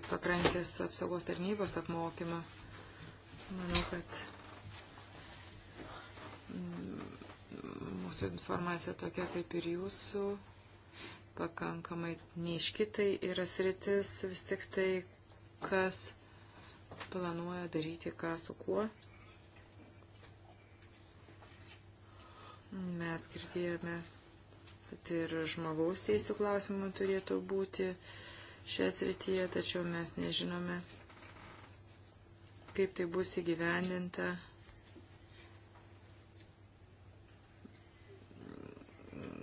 pakrantės apsaugos tarnybos apmokymą. Manau, kad mm, mūsų informacija tokia kaip ir jūsų pakankamai neiškitai yra sritis vis tik tai, kas planuoja daryti ką su kuo. Mes girdėjome kad tai ir žmogaus teisų klausimų turėtų būti šią srityje, tačiau mes nežinome, kaip tai bus įgyvendinta.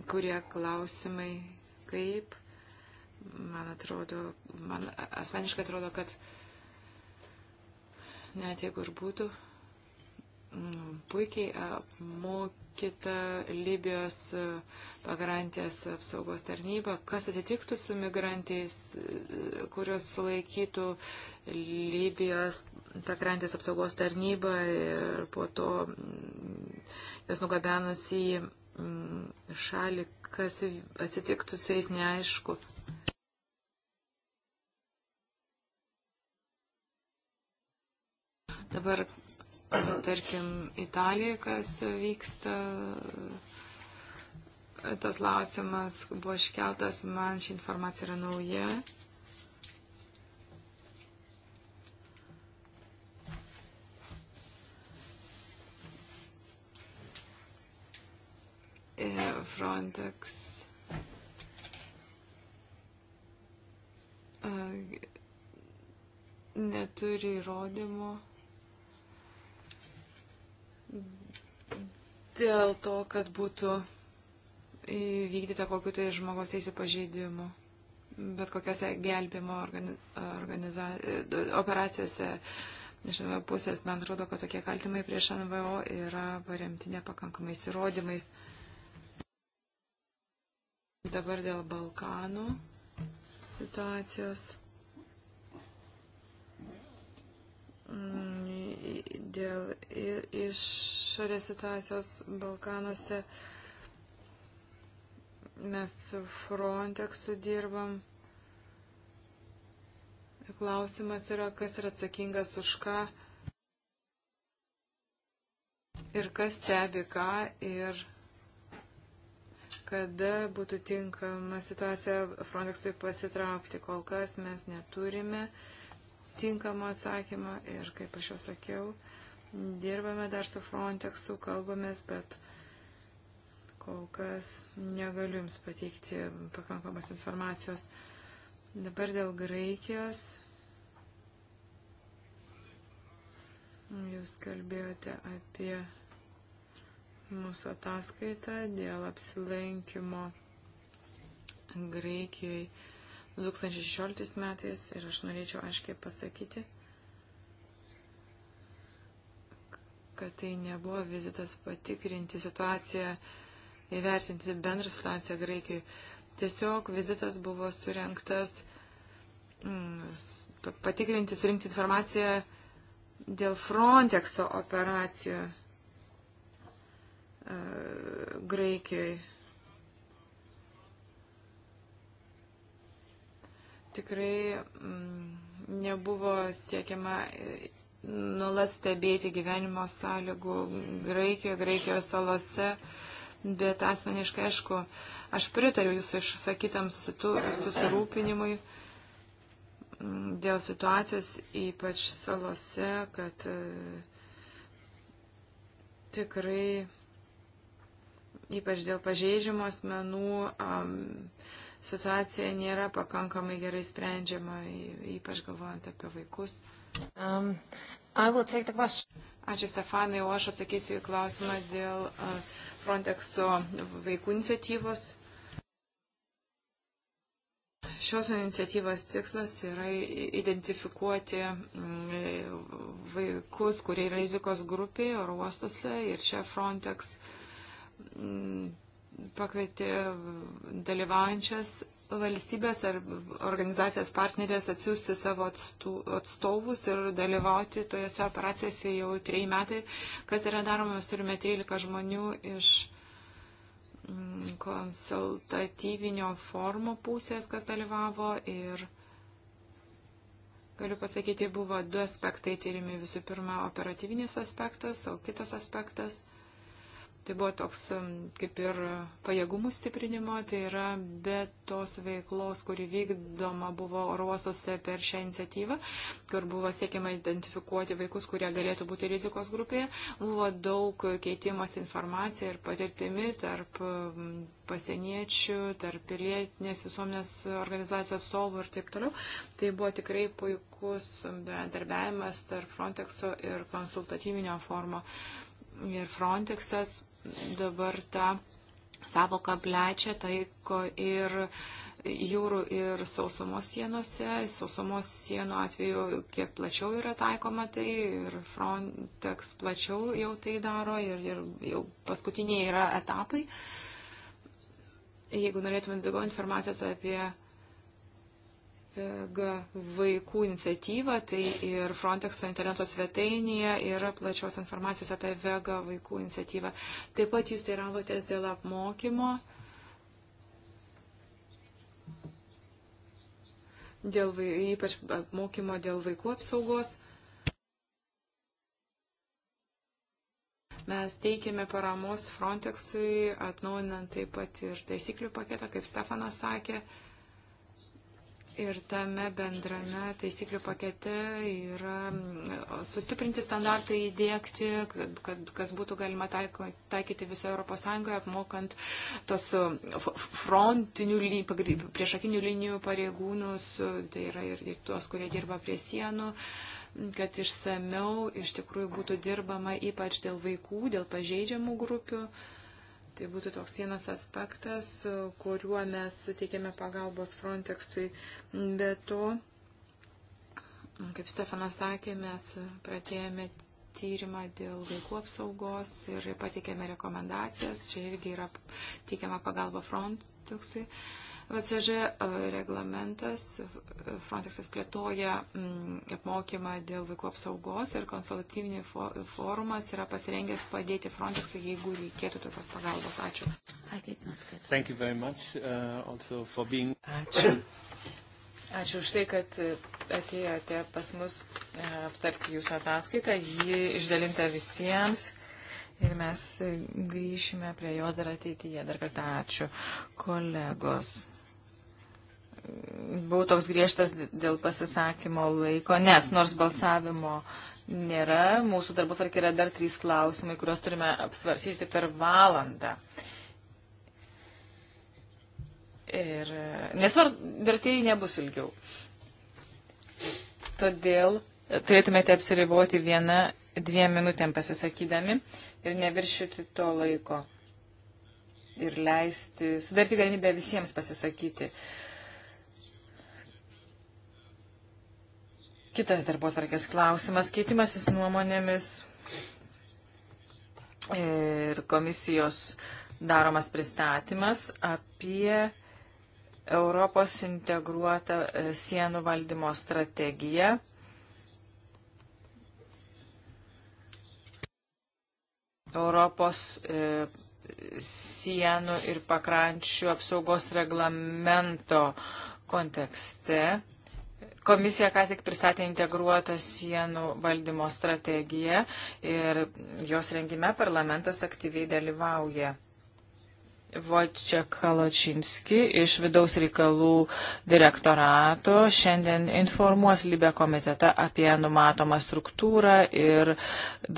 kurie klausimai, kaip, man atrodo, man asmeniškai atrodo, kad net jeigu ir būtų mm, puikiai apmokyti, kita Libijos e, pagrantės apsaugos tarnyba, kas atsitiktų su migrantais, e, kurios sulaikytų Libijos pagrantės apsaugos tarnyba ir po to mm, jas nugabenus į mm, šalį, kas atsitiktų su jais neaišku. Dabar tarkim, Italijoje, kas vyksta, tas klausimas buvo iškeltas, man ši informacija yra nauja. E, Frontex. E, neturi įrodymo dėl to, kad būtų įvykdyta kokiu tai žmogaus teisų pažeidimu, bet kokiose gelbėjimo organiza... operacijose. Iš NVO pusės, man atrodo, kad tokie kaltimai prieš NVO yra paremti nepakankamais įrodymais. Dabar dėl Balkanų situacijos. Mm dėl išorės situacijos Balkanuose. Mes su Frontexu dirbam. Klausimas yra, kas yra atsakingas už ką ir kas stebi ką ir kada būtų tinkama situacija Frontexui pasitraukti. Kol kas mes neturime tinkamo atsakymo ir, kaip aš jau sakiau, dirbame dar su Frontexu, kalbamės, bet kol kas negaliu Jums pateikti pakankamas informacijos. Dabar dėl Graikijos. Jūs kalbėjote apie mūsų ataskaitą dėl apsilankimo Graikijoje 2016 metais ir aš norėčiau aiškiai pasakyti, kad tai nebuvo vizitas patikrinti situaciją, įvertinti bendrą situaciją Graikijoje. Tiesiog vizitas buvo surinktas mm, patikrinti, surinkti informaciją dėl Frontexo operacijų e, Graikijoje. Tikrai mm, nebuvo siekiama e, nulas stebėti gyvenimo sąlygų Graikijoje, Graikijos salose, bet asmeniškai, aišku, aš pritariu jūsų išsakytam susirūpinimui dėl situacijos, ypač salose, kad e, tikrai, ypač dėl pažeidžiamų asmenų, um, situacija nėra pakankamai gerai sprendžiama, ypač galvojant apie vaikus. Um, Ačiū Stefanai, o aš atsakysiu į klausimą dėl Frontexo vaikų iniciatyvos. Šios iniciatyvos tikslas yra identifikuoti mm, vaikus, kurie yra rizikos grupėje oro uostuose ir čia Frontex mm, pakvietė dalyvaujančias valstybės ar organizacijas partnerės atsiųsti savo atstovus ir dalyvauti tojose operacijose jau trejai metai. Kas yra daroma, mes turime 13 žmonių iš mm, konsultatyvinio formo pusės, kas dalyvavo ir galiu pasakyti, buvo du aspektai tyrimi. Visų pirma, operatyvinis aspektas, o kitas aspektas – Tai buvo toks kaip ir pajėgumų stiprinimo, tai yra be tos veiklos, kuri vykdoma buvo oruosose per šią iniciatyvą, kur buvo siekiama identifikuoti vaikus, kurie galėtų būti rizikos grupėje, buvo daug keitimas informacija ir patirtimi tarp pasieniečių, tarp pilietinės visuomenės organizacijos atstovų ir taip toliau. Tai buvo tikrai puikus bendarbiavimas tarp Frontexo ir konsultatyvinio formo ir Frontexas dabar tą savoką plečia, taiko ir jūrų ir sausumos sienose. Sausumos sienų atveju kiek plačiau yra taikoma tai ir Frontex plačiau jau tai daro ir, ir jau paskutiniai yra etapai. Jeigu norėtumėt daugiau informacijos apie vaikų iniciatyvą, tai ir Frontexo interneto svetainėje yra plačios informacijos apie Vega vaikų iniciatyvą. Taip pat jūs teiravotės dėl apmokymo, dėl, ypač apmokymo dėl vaikų apsaugos. Mes teikėme paramos Frontexui, atnaujinant taip pat ir taisyklių paketą, kaip Stefanas sakė. Uh, Ir tame bendrame taisyklių pakete yra mm, sustiprinti standartai įdėkti, kad kas būtų galima taiko, taikyti visoje Europos Sąjungoje, apmokant tos uh, frontinių, priešakinių linijų pareigūnus, uh, tai yra ir, ir tuos, kurie dirba prie sienų kad išsameu iš tikrųjų būtų dirbama ypač dėl vaikų, dėl pažeidžiamų grupių. Uh, Tai būtų toks vienas aspektas, kuriuo mes suteikėme pagalbos Frontexui. Be to, kaip Stefanas sakė, mes pradėjome tyrimą dėl vaikų apsaugos ir pateikėme rekomendacijas. Čia irgi yra teikiama pagalba Frontexui. Uh, VCŽ e, reglamentas Frontexas plėtoja apmokymą dėl vaikų apsaugos ir konsultatyvinį forumas yra pasirengęs padėti Frontexui, jeigu reikėtų tokios pagalbos. Ačiū. Much, uh, being... Ačiū. Ačiū už tai, kad e, atėjote pas mus e, aptarti jūsų ataskaitą. Ji išdalinta visiems ir mes grįšime prie jos dar ateityje. Dar kartą ačiū kolegos. Buvau toks griežtas dėl pasisakymo laiko, nes nors balsavimo nėra, mūsų darbo tvarkė yra dar trys klausimai, kuriuos turime apsvarsyti per valandą. Ir nesvarb, vertėjai nebus ilgiau. Todėl turėtumėte apsiriboti vieną dviem minutėm pasisakydami ir neviršyti to laiko ir leisti, sudaryti galimybę visiems pasisakyti. Kitas darbo tvarkės klausimas, keitimasis nuomonėmis ir komisijos daromas pristatymas apie Europos integruotą sienų valdymo strategiją Europos e, sienų ir pakrančių apsaugos reglamento kontekste. Komisija ką tik pristatė integruotą sienų valdymo strategiją ir jos rengime parlamentas aktyviai dalyvauja. Vojček Kaločinski iš vidaus reikalų direktorato šiandien informuos Libė komitetą apie numatomą struktūrą ir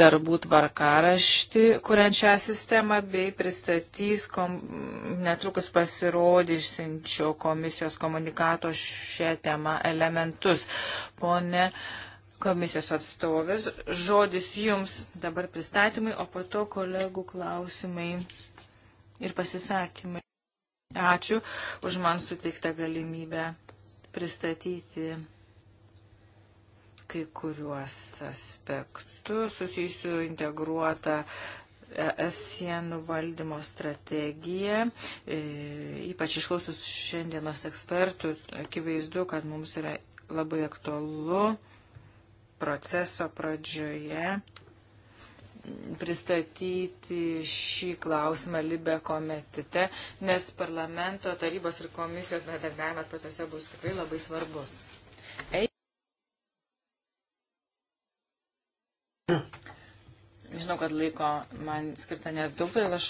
darbų tvarkaraštį, kuriant šią sistemą, bei pristatys kom... netrukus pasirodysinčio komisijos komunikato šią temą elementus. Pone komisijos atstovės, žodis jums dabar pristatymai, o po to kolegų klausimai ir pasisakymai. Ačiū už man suteiktą galimybę pristatyti kai kuriuos aspektus susijusių integruotą ES sienų valdymo strategija. E, ypač išklausus šiandienos ekspertų, akivaizdu, kad mums yra labai aktualu proceso pradžioje pristatyti šį klausimą Libe komitete, nes parlamento tarybos ir komisijos bendradarbiavimas procese bus tikrai labai svarbus. Ei. Žinau, kad laiko man skirta nedaug, todėl aš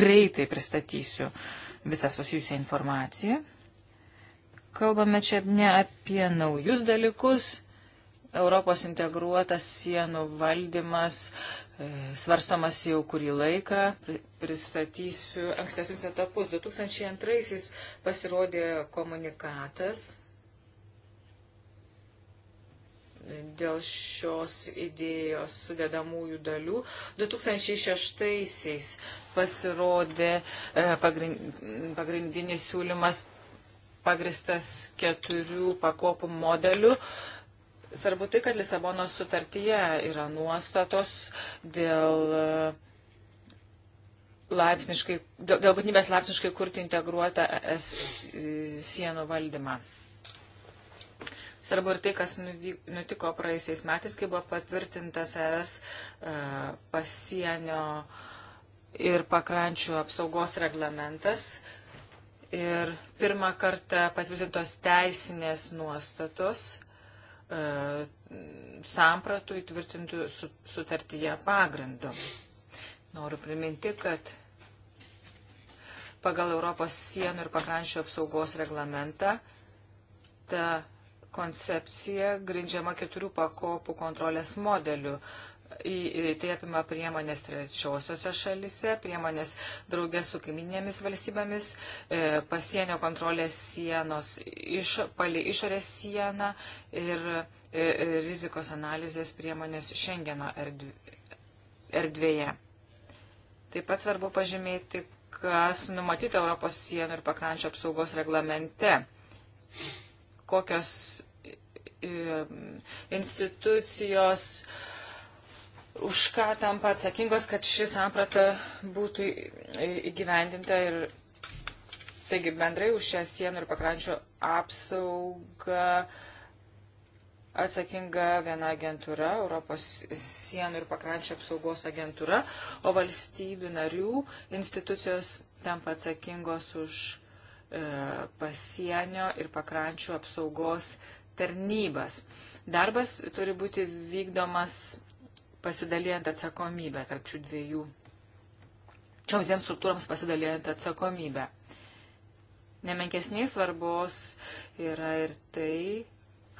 greitai pristatysiu visą susijusią informaciją. Kalbame čia ne apie naujus dalykus, Europos integruotas sienų valdymas e, svarstomas jau kurį laiką. Pristatysiu ankstesnius etapus. 2002 pasirodė komunikatas dėl šios idėjos sudedamųjų dalių. 2006 pasirodė e, pagrindinis siūlymas pagristas keturių pakopų modeliu. Svarbu tai, kad Lisabono sutartyje yra nuostatos dėl e, laipsniškai, dėl būtinybės laipsniškai kurti integruotą es sienų valdymą. Svarbu ir tai, kas nutiko praėjusiais metais, kai buvo patvirtintas es e, pasienio ir pakrančių apsaugos reglamentas ir pirmą kartą patvirtintos teisinės nuostatos E, sampratų įtvirtintų sutartyje pagrindu. Noriu priminti, kad pagal Europos sienų ir pakrančių apsaugos reglamentą ta koncepcija grindžiama keturių pakopų kontrolės modeliu tai apima priemonės trečiosiose šalise, priemonės draugės su kaiminėmis valstybėmis, e, pasienio kontrolės sienos, iš, pali išorės sieną ir e, e, rizikos analizės priemonės Šengeno erdvėje. Taip pat svarbu pažymėti, kas numatyta Europos sienų ir pakrančio apsaugos reglamente, kokios institucijos, už ką tampa atsakingos, kad ši samprata būtų įgyvendinta ir taigi bendrai už šią sienų ir pakrančio apsaugą atsakinga viena agentūra, Europos sienų ir pakrančio apsaugos agentūra, o valstybių narių institucijos tampa atsakingos už e, pasienio ir pakrančių apsaugos tarnybas. Darbas turi būti vykdomas pasidalijant atsakomybę tarp šių dviejų, čioms dviem struktūrams pasidalijant atsakomybę. Nemenkesniai svarbos yra ir tai,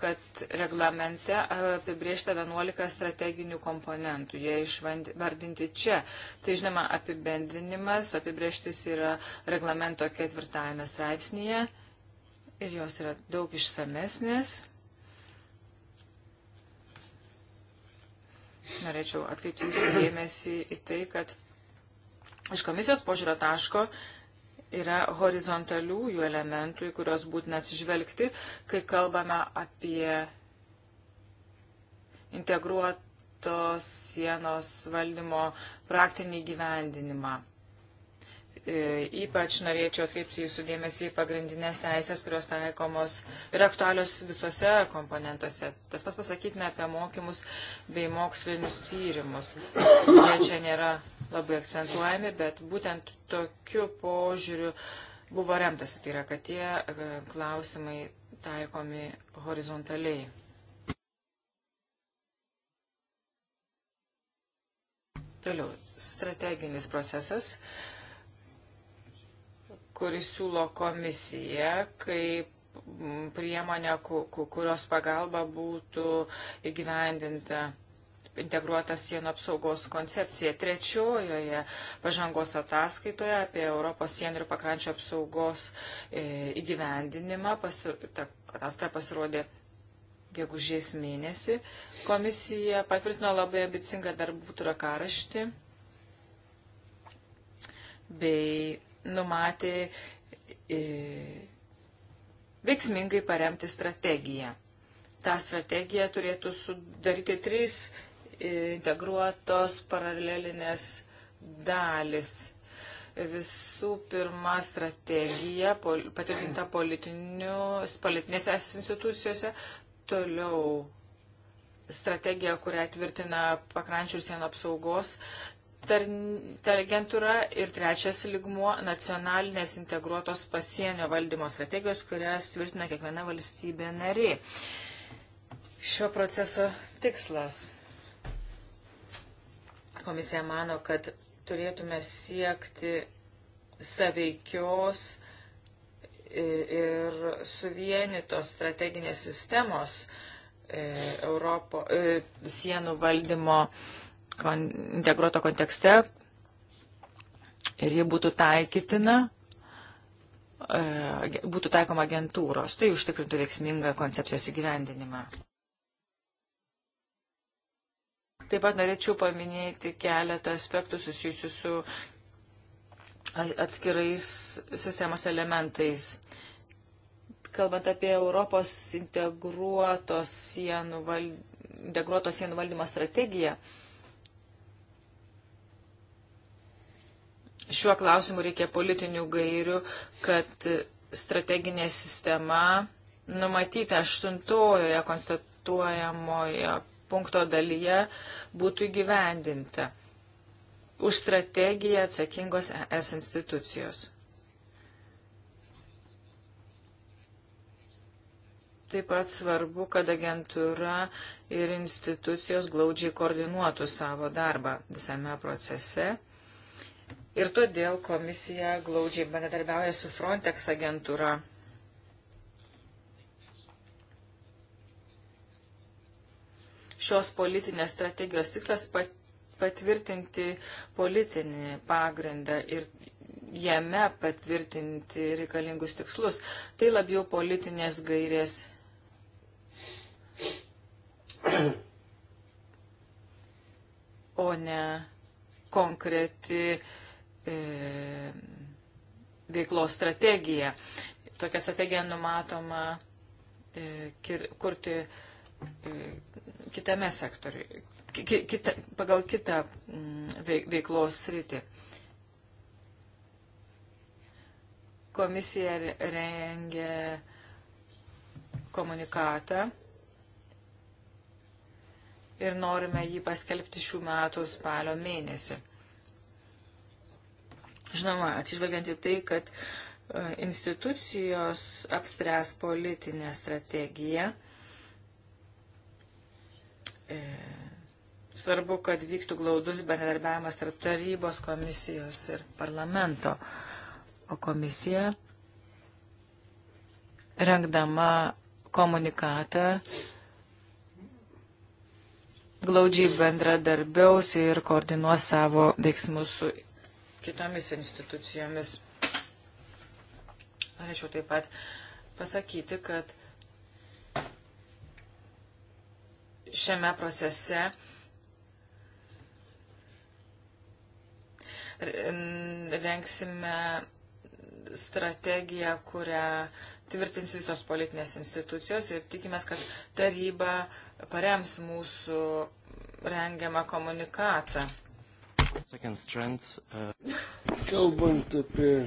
kad reglamente apibriešta 11 strateginių komponentų. Jie išvardinti čia. Tai žinoma, apibendrinimas, apibrieštis yra reglamento ketvirtajame straipsnėje ir jos yra daug išsamesnės. Norėčiau atkreipti jūsų dėmesį į tai, kad iš komisijos požiūrio taško yra horizontaliųjų elementų, į kuriuos būtina atsižvelgti, kai kalbame apie integruotos sienos valdymo praktinį gyvendinimą. E, ypač norėčiau atkreipti jūsų dėmesį į pagrindinės teisės, kurios taikomos ir aktualios visose komponentuose. Tas pas pasakytina apie mokymus bei mokslinius tyrimus. Jie čia nėra labai akcentuojami, bet būtent tokiu požiūriu buvo remtasi. Tai yra, kad tie e, klausimai taikomi horizontaliai. Toliau, strateginis procesas. Uh, kuris siūlo komisija, kaip priemonė, kurios pagalba būtų įgyvendinta integruota sienų apsaugos koncepcija. Trečiojoje pažangos ataskaitoje apie Europos sienų ir pakrančio apsaugos e, įgyvendinimą, pasir... ta ataskaita pasirodė gegužės mėnesį, komisija patvirtino labai abicingą darbų trakaraštį bei numatė e, veiksmingai paremti strategiją. Ta strategija turėtų sudaryti trys e, integruotos paralelinės dalis. Visų pirma, strategija patvirtinta politinėse institucijose, toliau strategija, kurią tvirtina pakrančių sienų apsaugos agentūra ir trečias ligmuo - nacionalinės integruotos pasienio valdymo strategijos, kurias tvirtina kiekviena valstybė narė. Šio proceso tikslas. Komisija mano, kad turėtume siekti saveikios ir suvienytos strateginės sistemos e, Europo, e, sienų valdymo e, kon, integruoto kontekste ir ji būtų taikytina, e, būtų taikoma agentūros. Tai užtikrintų veiksmingą koncepcijos įgyvendinimą. Taip pat norėčiau paminėti keletą aspektų susijusių su atskirais sistemos elementais. Kalbant apie Europos integruotos sienų, val... integruotos sienų valdymo strategiją, uh, šiuo klausimu reikia politinių gairių, kad strateginė sistema numatyta aštuntojoje konstatuojamoje punkto dalyje būtų įgyvendinta. Už strategiją atsakingos ES institucijos. Taip pat svarbu, kad agentūra ir institucijos glaudžiai koordinuotų savo darbą visame procese Ir todėl komisija glaudžiai bendradarbiauja su Frontex agentūra. Šios politinės strategijos tikslas patvirtinti politinį pagrindą ir jame patvirtinti reikalingus tikslus. Tai labiau politinės gairės. O ne konkreti uh, e, veiklos strategija. Tokia strategija numatoma e, kir, kurti e, kitame sektoriui, kita, pagal kitą mm, veiklos sritį. Komisija rengia komunikatą ir norime jį paskelbti šių metų spalio mėnesį. Žinoma, atsižvelgiant į tai, kad e, institucijos apspręs politinę strategiją, e, svarbu, kad vyktų glaudus bendradarbiavimas tarp tarybos komisijos ir parlamento. O komisija, rengdama komunikatą, glaudžiai bendradarbiaus ir koordinuos savo veiksmus su kitomis institucijomis. Norėčiau taip pat pasakyti, kad šiame procese renksime strategiją, kurią tvirtins visos politinės institucijos ir tikimės, kad taryba parems mūsų rengiamą komunikatą. Uh, Kalbant apie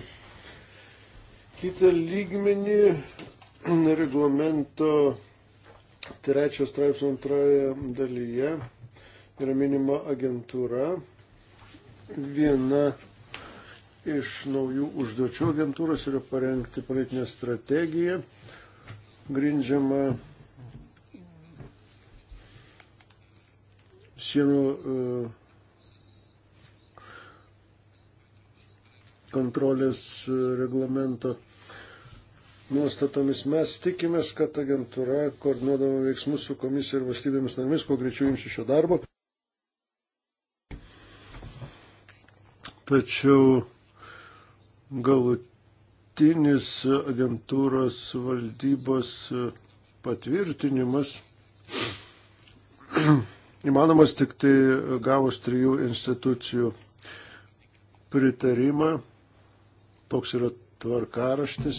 kitą lygmenį, reglamento trečios straipsnio antroje dalyje yra minima agentūra. Viena iš naujų užduočių agentūros yra parengti politinę strategiją, grindžiamą sienų uh, kontrolės e, reglamento nuostatomis. Mes tikimės, kad agentūra, koordinuodama veiksmus su komisija ir valstybėmis narėmis, kuo greičiau imsi šio darbo. Tačiau galutinis agentūros valdybos e, patvirtinimas įmanomas tik tai gavus trijų institucijų pritarimą koks yra tvarkaraštis.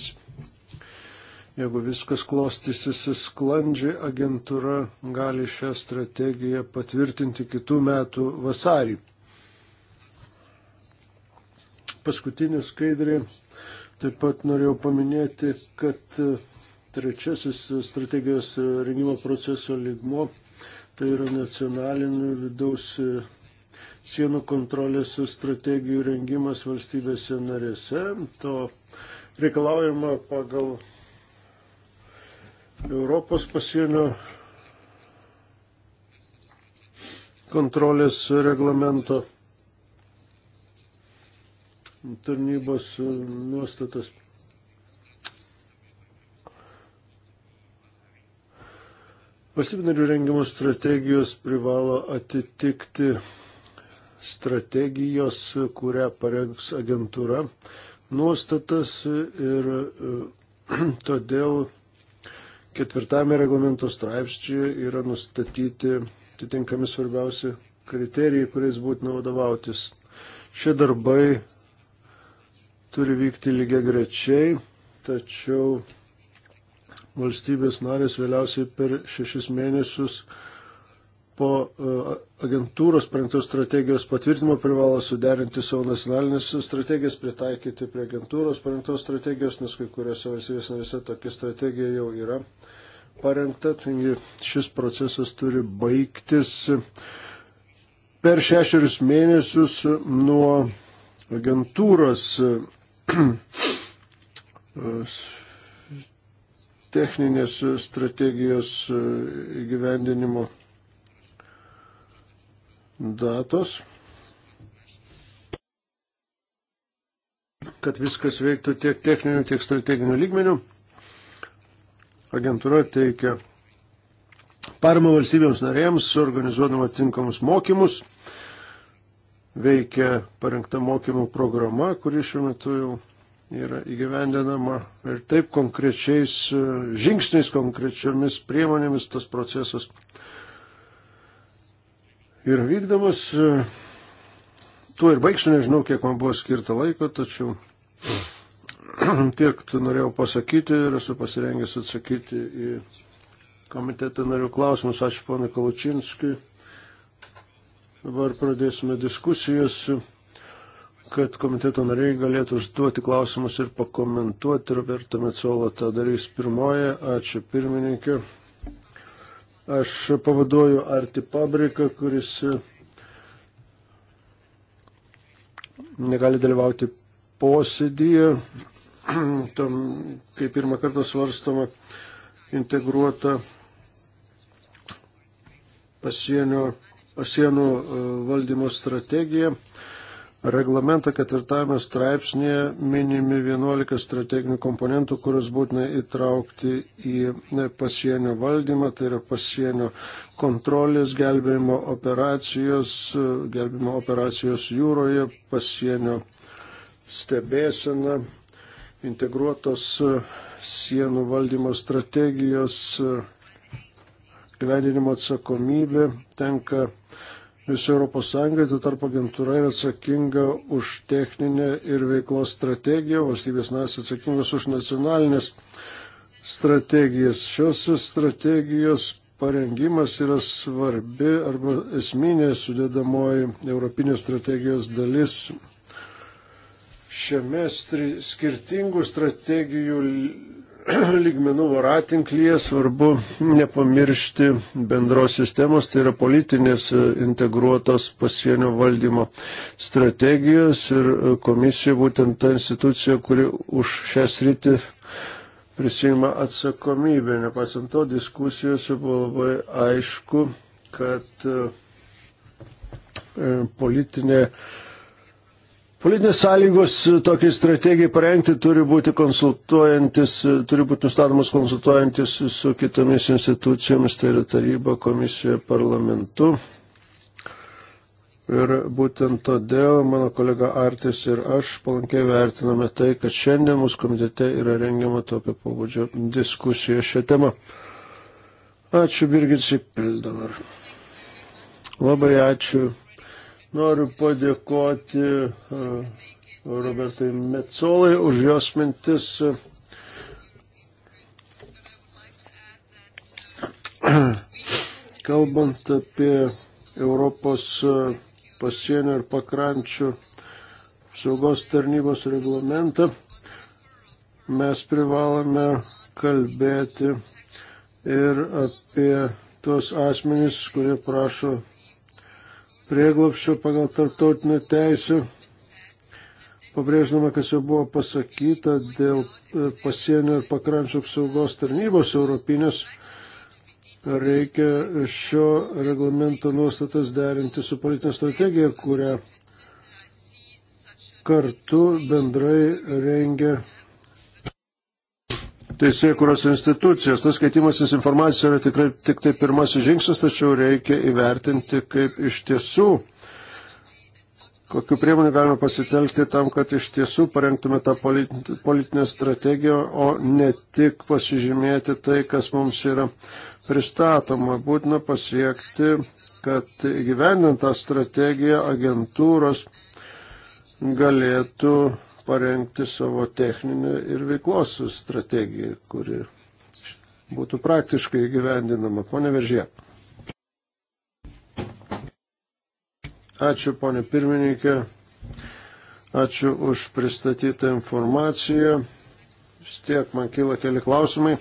Jeigu viskas klostysis sklandžiai, agentūra gali šią strategiją patvirtinti kitų metų vasarį. Paskutinė skaidrė. Taip pat norėjau paminėti, kad trečiasis strategijos rengimo proceso lygmo tai yra nacionalinių vidaus sienų kontrolės strategijų rengimas valstybėse narėse. To reikalaujama pagal Europos pasienio kontrolės reglamento tarnybos nuostatas. Valstybinarių rengimų strategijos privalo atitikti strategijos, kurią parengs agentūra, nuostatas ir todėl ketvirtame reglamento straipsčiuje yra nustatyti atitinkami svarbiausi kriterijai, kuriais būtina vadovautis. Šie darbai turi vykti lygiai grečiai, tačiau valstybės narės vėliausiai per šešis mėnesius po e, agentūros parengtos strategijos patvirtinimo privalo suderinti savo nacionalinės strategijas, pritaikyti prie agentūros parengtos strategijos, nes kai kuriuose valstybės narėse tokia strategija jau yra parengta, taigi šis procesas turi baigtis per šešerius mėnesius nuo agentūros e, techninės strategijos e, įgyvendinimo datos, kad viskas veiktų tiek techninių, tiek strateginių lygmenių. Agentūra teikia paramą valstybėms narėms, organizuodama tinkamus mokymus. Veikia parengta mokymų programa, kuri šiuo metu jau yra įgyvendinama ir taip konkrečiais žingsniais, konkrečiomis priemonėmis tas procesas ir vykdomas. E, tuo ir baigsiu, nežinau, kiek man buvo skirta laiko, tačiau tiek norėjau pasakyti ir esu pasirengęs atsakyti į komiteto narių klausimus. Ačiū ponui Kalučinskui. Dabar pradėsime diskusijas, kad komiteto nariai galėtų užduoti klausimus ir pakomentuoti. Roberta Mecola tą darys pirmoje. Ačiū pirmininkė. Aš pavaduoju Arti Pabriką, kuris e, negali dalyvauti posėdyje, tam, kai pirmą kartą svarstama integruota pasienio, pasienų e, valdymo strategija reglamento ketvirtame straipsnėje minimi 11 strateginių komponentų, kuriuos būtina įtraukti į e, pasienio valdymą, tai yra pasienio kontrolės, gelbėjimo operacijos, e, gelbėjimo operacijos jūroje, pasienio stebėsena, integruotos e, sienų valdymo strategijos, gyvenimo atsakomybė tenka visą ES, tai tarp agentūra yra atsakinga už techninę ir veiklos strategiją, valstybės narės atsakingos už nacionalinės strategijas. Šios strategijos parengimas yra svarbi arba esminė sudėdamoji Europinės strategijos dalis. Šiame skirtingų strategijų lygmenų varatinklyje svarbu nepamiršti bendros sistemos, tai yra politinės e, integruotos pasienio valdymo strategijos ir e, komisija būtent ta institucija, kuri už šią sritį prisima atsakomybę. Nepasant to, diskusijose buvo labai aišku, kad e, politinė uh, Politinės sąlygos e, tokiai strategijai parengti turi būti konsultuojantis, e, turi būti nustatomas konsultuojantis su kitomis institucijomis, tai yra taryba, komisija, parlamentu. Ir būtent todėl mano kolega Artis ir aš palankiai vertiname tai, kad šiandien mūsų komitete yra rengiama tokio pobūdžio diskusija šią temą. Ačiū Birgit Sipildavar. Labai ačiū Noriu padėkoti e, Robertai Metsolai už jos mintis. Kalbant apie Europos e, pasienio ir pakrančių saugos tarnybos reglamentą, mes privalome kalbėti ir apie tuos asmenys, kurie prašo prieglopščio pagal tarptautinių teisų. Pabrėždama, kas jau buvo pasakyta dėl e, pasienio ir pakrančių apsaugos tarnybos europinės, reikia šio reglamento nuostatas derinti su politinė strategija, kurią kartu bendrai rengia teisėkuros institucijas. Tas skaitimasis informacija yra tikrai tik tai pirmasis žingsnis, tačiau reikia įvertinti, kaip iš tiesų, kokiu priemonių galime pasitelkti tam, kad iš tiesų parengtume tą politinę strategiją, o ne tik pasižymėti tai, kas mums yra pristatoma. Būtina pasiekti, kad gyvenant tą strategiją agentūros galėtų parengti savo techninę ir veiklos strategiją, kuri būtų praktiškai gyvendinama. Pone Veržė. Ačiū, ponė pirmininkė. Ačiū už pristatytą informaciją. Vis tiek man kyla keli klausimai,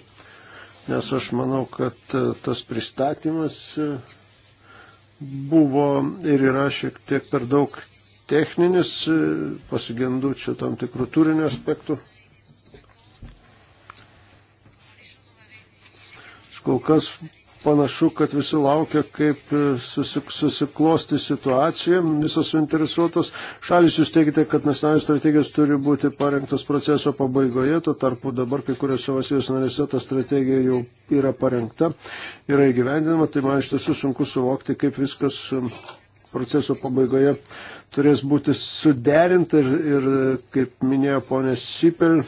nes aš manau, kad e, tas pristatymas e, buvo ir yra šiek tiek per daug techninis, e, pasigendu čia tam tikrų turinio aspektų. Kol kas panašu, kad visi laukia, kaip e, susiklosti situaciją, visos suinteresuotos. Šalis jūs teigite, kad nacionalinės strategijos turi būti parengtos proceso pabaigoje, tuo tarpu dabar kai kuriuose valstybės narėse ta strategija jau yra parengta, yra įgyvendinama, tai man iš tiesų sunku suvokti, kaip viskas e, proceso pabaigoje turės būti suderinta ir, ir kaip minėjo ponė Sipel,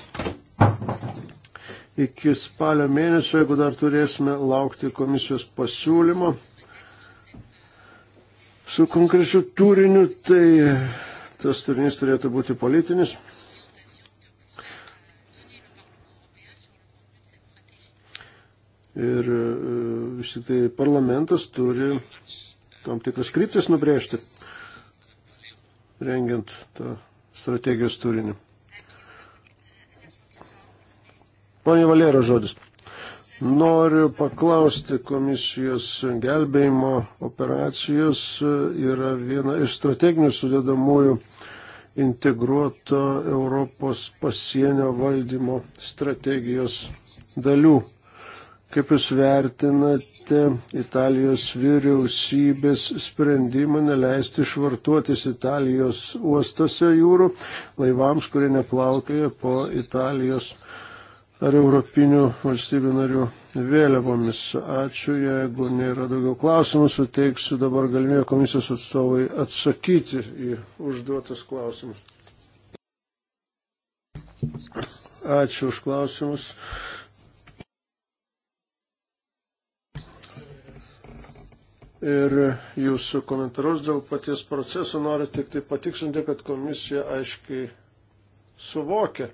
iki spalio mėnesio, jeigu dar turėsime laukti komisijos pasiūlymo su konkrečiu turiniu, tai tas turinys turėtų būti politinis. Ir e, vis tik tai parlamentas turi tam tikras kryptis nubrėžti rengiant tą strategijos turinį. Pane Valero žodis. Noriu paklausti, komisijos gelbėjimo operacijos e, yra viena iš strateginių sudėdamųjų integruoto Europos pasienio valdymo strategijos dalių. Kaip Jūs vertinate Italijos vyriausybės sprendimą neleisti švartuotis Italijos uostose jūrų laivams, kurie neplaukioja po Italijos ar Europinių valstybių narių vėliavomis? Ačiū, jeigu nėra daugiau klausimų, suteiksiu dabar galimybę komisijos atstovai atsakyti į užduotus klausimus. Ačiū už klausimus. ir jūsų komentarus dėl paties proceso. Noriu tik tai patiksinti, kad komisija aiškiai suvokia,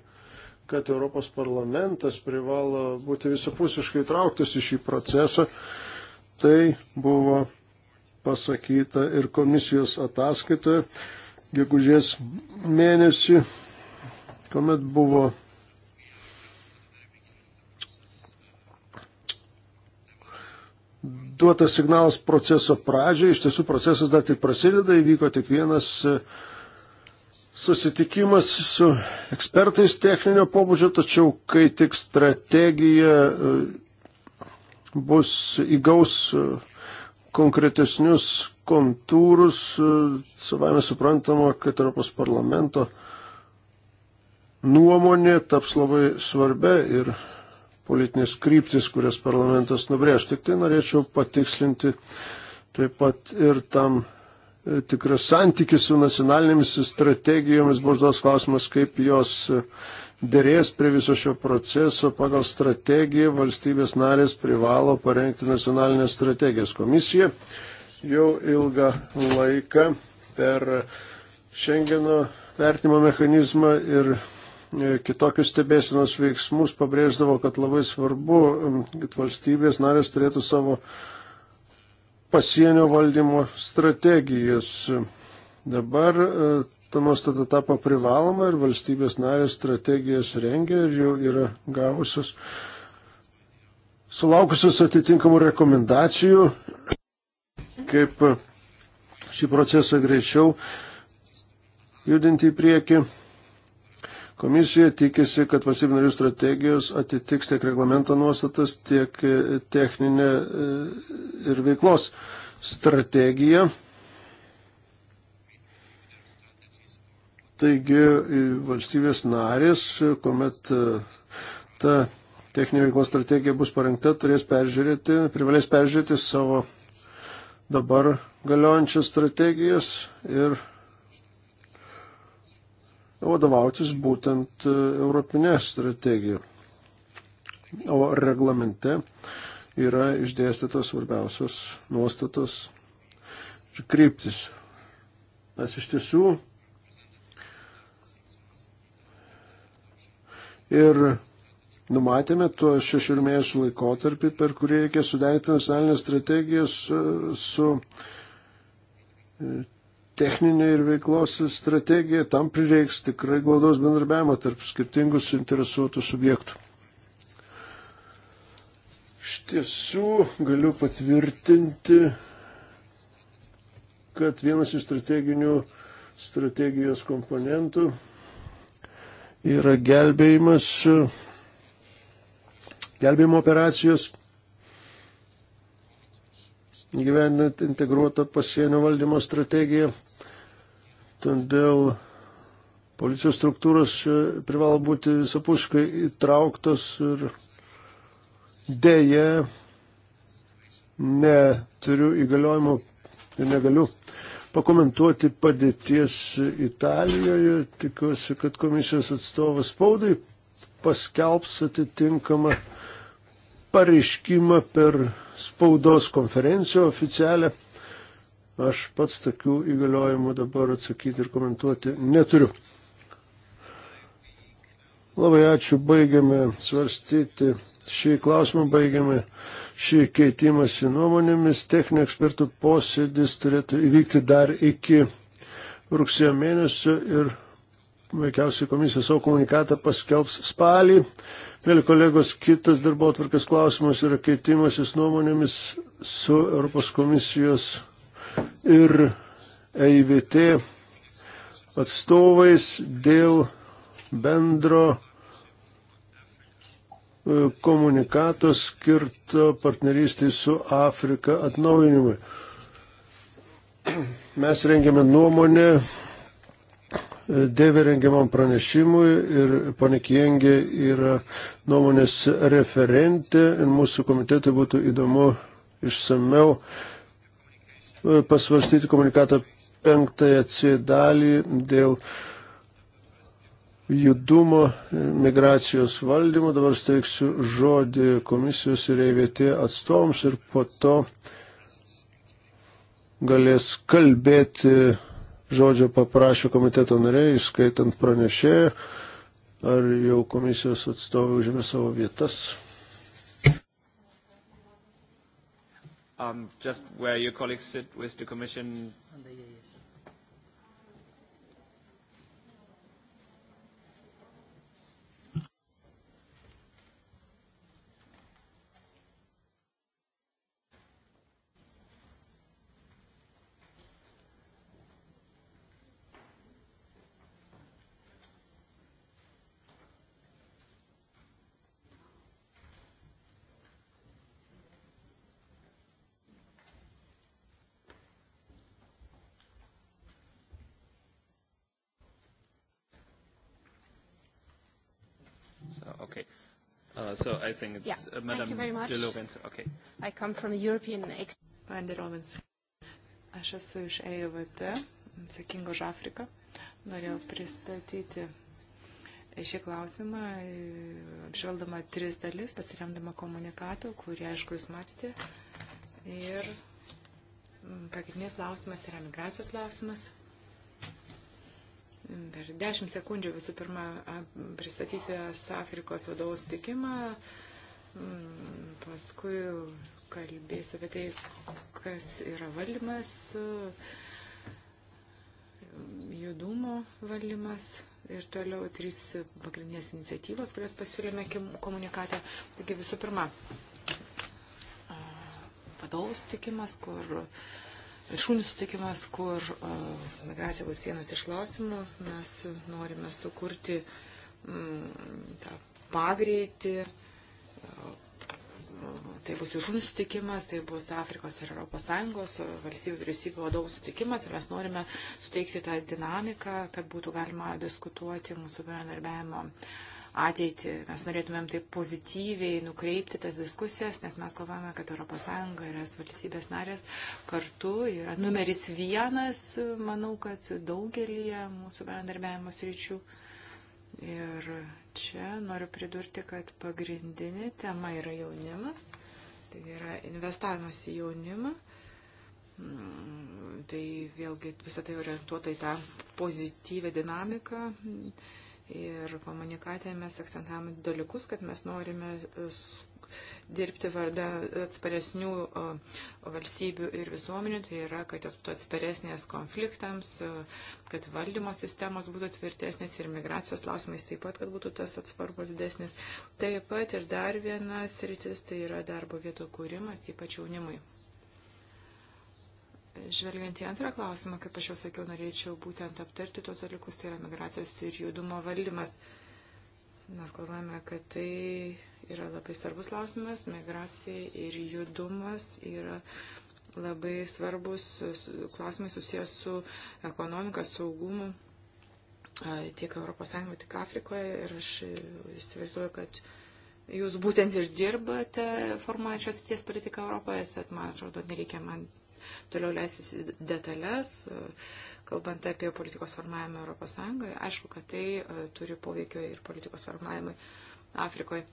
kad Europos parlamentas privalo būti visapusiškai įtrauktas į šį procesą. Tai buvo pasakyta ir komisijos ataskaitoje, gegužės mėnesį, kuomet buvo duotas signalas proceso pradžiai, iš tiesų procesas dar tik prasideda, įvyko tik vienas e, susitikimas su ekspertais techninio pobūdžio, tačiau kai tik strategija e, bus įgaus e, konkretesnius kontūrus, savame suprantama, kad Europos parlamento nuomonė taps labai svarbia ir politinės kryptis, kurias parlamentas nubrėž. Tik tai norėčiau patikslinti taip pat ir tam e, tikras santykis su nacionalinėmis strategijomis, buvo užduos klausimas, kaip jos e, dėrės prie viso šio proceso. Pagal strategiją valstybės narės privalo parengti nacionalinės strategijas. Komisija jau ilgą laiką per Šengeno vertimo mechanizmą ir E, kitokius stebėsinos veiksmus, pabrėždavo, kad labai svarbu, kad valstybės narės turėtų savo pasienio valdymo strategijas. Dabar e, ta nuostata tapo privaloma ir valstybės narės strategijas rengia ir jau yra gavusios, sulaukusios atitinkamų rekomendacijų, kaip šį procesą greičiau judinti į priekį. Komisija tikisi, kad valstybių narių strategijos atitiks tiek reglamento nuostatas, tiek e, techninę e, ir veiklos strategiją. Taigi e, valstybės narės, kuomet ta techninė veiklos strategija bus parengta, turės peržiūrėti, privalės peržiūrėti savo dabar galiojančias strategijas ir vadovautis būtent e, europinė strategija. O reglamente yra išdėstytos svarbiausios nuostatos ir kryptis. Mes iš tiesų ir numatėme tuo šešių mėnesių laikotarpį, per kurį reikia suderinti nacionalinės strategijas e, su e, techninė ir veiklos strategija, tam prireiks tikrai glaudaus bendarbiavimo tarp skirtingų suinteresuotų subjektų. Iš tiesų galiu patvirtinti, kad vienas iš strateginių strategijos komponentų yra gelbėjimas, gelbėjimo operacijos gyvenant integruotą pasienio valdymo strategiją. Todėl policijos struktūros e, privalo būti visapuškai įtrauktos ir dėje neturiu įgaliojimo ir negaliu pakomentuoti padėties Italijoje. Tikiuosi, kad komisijos atstovas spaudai paskelbs atitinkamą pareiškimą per spaudos konferenciją oficialią. Aš pats tokių įgaliojimų dabar atsakyti ir komentuoti neturiu. Labai ačiū, baigiame svarstyti šį klausimą, baigiame šį keitimąsi nuomonėmis. Techninio ekspertų posėdis turėtų įvykti dar iki rugsėjo mėnesio ir veikiausiai komisija savo komunikatą paskelbs spalį. Mėly kolegos, kitas darbo atvarkės klausimas yra keitimasis nuomonėmis su Europos komisijos ir EIVT atstovais dėl bendro e, komunikato skirto partnerystį su Afrika atnaujinimui. Mes rengiame nuomonę dėvė rengiamam pranešimui ir panikijengė yra nuomonės referentė ir mūsų komitetui būtų įdomu išsameu e, pasvarstyti komunikatą penktąją C dalį dėl judumo migracijos valdymo. Dabar steiksiu žodį komisijos ir EVT atstovams ir po to galės kalbėti žodžio paprašė komiteto nariai, skaitant pranešėją, ar jau komisijos atstovai užėmė savo vietas. Um, just where your colleagues sit with the commission. On the now, so I think it's yeah. uh, Madam Thank you very much. de Lorenzo. Okay. I come from the European... Man de Lorenzo. Aš esu iš EIVT, atsakingo už Afriką. Norėjau pristatyti šį klausimą, apžvelgdama tris dalis, pasiremdama komunikatų, kurį, aišku, jūs matėte. Ir pagrindinis klausimas yra migracijos klausimas. Per dešimt sekundžių visų pirma pristatysiu Afrikos vadovų sutikimą, mm, paskui kalbėsiu apie tai, kas yra valdymas, judumo valdymas ir toliau trys pagrindinės iniciatyvos, kurias pasiūlėme komunikatę. Taigi visų pirma, vadovų sutikimas, kur uh, viršūnių sutikimas, kur migracija bus vienas iš klausimų. Mes norime sukurti m, mm, tą pagreitį. Tai bus viršūnių sutikimas, tai bus Afrikos ir ES valstybių vyriausybių vadovų sutikimas ir mes norime suteikti tą dinamiką, kad būtų galima diskutuoti mūsų bendarbiavimo uh, ateitį. Mes norėtumėm taip pozityviai nukreipti tas diskusijas, nes mes galvojame, kad ES ir es valstybės narės kartu yra numeris vienas, manau, kad daugelį mūsų bendarbiavimo sričių. Ir čia noriu pridurti, kad pagrindinė tema yra jaunimas, tai yra investavimas į jaunimą. Mm, tai vėlgi visą tai orientuota į tą pozityvę dinamiką Ir komunikatė mes akcentavome dalykus, kad mes norime e, dirbti vardą atsparesnių valstybių ir visuomenių, tai yra, kad jos būtų atsparesnės konfliktams, e, kad valdymo sistemos būtų tvirtesnės ir migracijos klausimais taip pat, kad būtų tas atsparus didesnis. Taip pat ir dar vienas rytis, tai yra darbo vietų kūrimas, ypač jaunimui. Žvelgiant į antrą klausimą, kaip aš jau sakiau, norėčiau būtent aptarti tos dalykus, tai yra migracijos ir judumo valdymas. Mes galvojame, kad tai yra labai svarbus klausimas. Migracija ir judumas yra labai svarbus klausimai susijęs su ekonomika, saugumu tiek ES, tiek Afrikoje. Ir aš įsivaizduoju, kad jūs būtent ir dirbate formuojančios ties politiką Europoje, tad man atrodo, nereikia man toliau leisis detalės, kalbant apie politikos formavimą ES. Aišku, kad tai e, turi poveikio ir politikos formavimui Afrikoje.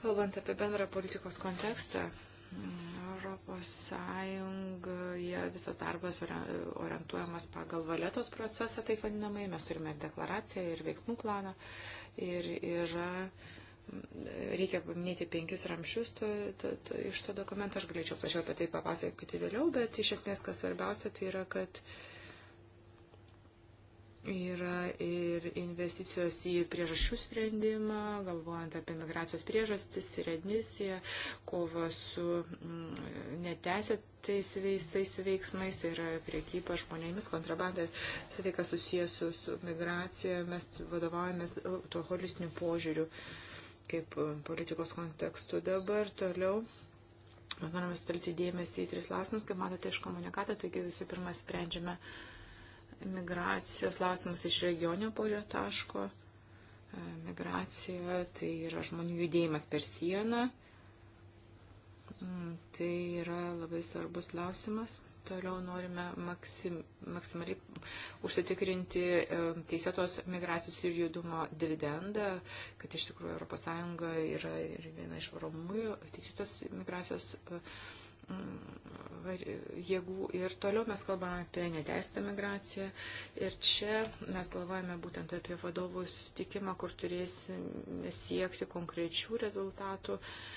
Kalbant apie bendrą politikos kontekstą, mm, Europos Sąjungoje visas darbas orientuojamas pagal valetos procesą, taip vadinamai, mes turime ir deklaraciją, ir veiksmų planą, ir yra. Ir reikia paminėti penkis ramšius to, to, to, iš to dokumento. Aš galėčiau plačiau apie tai papasakoti vėliau, bet iš esmės kas svarbiausia, tai yra, kad yra ir investicijos į priežasčių sprendimą, galvojant apie migracijos priežastis ir admisiją, kova su mm, neteisėtais veisais veiksmais, tai yra priekyba žmonėmis, kontrabanda ir visą tai, kas susijęs su, su migracija, mes vadovaujamės tuo holistiniu požiūriu. Uh, kaip e, politikos kontekstu dabar toliau. Mes norime sutelkti dėmesį į tris klausimus, kaip matote iš komunikato, taigi visų pirma sprendžiame migracijos klausimus iš regionio požio taško. E, migracija tai yra žmonių judėjimas per sieną. Mm, tai yra labai svarbus klausimas. Toliau norime maksim, maksimaliai užsitikrinti e, teisėtos migracijos ir judumo dividendą, kad iš tikrųjų ES yra ir viena iš varomųjų teisėtos migracijos e, mm, jėgų. Ir toliau mes kalbame apie neteistą migraciją. Ir čia mes galvojame būtent apie vadovų sutikimą, kur turėsime siekti konkrečių rezultatų. Uh,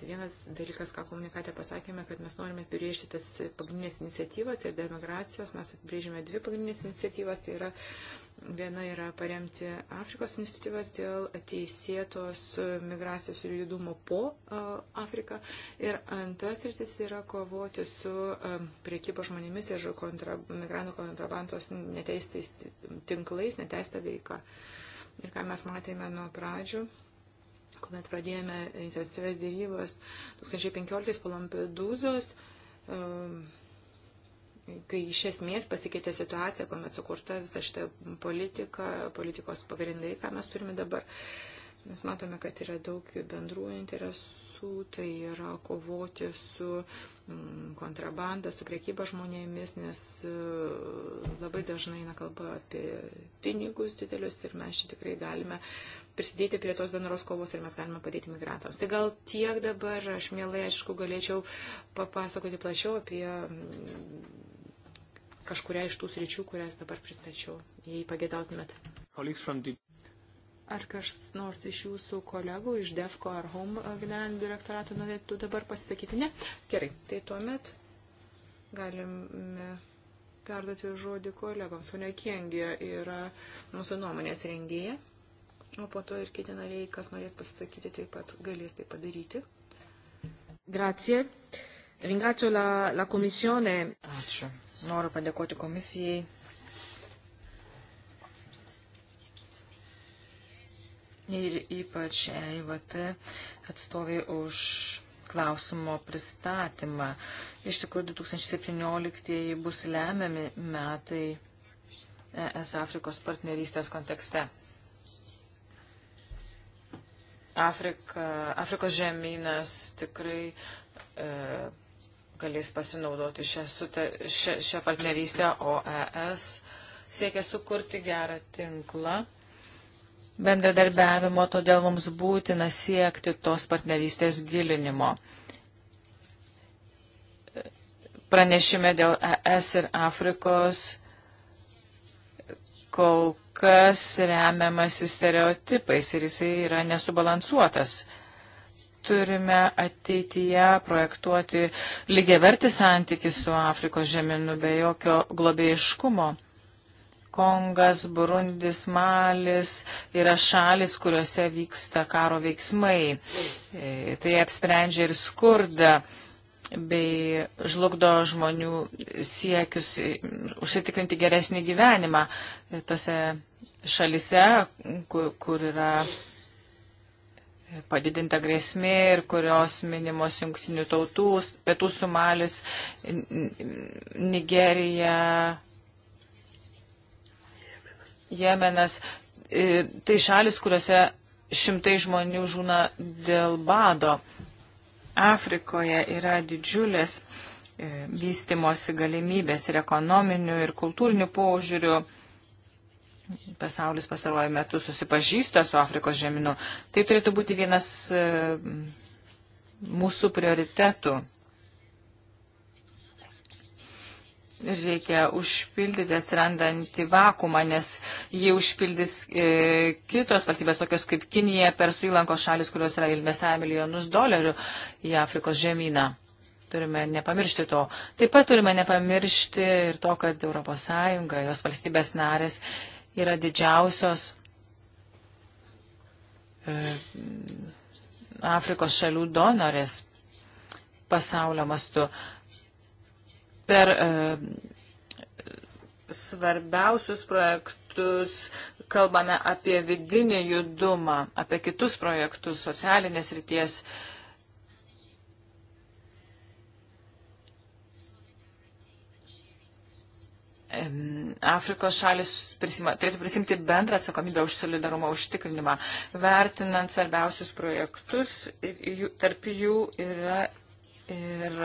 Tai vienas dalykas, ką komunikate pasakėme, kad mes norime apibrėžti tas pagrindinės iniciatyvas ir demigracijos. Mes apibrėžėme dvi pagrindinės iniciatyvas. Tai yra viena yra paremti Afrikos iniciatyvas dėl teisėtos migracijos ir judumo po Afriką. Ir antras rytis yra kovoti su priekybo žmonėmis ir kontra, migrantų kontrabandos neteistais tinklais, neteista veika. Ir ką mes matėme nuo pradžių kuomet pradėjome intensyves dėrybas 2015 po Lampedūzos, um, kai iš esmės pasikeitė situacija, kuomet sukurta visa šita politika, politikos pagrindai, ką mes turime dabar. Mes matome, kad yra daug bendrų interesų tikslų, tai yra kovoti su mm, kontrabanda, su priekyba žmonėmis, nes e, labai dažnai eina kalba apie pinigus didelius ir mes čia tikrai galime prisidėti prie tos bendros kovos ir mes galime padėti migrantams. Tai gal tiek dabar, aš mielai, aišku, galėčiau papasakoti plačiau apie mm, kažkuria iš tų sričių, kurias dabar pristačiau, jei pagėdautumėt. Ar kas nors iš jūsų kolegų iš DEFCO ar HOME generalinių direktoratų norėtų dabar pasisakyti? Ne? Gerai, tai tuomet galime perduoti žodį kolegoms. Sonia Kengė yra mūsų nuomonės rengėja, o po to ir kiti nariai, kas norės pasisakyti, taip pat galės tai padaryti. Grazie. Ringrazio la, la komisione. Ačiū. Noriu padėkoti komisijai ir ypač EIVT atstovai už klausimo pristatymą. Iš tikrųjų, 2017 bus lemiami metai ES Afrikos partnerystės kontekste. Afrika, Afrikos žemynas tikrai e, galės pasinaudoti šią, šią, šią partnerystę, o ES siekia sukurti gerą tinklą bendradarbiavimo, todėl mums būtina siekti tos partnerystės gilinimo. Pranešime dėl ES ir Afrikos kol kas remiamasi stereotipais ir jisai yra nesubalansuotas. Turime ateityje projektuoti lygiavertį santykį su Afrikos žeminu be jokio globėjiškumo. Kongas, Burundis, Malis yra šalis, kuriuose vyksta karo veiksmai. E, tai apsprendžia ir skurdą bei žlugdo žmonių siekius e, užsitikrinti geresnį gyvenimą e, tose šalise, kur, kur yra padidinta grėsmė ir kurios minimos jungtinių tautų, pietų Somalis, Nigerija, Jemenas, e, tai šalis, kuriuose šimtai žmonių žūna dėl bado. Afrikoje yra didžiulės e, vystimosi galimybės ir ekonominių, ir kultūrinių požiūrių. Pasaulis pastaruoju metu susipažįsta su Afrikos žeminu. Tai turėtų būti vienas e, mūsų prioritetų. reikia užpildyti atsirandantį vakumą, nes jį užpildys e, kitos valstybės, tokios kaip Kinija, Persų įlankos šalis, kurios yra investavę milijonus dolerių į Afrikos žemyną. Turime nepamiršti to. Taip pat turime nepamiršti ir to, kad ES, jos valstybės narės yra didžiausios e, Afrikos šalių donorės pasaulio mastu. E, per e, svarbiausius projektus kalbame apie vidinį judumą, apie kitus projektus socialinės ryties. Afrikos šalis prisima, turėtų prisimti bendrą atsakomybę už solidarumo užtikrinimą, vertinant svarbiausius projektus, jų, tarp jų yra ir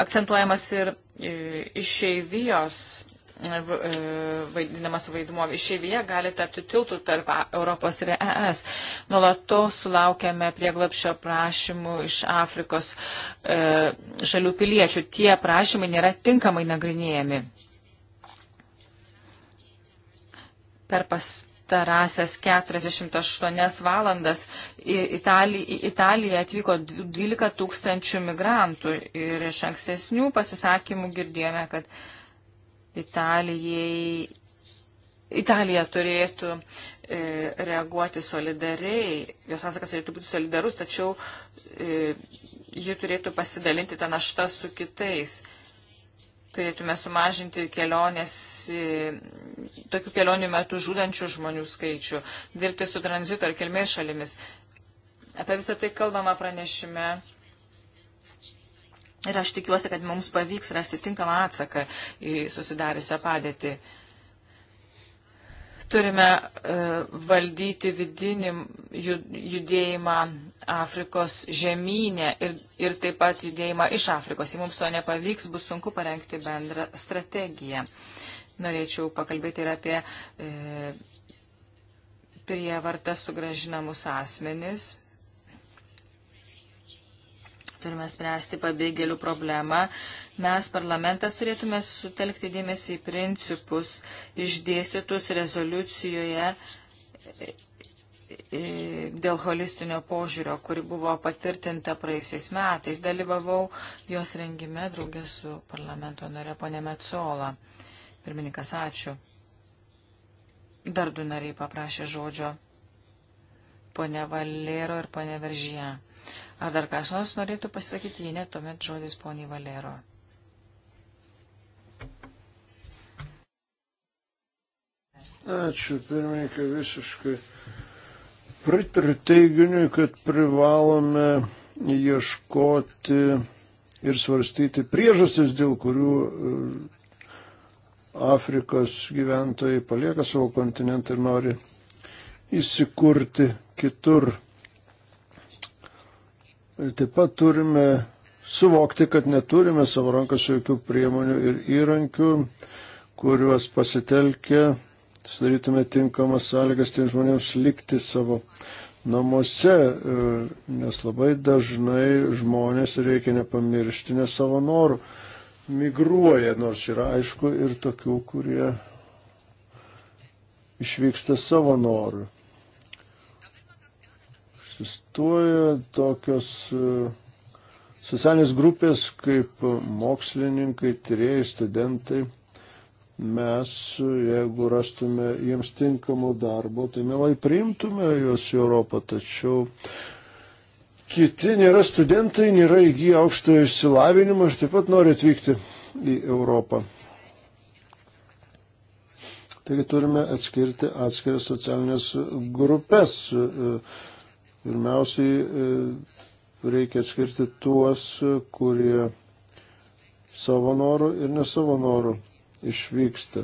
akcentuojamas ir e, išeivijos e, e, vaidinamas vaidmuo. Išeivija gali tapti tiltų tarp Europos ir ES. Nulatos sulaukiame prieglapšio prašymų iš Afrikos e, šalių piliečių. Tie prašymai nėra tinkamai nagrinėjami. Per pas, pastarąsias 48 valandas į Italiją, į Italiją atvyko 12 tūkstančių migrantų ir iš ankstesnių pasisakymų girdėjome, kad Italijai, Italija turėtų e, reaguoti solidariai, jos atsakas turėtų būti solidarus, tačiau e, ji turėtų pasidalinti tą naštą su kitais turėtume sumažinti kelionės, tokių kelionių metų žudančių žmonių skaičių, dirbti su tranzito ir kilmės šalimis. Apie visą tai kalbama pranešime. Ir aš tikiuosi, kad mums pavyks rasti tinkamą atsaką į susidariusią padėtį. Turime uh, valdyti vidinį judėjimą Afrikos žemynę ir, ir taip pat judėjimą iš Afrikos. Jei mums to nepavyks, bus sunku parengti bendrą strategiją. Norėčiau pakalbėti ir apie e, prievartą sugražinamus asmenis. Turime spręsti pabėgėlių problemą. Mes, parlamentas, turėtume sutelkti dėmesį į principus išdėstytus rezoliucijoje dėl holistinio požiūrio, kuri buvo patvirtinta praeisiais metais. Dalyvavau jos rengime draugė su parlamento nare ponė Metsola. Pirmininkas, ačiū. Dar du nariai paprašė žodžio. Pone Valero ir pone Veržyje. Ar dar kas nors norėtų pasakyti, jei ne, tuomet žodis poniai Valero. Ačiū, pirmininkai, visiškai Pritariu teiginiui, kad privalome ieškoti ir svarstyti priežastis, dėl kurių e, Afrikos gyventojai palieka savo kontinentą ir nori įsikurti kitur. Taip pat turime suvokti, kad neturime savo rankose jokių priemonių ir įrankių, kuriuos pasitelkia sudarytume tinkamas sąlygas tiem žmonėms likti savo namuose, e, nes labai dažnai žmonės, reikia nepamiršti, ne savo norų migruoja, nors yra aišku ir tokių, kurie išvyksta savo norų. Egzistuoja tokios e, socialinės grupės kaip mokslininkai, tyrėjai, studentai mes, jeigu rastume jiems tinkamų darbo, tai mielai priimtume juos į Europą, tačiau kiti nėra studentai, nėra įgyję aukštojo išsilavinimo ir taip pat nori atvykti į Europą. Taigi turime atskirti atskiras socialinės grupės. Pirmiausiai e, reikia atskirti tuos, kurie savo norų ir nesavo norų išvyksta.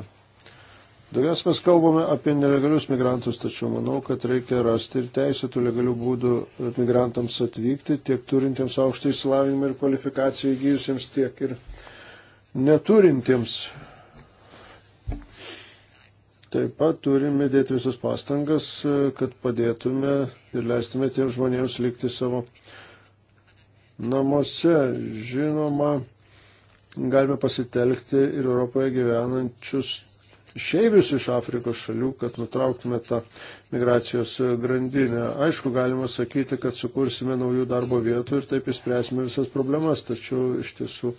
Daugiausia mes kalbame apie nelegalius migrantus, tačiau manau, kad reikia rasti ir teisėtų legalių būdų migrantams atvykti, tiek turintiems aukštą įsilavinimą ir kvalifikaciją įgyjusiems, tiek ir neturintiems. Taip pat turime dėti visas pastangas, kad padėtume ir leistume tiems žmonėms likti savo namuose. Žinoma, galime pasitelkti ir Europoje gyvenančius išeivius iš Afrikos šalių, kad nutrauktume tą migracijos grandinę. Aišku, galima sakyti, kad sukursime naujų darbo vietų ir taip įspręsime visas problemas, tačiau iš tiesų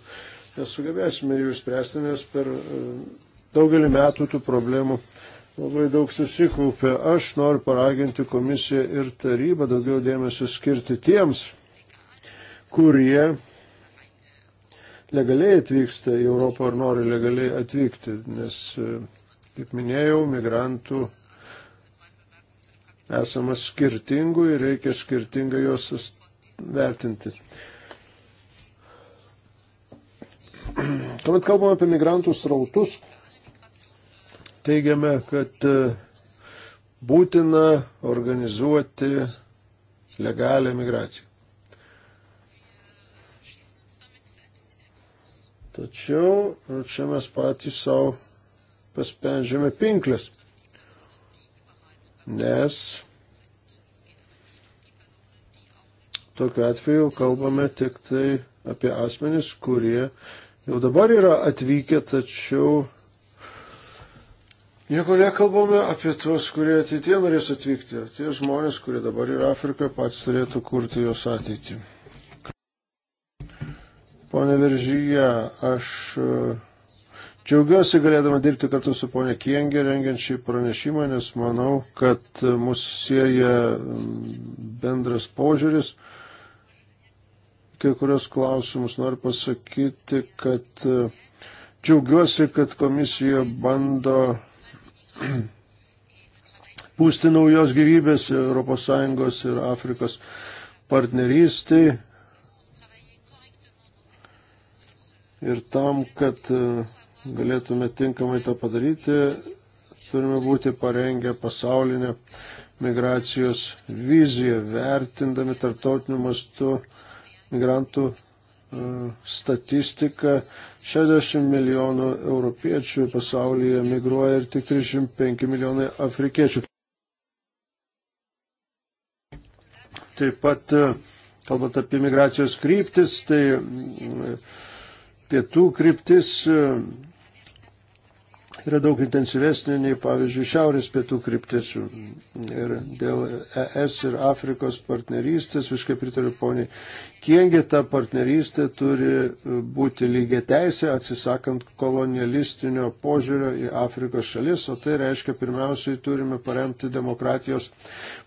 nesugebėsime jų spręsti, nes per e, daugelį metų tų problemų labai daug susikaupė. Aš noriu paraginti komisiją ir tarybą daugiau dėmesio skirti tiems, kurie legaliai atvyksta į Europą ar nori legaliai atvykti, nes, e, kaip minėjau, migrantų esama skirtingų ir reikia skirtingai juos vertinti. Kuomet kalbame apie migrantų srautus, teigiame, kad e, būtina organizuoti legalią migraciją. Tačiau nu, čia mes patys savo paspendžiame pinklės, nes tokiu atveju kalbame tik tai apie asmenis, kurie jau dabar yra atvykę, tačiau Nieko nekalbame apie tuos, kurie ateitie norės atvykti. Tie žmonės, kurie dabar yra Afrikoje, pats turėtų kurti jos ateitį. Pone Viržyje, aš e, džiaugiuosi galėdama dirbti kartu su ponė Kiengė rengiant šį pranešimą, nes manau, kad mūsų sieja bendras požiūris. Kai kurios klausimus noriu pasakyti, kad e, džiaugiuosi, kad komisija bando pūsti naujos gyvybės ES ir Afrikos partnerystėje Ir tam, kad e, galėtume tinkamai tą padaryti, turime būti parengę pasaulinę migracijos viziją, vertindami tarptautiniu mastu migrantų e, statistiką. 60 milijonų europiečių pasaulyje migruoja ir tik 35 milijonai afrikiečių. Taip pat, e, kalbant apie migracijos kryptis, tai pietų kryptis yra daug intensyvesnė nei, pavyzdžiui, šiaurės pietų kryptis. Ir dėl ES ir Afrikos partnerystės, viskai pritariu poniai, kiekgi ta partnerystė turi būti lygiai teisė, atsisakant kolonialistinio požiūrio į Afrikos šalis, o tai reiškia, pirmiausiai turime paremti demokratijos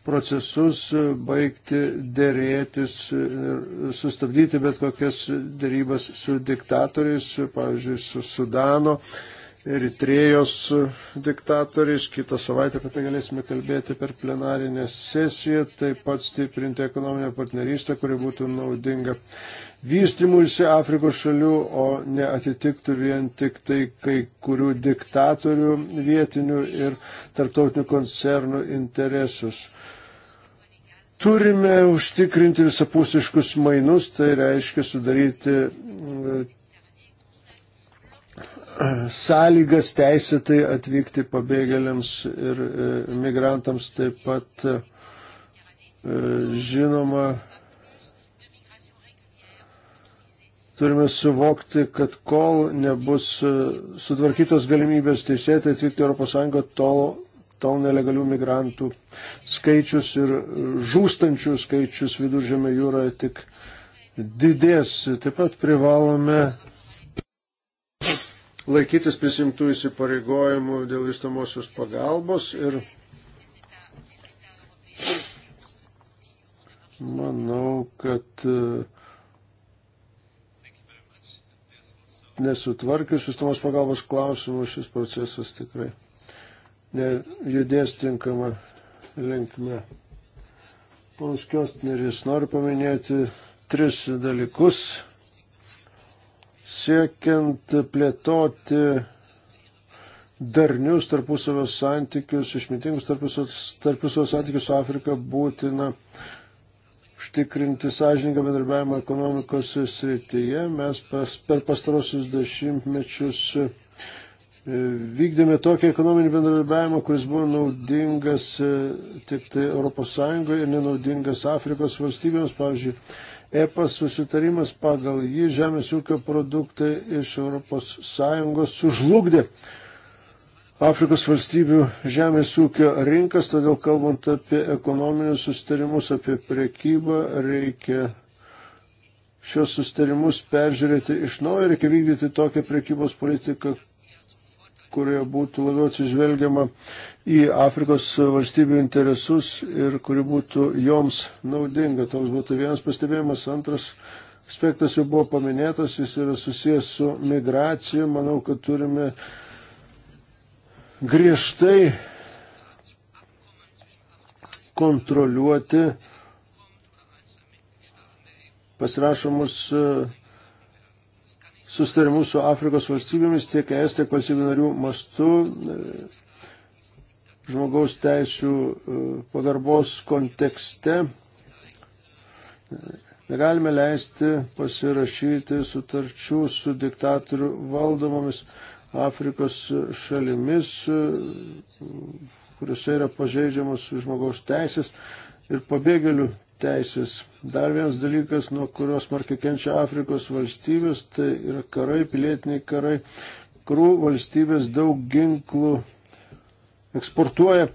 procesus, baigti dėrėtis, sustabdyti bet kokias dėrybas su diktatoriais, pavyzdžiui, su Sudano Eritrėjos diktatoriais. Kitą savaitę apie tai galėsime kalbėti per plenarinę sesiją. Taip pat stiprinti ekonominę partnerystę, kuri būtų naudinga vystimuisi Afrikos šalių, o neatitiktų vien tik tai kai kurių diktatorių vietinių ir tarptautinių koncernų interesus. Turime užtikrinti visapusiškus mainus, tai reiškia sudaryti E, sąlygas teisėtai atvykti pabėgėliams ir e, migrantams taip pat e, žinoma. Turime suvokti, kad kol nebus sutvarkytos galimybės teisėtai atvykti ES, tol, tol nelegalių migrantų skaičius ir žūstančių skaičius viduržėme jūroje tik didės. Taip pat privalome laikytis prisimtų įsipareigojimų dėl įstamosios pagalbos ir manau, kad e, nesutvarkius įstamos pagalbos klausimų šis procesas tikrai judės tinkama linkme. Ponas Kostneris, noriu paminėti tris dalykus siekiant plėtoti darnius tarpusavio santykius, išmintingus tarpusavio santykius su Afrika būtina užtikrinti sąžininką bendarbiavimą ekonomikos srityje. Mes pas, per pastarosius dešimtmečius e, vykdėme tokį ekonominį bendradarbiavimą, kuris buvo naudingas e, tik tai ES ir nenaudingas Afrikos valstybėms, pavyzdžiui, EPA susitarimas pagal jį žemės ūkio produktai iš ES sužlugdė Afrikos valstybių žemės ūkio rinkas, todėl kalbant apie ekonominius sustarimus, apie priekybą, reikia šios sustarimus peržiūrėti iš naujo, reikia vykdyti tokią priekybos politiką, kurioje būtų labiau atsižvelgiama į Afrikos valstybių interesus ir kuri būtų joms naudinga. Toks būtų vienas pastebėjimas. Antras aspektas jau buvo paminėtas, jis yra susijęs su migracija. Manau, kad turime griežtai kontroliuoti pasirašomus sustarimus su Afrikos valstybėmis tiek ES, tiek valstybių narių mastu e, žmogaus teisų e, pagarbos kontekste. E, negalime leisti pasirašyti sutarčių su diktatorių valdomomis Afrikos šalimis, kuriuose yra pažeidžiamos žmogaus teisės ir pabėgėlių teisės. Dar vienas dalykas, nuo kurios markiai kenčia Afrikos valstybės, tai yra karai, pilietiniai karai. Krų valstybės daug ginklų eksportuoja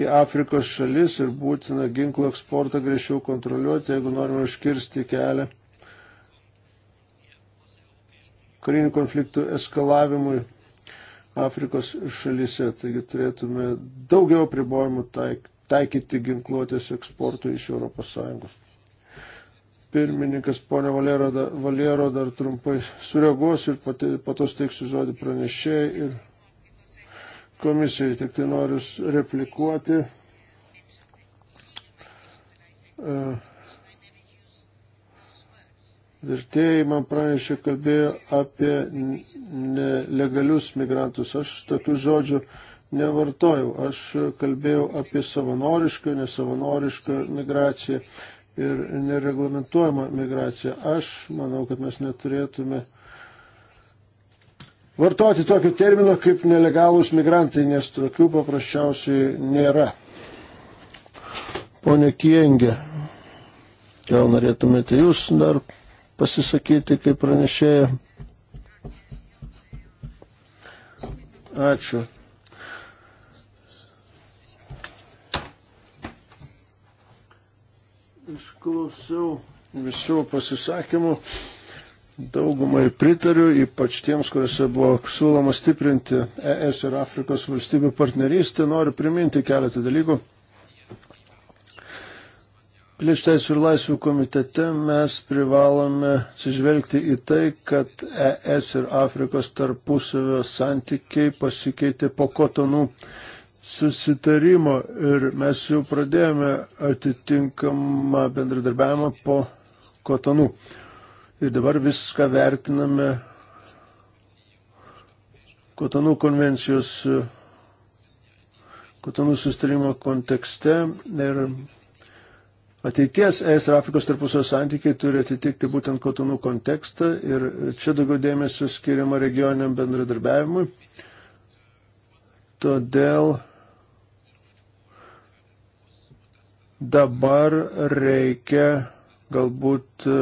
į Afrikos šalis ir būtina ginklų eksportą greičiau kontroliuoti, jeigu norime iškirsti kelią karinių konfliktų eskalavimui Afrikos šalyse. Taigi turėtume daugiau pribojimų taikyti taikyti ginkluotės eksportui iš ES. Pirmininkas ponė Valero, Valero dar trumpai sureaguos ir po to steiksiu žodį pranešėjai ir komisijai. Tik tai noriu replikuoti. E, vertėjai man pranešė, kalbėjo apie nelegalius migrantus. Aš tokių žodžių nevartojau. Aš kalbėjau apie savanorišką, nesavanorišką migraciją ir nereglamentuojamą migraciją. Aš manau, kad mes neturėtume vartoti tokio termino kaip nelegalūs migrantai, nes tokių paprasčiausiai nėra. Pone Kiengė, gal norėtumėte jūs dar pasisakyti kaip pranešėja? Ačiū. Išklausiau visų pasisakymų. Daugumai pritariu, ypač tiems, kuriuose buvo siūloma stiprinti ES ir Afrikos valstybių partnerystę. Noriu priminti keletą dalykų. Piliečių teisų ir laisvių komitete mes privalome atsižvelgti į tai, kad ES ir Afrikos tarpusavio santykiai pasikeitė po kotonų susitarimo ir mes jau pradėjome atitinkamą bendradarbiavimą po kotonų. Ir dabar viską vertiname kotonų konvencijos, kotonų susitarimo kontekste ir Ateities ES ir Afrikos tarpusio santykiai turi atitikti būtent kotonų kontekstą ir čia daugiau dėmesio skiriama regioniniam bendradarbiavimui. Todėl Dabar reikia galbūt e,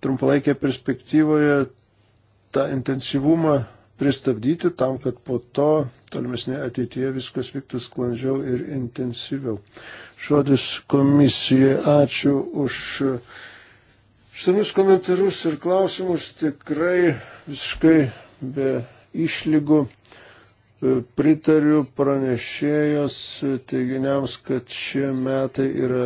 trumpalaikėje perspektyvoje tą intensyvumą pristabdyti tam, kad po to tolimesnėje ateityje viskas vyktų sklandžiau ir intensyviau. Žodis komisijai ačiū už senus komentarus ir klausimus tikrai visiškai be išlygų. Pritariu pranešėjos teiginiams, kad šie metai yra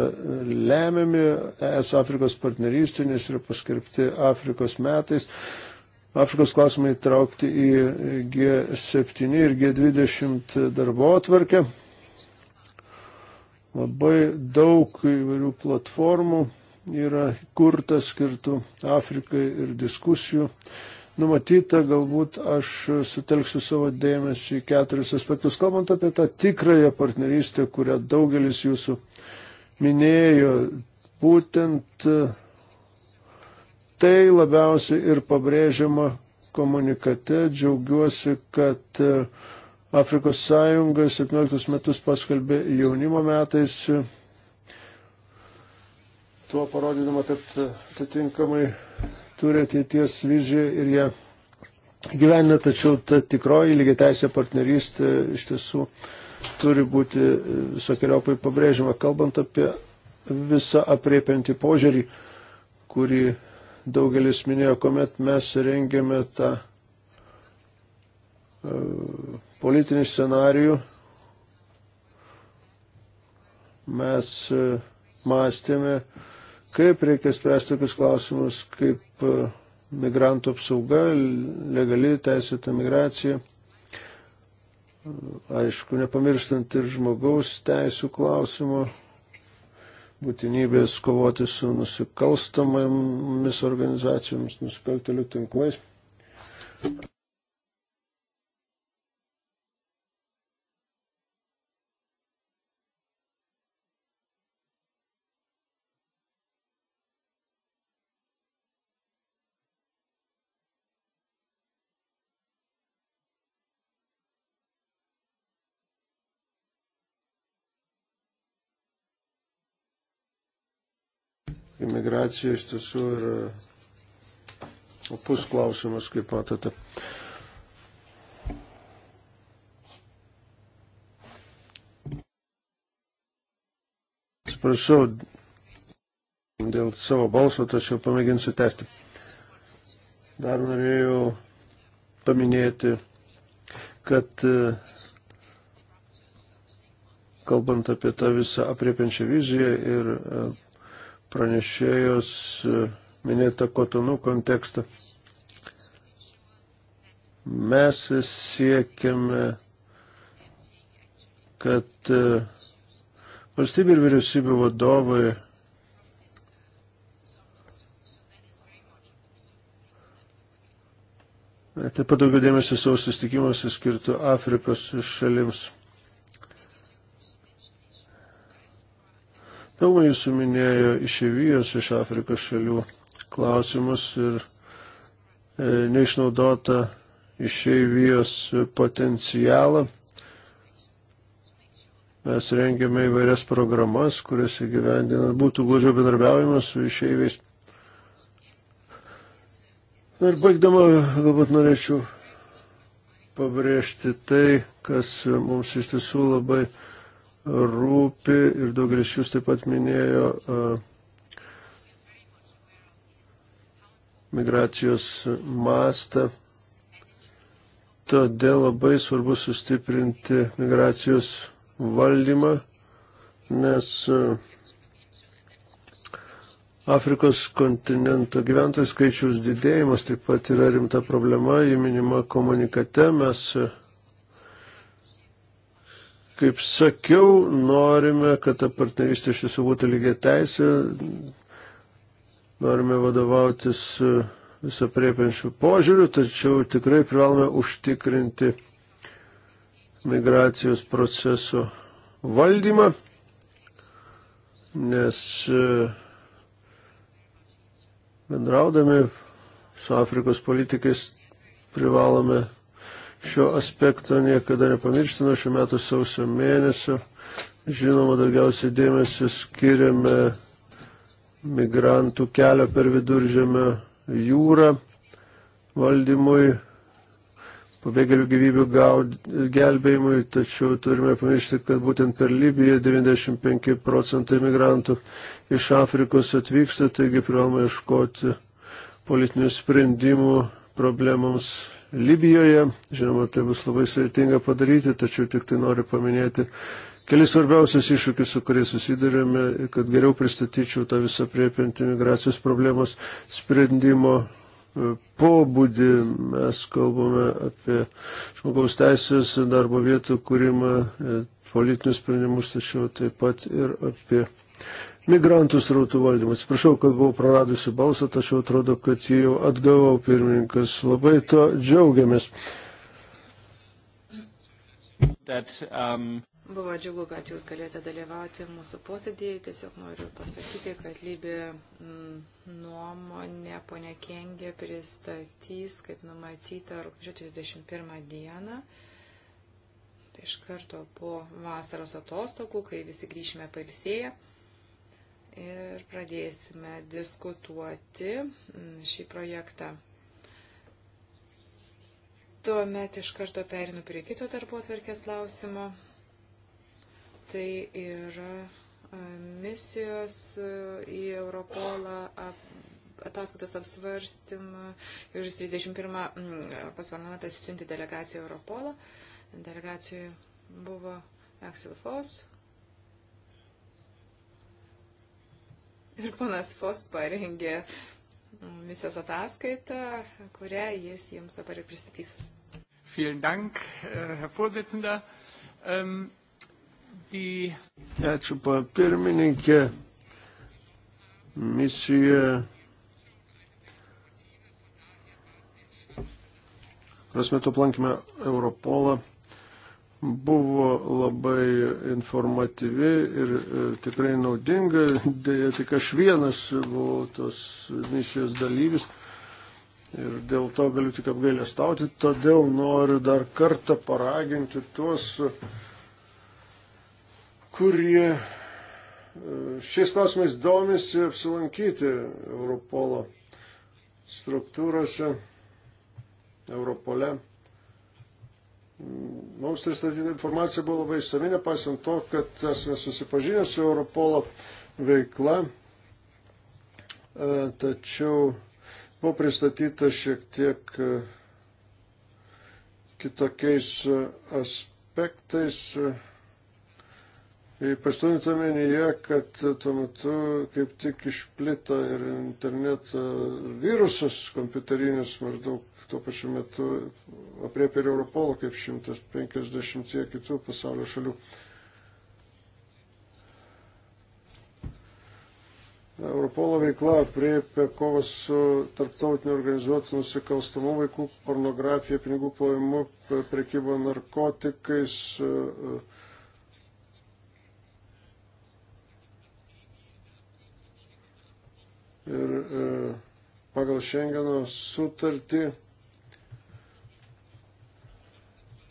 lemiami ES Afrikos partnerystė, nes yra paskelbti Afrikos metais. Afrikos klausimai traukti į G7 ir G20 darbo atvarkę. Labai daug įvairių platformų yra kurta skirtų Afrikai ir diskusijų numatyta, galbūt aš sutelksiu savo dėmesį į keturis aspektus. Kalbant apie tą tikrąją partnerystę, kurią daugelis jūsų minėjo, būtent tai labiausiai ir pabrėžiama komunikate. Džiaugiuosi, kad Afrikos sąjunga 17 metus paskelbė jaunimo metais, tuo parodydama, kad atitinkamai turi ateities viziją ir ją gyvena, tačiau ta tikroji lygiai teisė partnerystė iš tiesų turi būti visokiojopai pabrėžiama, kalbant apie visą apriepiantį požiūrį, kurį daugelis minėjo, kuomet mes rengėme tą e, politinį scenarijų, mes e, mąstėme, kaip reikia spręsti tokius klausimus, kaip e, migrantų apsauga, legali teisėta migracija. Aišku, nepamirštant ir žmogaus teisų klausimo, būtinybės kovoti su nusikalstamomis organizacijomis, nusikaltelių tinklais. imigracija iš tiesų yra opus klausimas, kaip matote. Atsiprašau dėl savo balso, tačiau pamėginsiu tęsti. Dar norėjau paminėti, kad e, kalbant apie tą visą apriepiančią viziją ir e, pranešėjos e, minėtą kotonų kontekstą. Mes siekiame, kad e, valstybė ir vyriausybė vadovai taip pat daugiau dėmesio savo sustikimuose skirtų Afrikos šalims. Daugumai jūsų minėjo išėvijos iš Afrikos šalių klausimus ir e, neišnaudota išeivijos potencialą. Mes rengiame įvairias programas, kurias įgyvendinant būtų glaudžiau bendarbiavimas su išeiviais. Ir baigdama, galbūt norėčiau pabrėžti tai, kas mums iš tiesų labai rūpi ir daugelis jūs taip pat minėjo e, migracijos mastą. Todėl labai svarbu sustiprinti migracijos valdymą, nes e, Afrikos kontinento gyventojų skaičiaus didėjimas taip pat yra rimta problema, jį minima komunikate, mes e, Kaip sakiau, norime, kad ta partnerystė iš tiesų būtų lygiai teisė, norime vadovautis e, visapriepiančių požiūrių, tačiau tikrai privalome užtikrinti migracijos proceso valdymą, nes e, bendraudami su Afrikos politikais privalome šio aspekto niekada nepamiršti nuo šių metų sausio mėnesio. Žinoma, daugiausiai dėmesio skiriame migrantų kelio per viduržėmio jūrą valdymui, pabėgėlių gyvybių gaud, gelbėjimui, tačiau turime pamiršti, kad būtent per Libiją 95 procentai migrantų iš Afrikos atvyksta, taigi privalome ieškoti politinių sprendimų problemams Libijoje. Žinoma, tai bus labai sveitinga padaryti, tačiau tik tai noriu paminėti kelis svarbiausius iššūkius, su kuriais susidurėme, kad geriau pristatyčiau tą visą priepinti migracijos problemos sprendimo e, pobūdį. Mes kalbame apie žmogaus teisės darbo vietų kūrimą, e, politinius sprendimus, tačiau taip pat ir apie migrantų srautų valdymą. Atsiprašau, kad buvau praradusi balsą, tačiau atrodo, kad jį jau atgavau pirmininkas. Labai to džiaugiamės. That, um... Buvo džiugu, kad jūs galėjote dalyvauti mūsų posėdėje. Tiesiog noriu pasakyti, kad Libė mm, nuomonė ponia Kengė pristatys, kaip numatyta, rūpžio 21 dieną iš karto po vasaros atostogų, kai visi grįšime palsėję ir pradėsime diskutuoti mm, šį projektą. Tuomet iš karto perinu prie kito darbo atverkės klausimo. Tai yra e, misijos e, į Europolą ataskaitos apsvarstymą. Ir 31 mm, pasvarnamentas siunti delegaciją Europolą. Delegacijoje buvo Axel Foss, ir panas Fos parengė visas ataskaitą, kurią jis jums dabar ir pristatys. Vielen Dank, äh, Herr Vorsitzender. Ähm, die Ačiū, pirmininkė. Misija Mes metu aplankėme Europolą buvo labai informatyvi ir e, tikrai naudinga. Deja, tik aš vienas buvau tos misijos dalyvis ir dėl to galiu tik apgailestauti. Todėl noriu dar kartą paraginti tuos, kurie e, šiais klausimais domisi apsilankyti Europolo struktūrose, Europole. Mums pristatyta informacija buvo labai išsami, nepaisant to, kad esame susipažinę su Europolo veikla, e, tačiau buvo pristatyta šiek tiek e, kitokiais e, aspektais. Ypač turint omenyje, kad tuo metu kaip tik išplito ir interneto virusas kompiuterinis maždaug tuo pačiu metu apriepia ir Europolą kaip 150 kitų pasaulio šalių. Europolo veikla priepia kovas su tarptautiniu organizuotu nusikalstamu vaikų pornografija, pinigų plovimu, prekyba narkotikais. Ir e, pagal Šengeno sutartį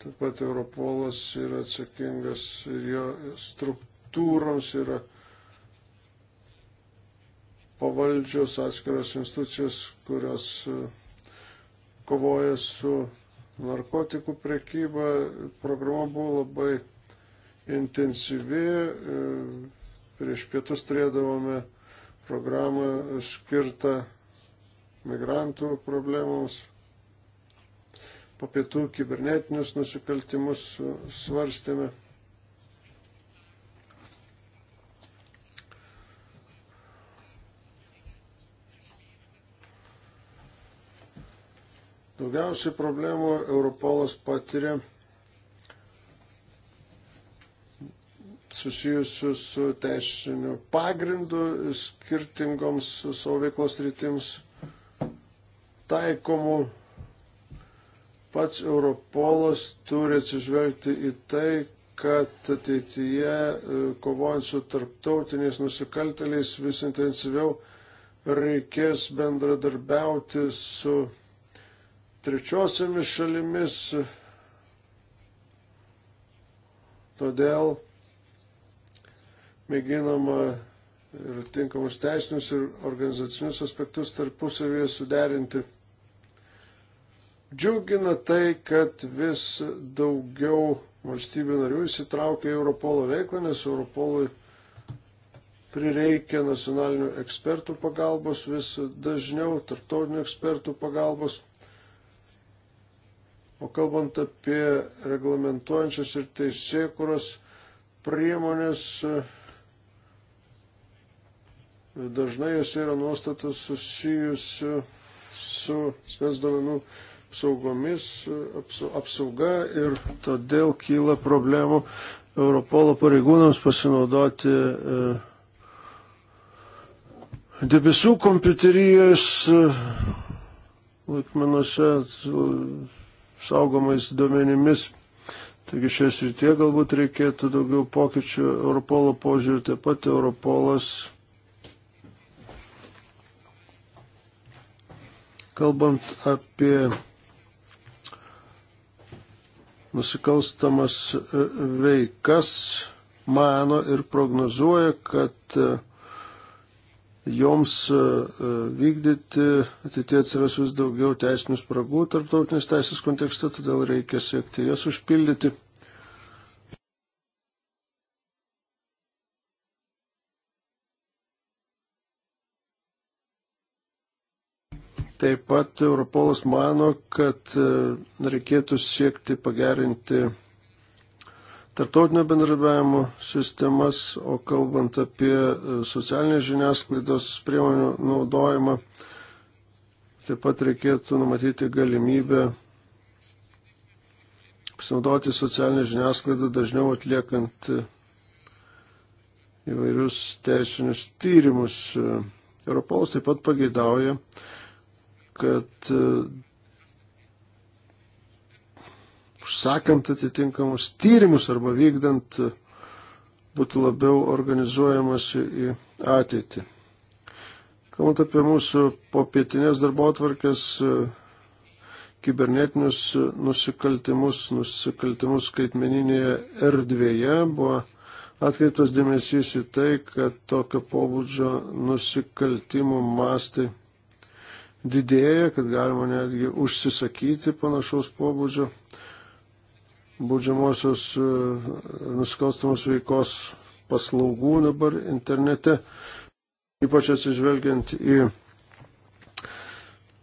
Taip pat Europolas yra atsakingas ir jo struktūroms yra pavaldžios atskiros institucijos, kurios e, kovoja su narkotikų prekyba. Programa buvo labai intensyvi. E, prieš pietus turėdavome programą skirtą migrantų problemams po pietų kibernetinius nusikaltimus svarstėme. Daugiausiai problemų Europolas patiria susijusių su teisiniu pagrindu skirtingoms savo veiklos rytims taikomų Pats Europolas turi atsižvelgti į tai, kad ateityje, e, kovojant su tarptautiniais nusikalteliais, vis intensyviau reikės bendradarbiauti su trečiosiamis šalimis. Todėl mėginama ir tinkamus teisinius ir organizacinius aspektus tarpusavėje suderinti Džiugina tai, kad vis daugiau valstybių narių įsitraukia į Europolo veiklą, nes Europolui prireikia nacionalinių ekspertų pagalbos, vis dažniau tarptautinių ekspertų pagalbos. O kalbant apie reglamentuojančias ir teisėkuros priemonės, dažnai jos yra nuostatos susijusių su asmens duomenų apsaugomis, apsauga ir todėl kyla problemų Europolo pareigūnams pasinaudoti e, debesų kompiuterijos e, laikmenuose saugomais duomenimis. Taigi šioje srityje galbūt reikėtų daugiau pokyčių Europolo požiūrį, taip pat Europolas. Kalbant apie nusikalstamas e, veikas mano ir prognozuoja, kad e, joms e, vykdyti ateitie atsiras vis daugiau teisinių spragų tarptautinės teisės kontekste, todėl reikia siekti jas užpildyti. Taip pat Europolas mano, kad e, reikėtų siekti pagerinti tarptautinio bendradarbiavimo sistemas, o kalbant apie e, socialinės žiniasklaidos priemonių naudojimą, taip pat reikėtų numatyti galimybę pasinaudoti socialinę žiniasklaidą dažniau atliekant e, įvairius teisinius tyrimus. Europolas taip pat pageidauja kad e, užsakant atitinkamus tyrimus arba vykdant e, būtų labiau organizuojamas į ateitį. Kalbant apie mūsų popietinės darbo atvarkės, e, kibernetinius nusikaltimus, nusikaltimus skaitmeninėje erdvėje buvo atkreiptas dėmesys į tai, kad tokio pobūdžio nusikaltimų mastai didėja, kad galima netgi užsisakyti panašaus pobūdžio būdžiamosios e, nusikalstamos veikos paslaugų dabar internete, ypač atsižvelgiant į e,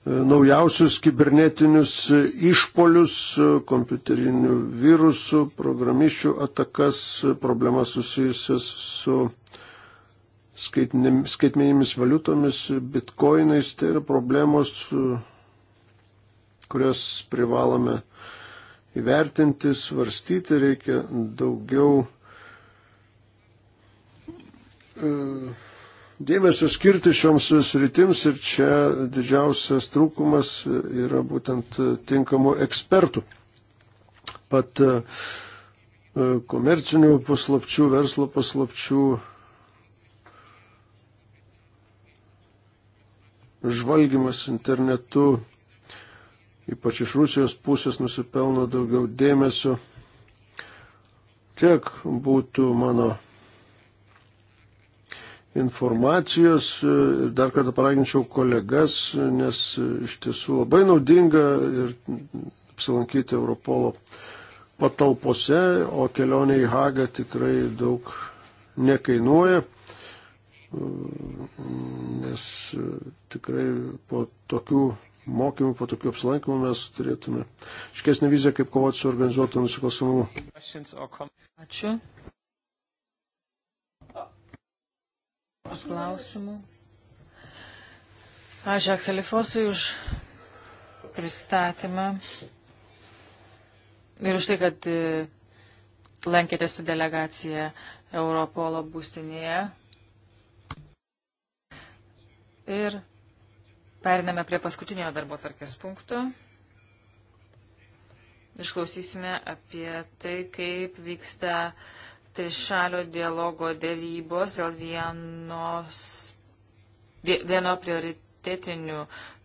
naujausius kibernetinius išpolius, e, kompiuterinių virusų, programiščių atakas, problemas susijusias su skaitmeninėmis valiutomis, bitkoinais, tai yra problemos, e, kurias privalome įvertinti, svarstyti, reikia daugiau e, dėmesio skirti šioms sritims ir čia didžiausias trūkumas yra būtent tinkamų ekspertų. Pat e, komercinių paslapčių, verslo paslapčių žvalgymas internetu, ypač iš Rusijos pusės, nusipelno daugiau dėmesio. Tiek būtų mano informacijos ir dar kartą paraginčiau kolegas, nes iš tiesų labai naudinga ir apsilankyti Europolo patalpose, o kelionė į Hagą tikrai daug nekainuoja. Mm, nes e, tikrai po tokių mokymų, po tokių apsilankimų mes turėtume iškesnį viziją, kaip kovoti su organizuotu nusikalstamumu. Ačiū. Klausimų. Ačiū Akselifosui už pristatymą ir už tai, kad e, lankėtės su delegacija Europolo būstinėje. Ir periname prie paskutinio darbo tvarkės punkto. Išklausysime apie tai, kaip vyksta trišalio dialogo dėrybos dėl vienos, vieno prioritetinių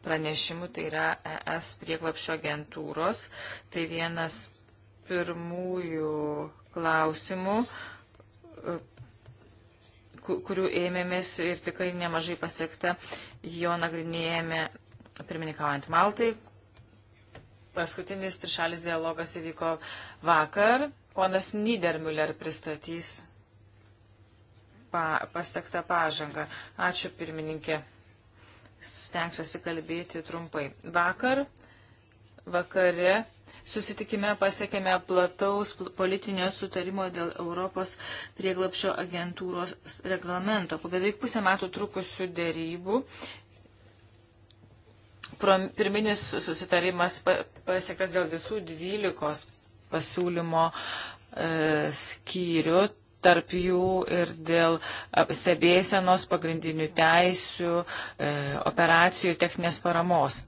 pranešimų, tai yra ES prieklapšio agentūros. Tai vienas pirmųjų klausimų, kurių ėmėmės ir tikrai nemažai pasiekta, jo nagrinėjame pirmininkaujant Maltai. Paskutinis trišalis dialogas įvyko vakar. Ponas Niedermüller pristatys pa, pasiektą pažangą. Ačiū pirmininkė. Stengsiuosi kalbėti trumpai. Vakar, vakare susitikime pasiekėme plataus politinio sutarimo dėl Europos prieglapšio agentūros reglamento. Po beveik pusę metų trukusių dėrybų pirminis susitarimas pasiektas dėl visų 12 pasiūlymo e, skyrių, tarp jų ir dėl e, stebėsenos pagrindinių teisių, e, operacijų techninės paramos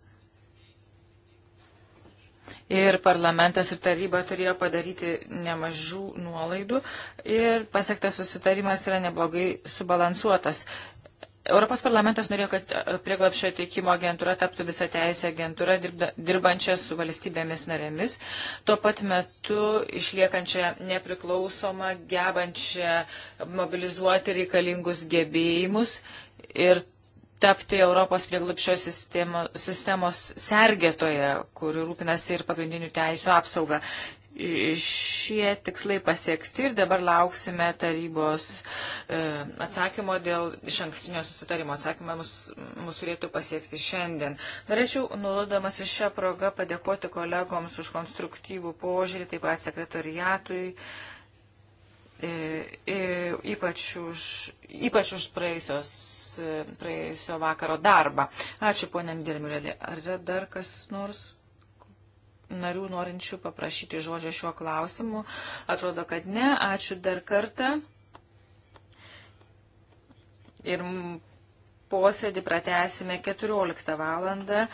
ir parlamentas ir taryba turėjo padaryti nemažų nuolaidų ir pasiektas susitarimas yra neblogai subalansuotas. Europos parlamentas norėjo, kad e, prieglapšio teikimo agentūra taptų visą teisę agentūrą dirbančią su valstybėmis narėmis, tuo pat metu išliekančią nepriklausomą, gebančią mobilizuoti reikalingus gebėjimus ir tapti Europos prieglupščio sistemo, sistemos sergėtoje, kuri rūpinasi ir pagrindinių teisų apsaugą. Šie tikslai pasiekti ir dabar lauksime tarybos e, atsakymo dėl iš ankstinio susitarimo. Atsakymą mūsų turėtų pasiekti šiandien. Norėčiau, nulodamas iš šią progą, padėkoti kolegoms už konstruktyvų požiūrį, taip pat sekretariatui, e, e, ypač, už, ypač už praėjusios E, praėjusio vakaro darbą. Ačiū, ponė Dirmilėlė. Ar yra dar kas nors narių norinčių paprašyti žodžio šiuo klausimu? Atrodo, kad ne. Ačiū dar kartą. Ir posėdį pratesime 14 valandą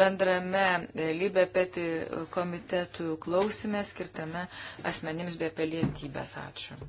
bendrame e, Lybė Peti e, komitetų klausime skirtame asmenims be pilietybės. Ačiū.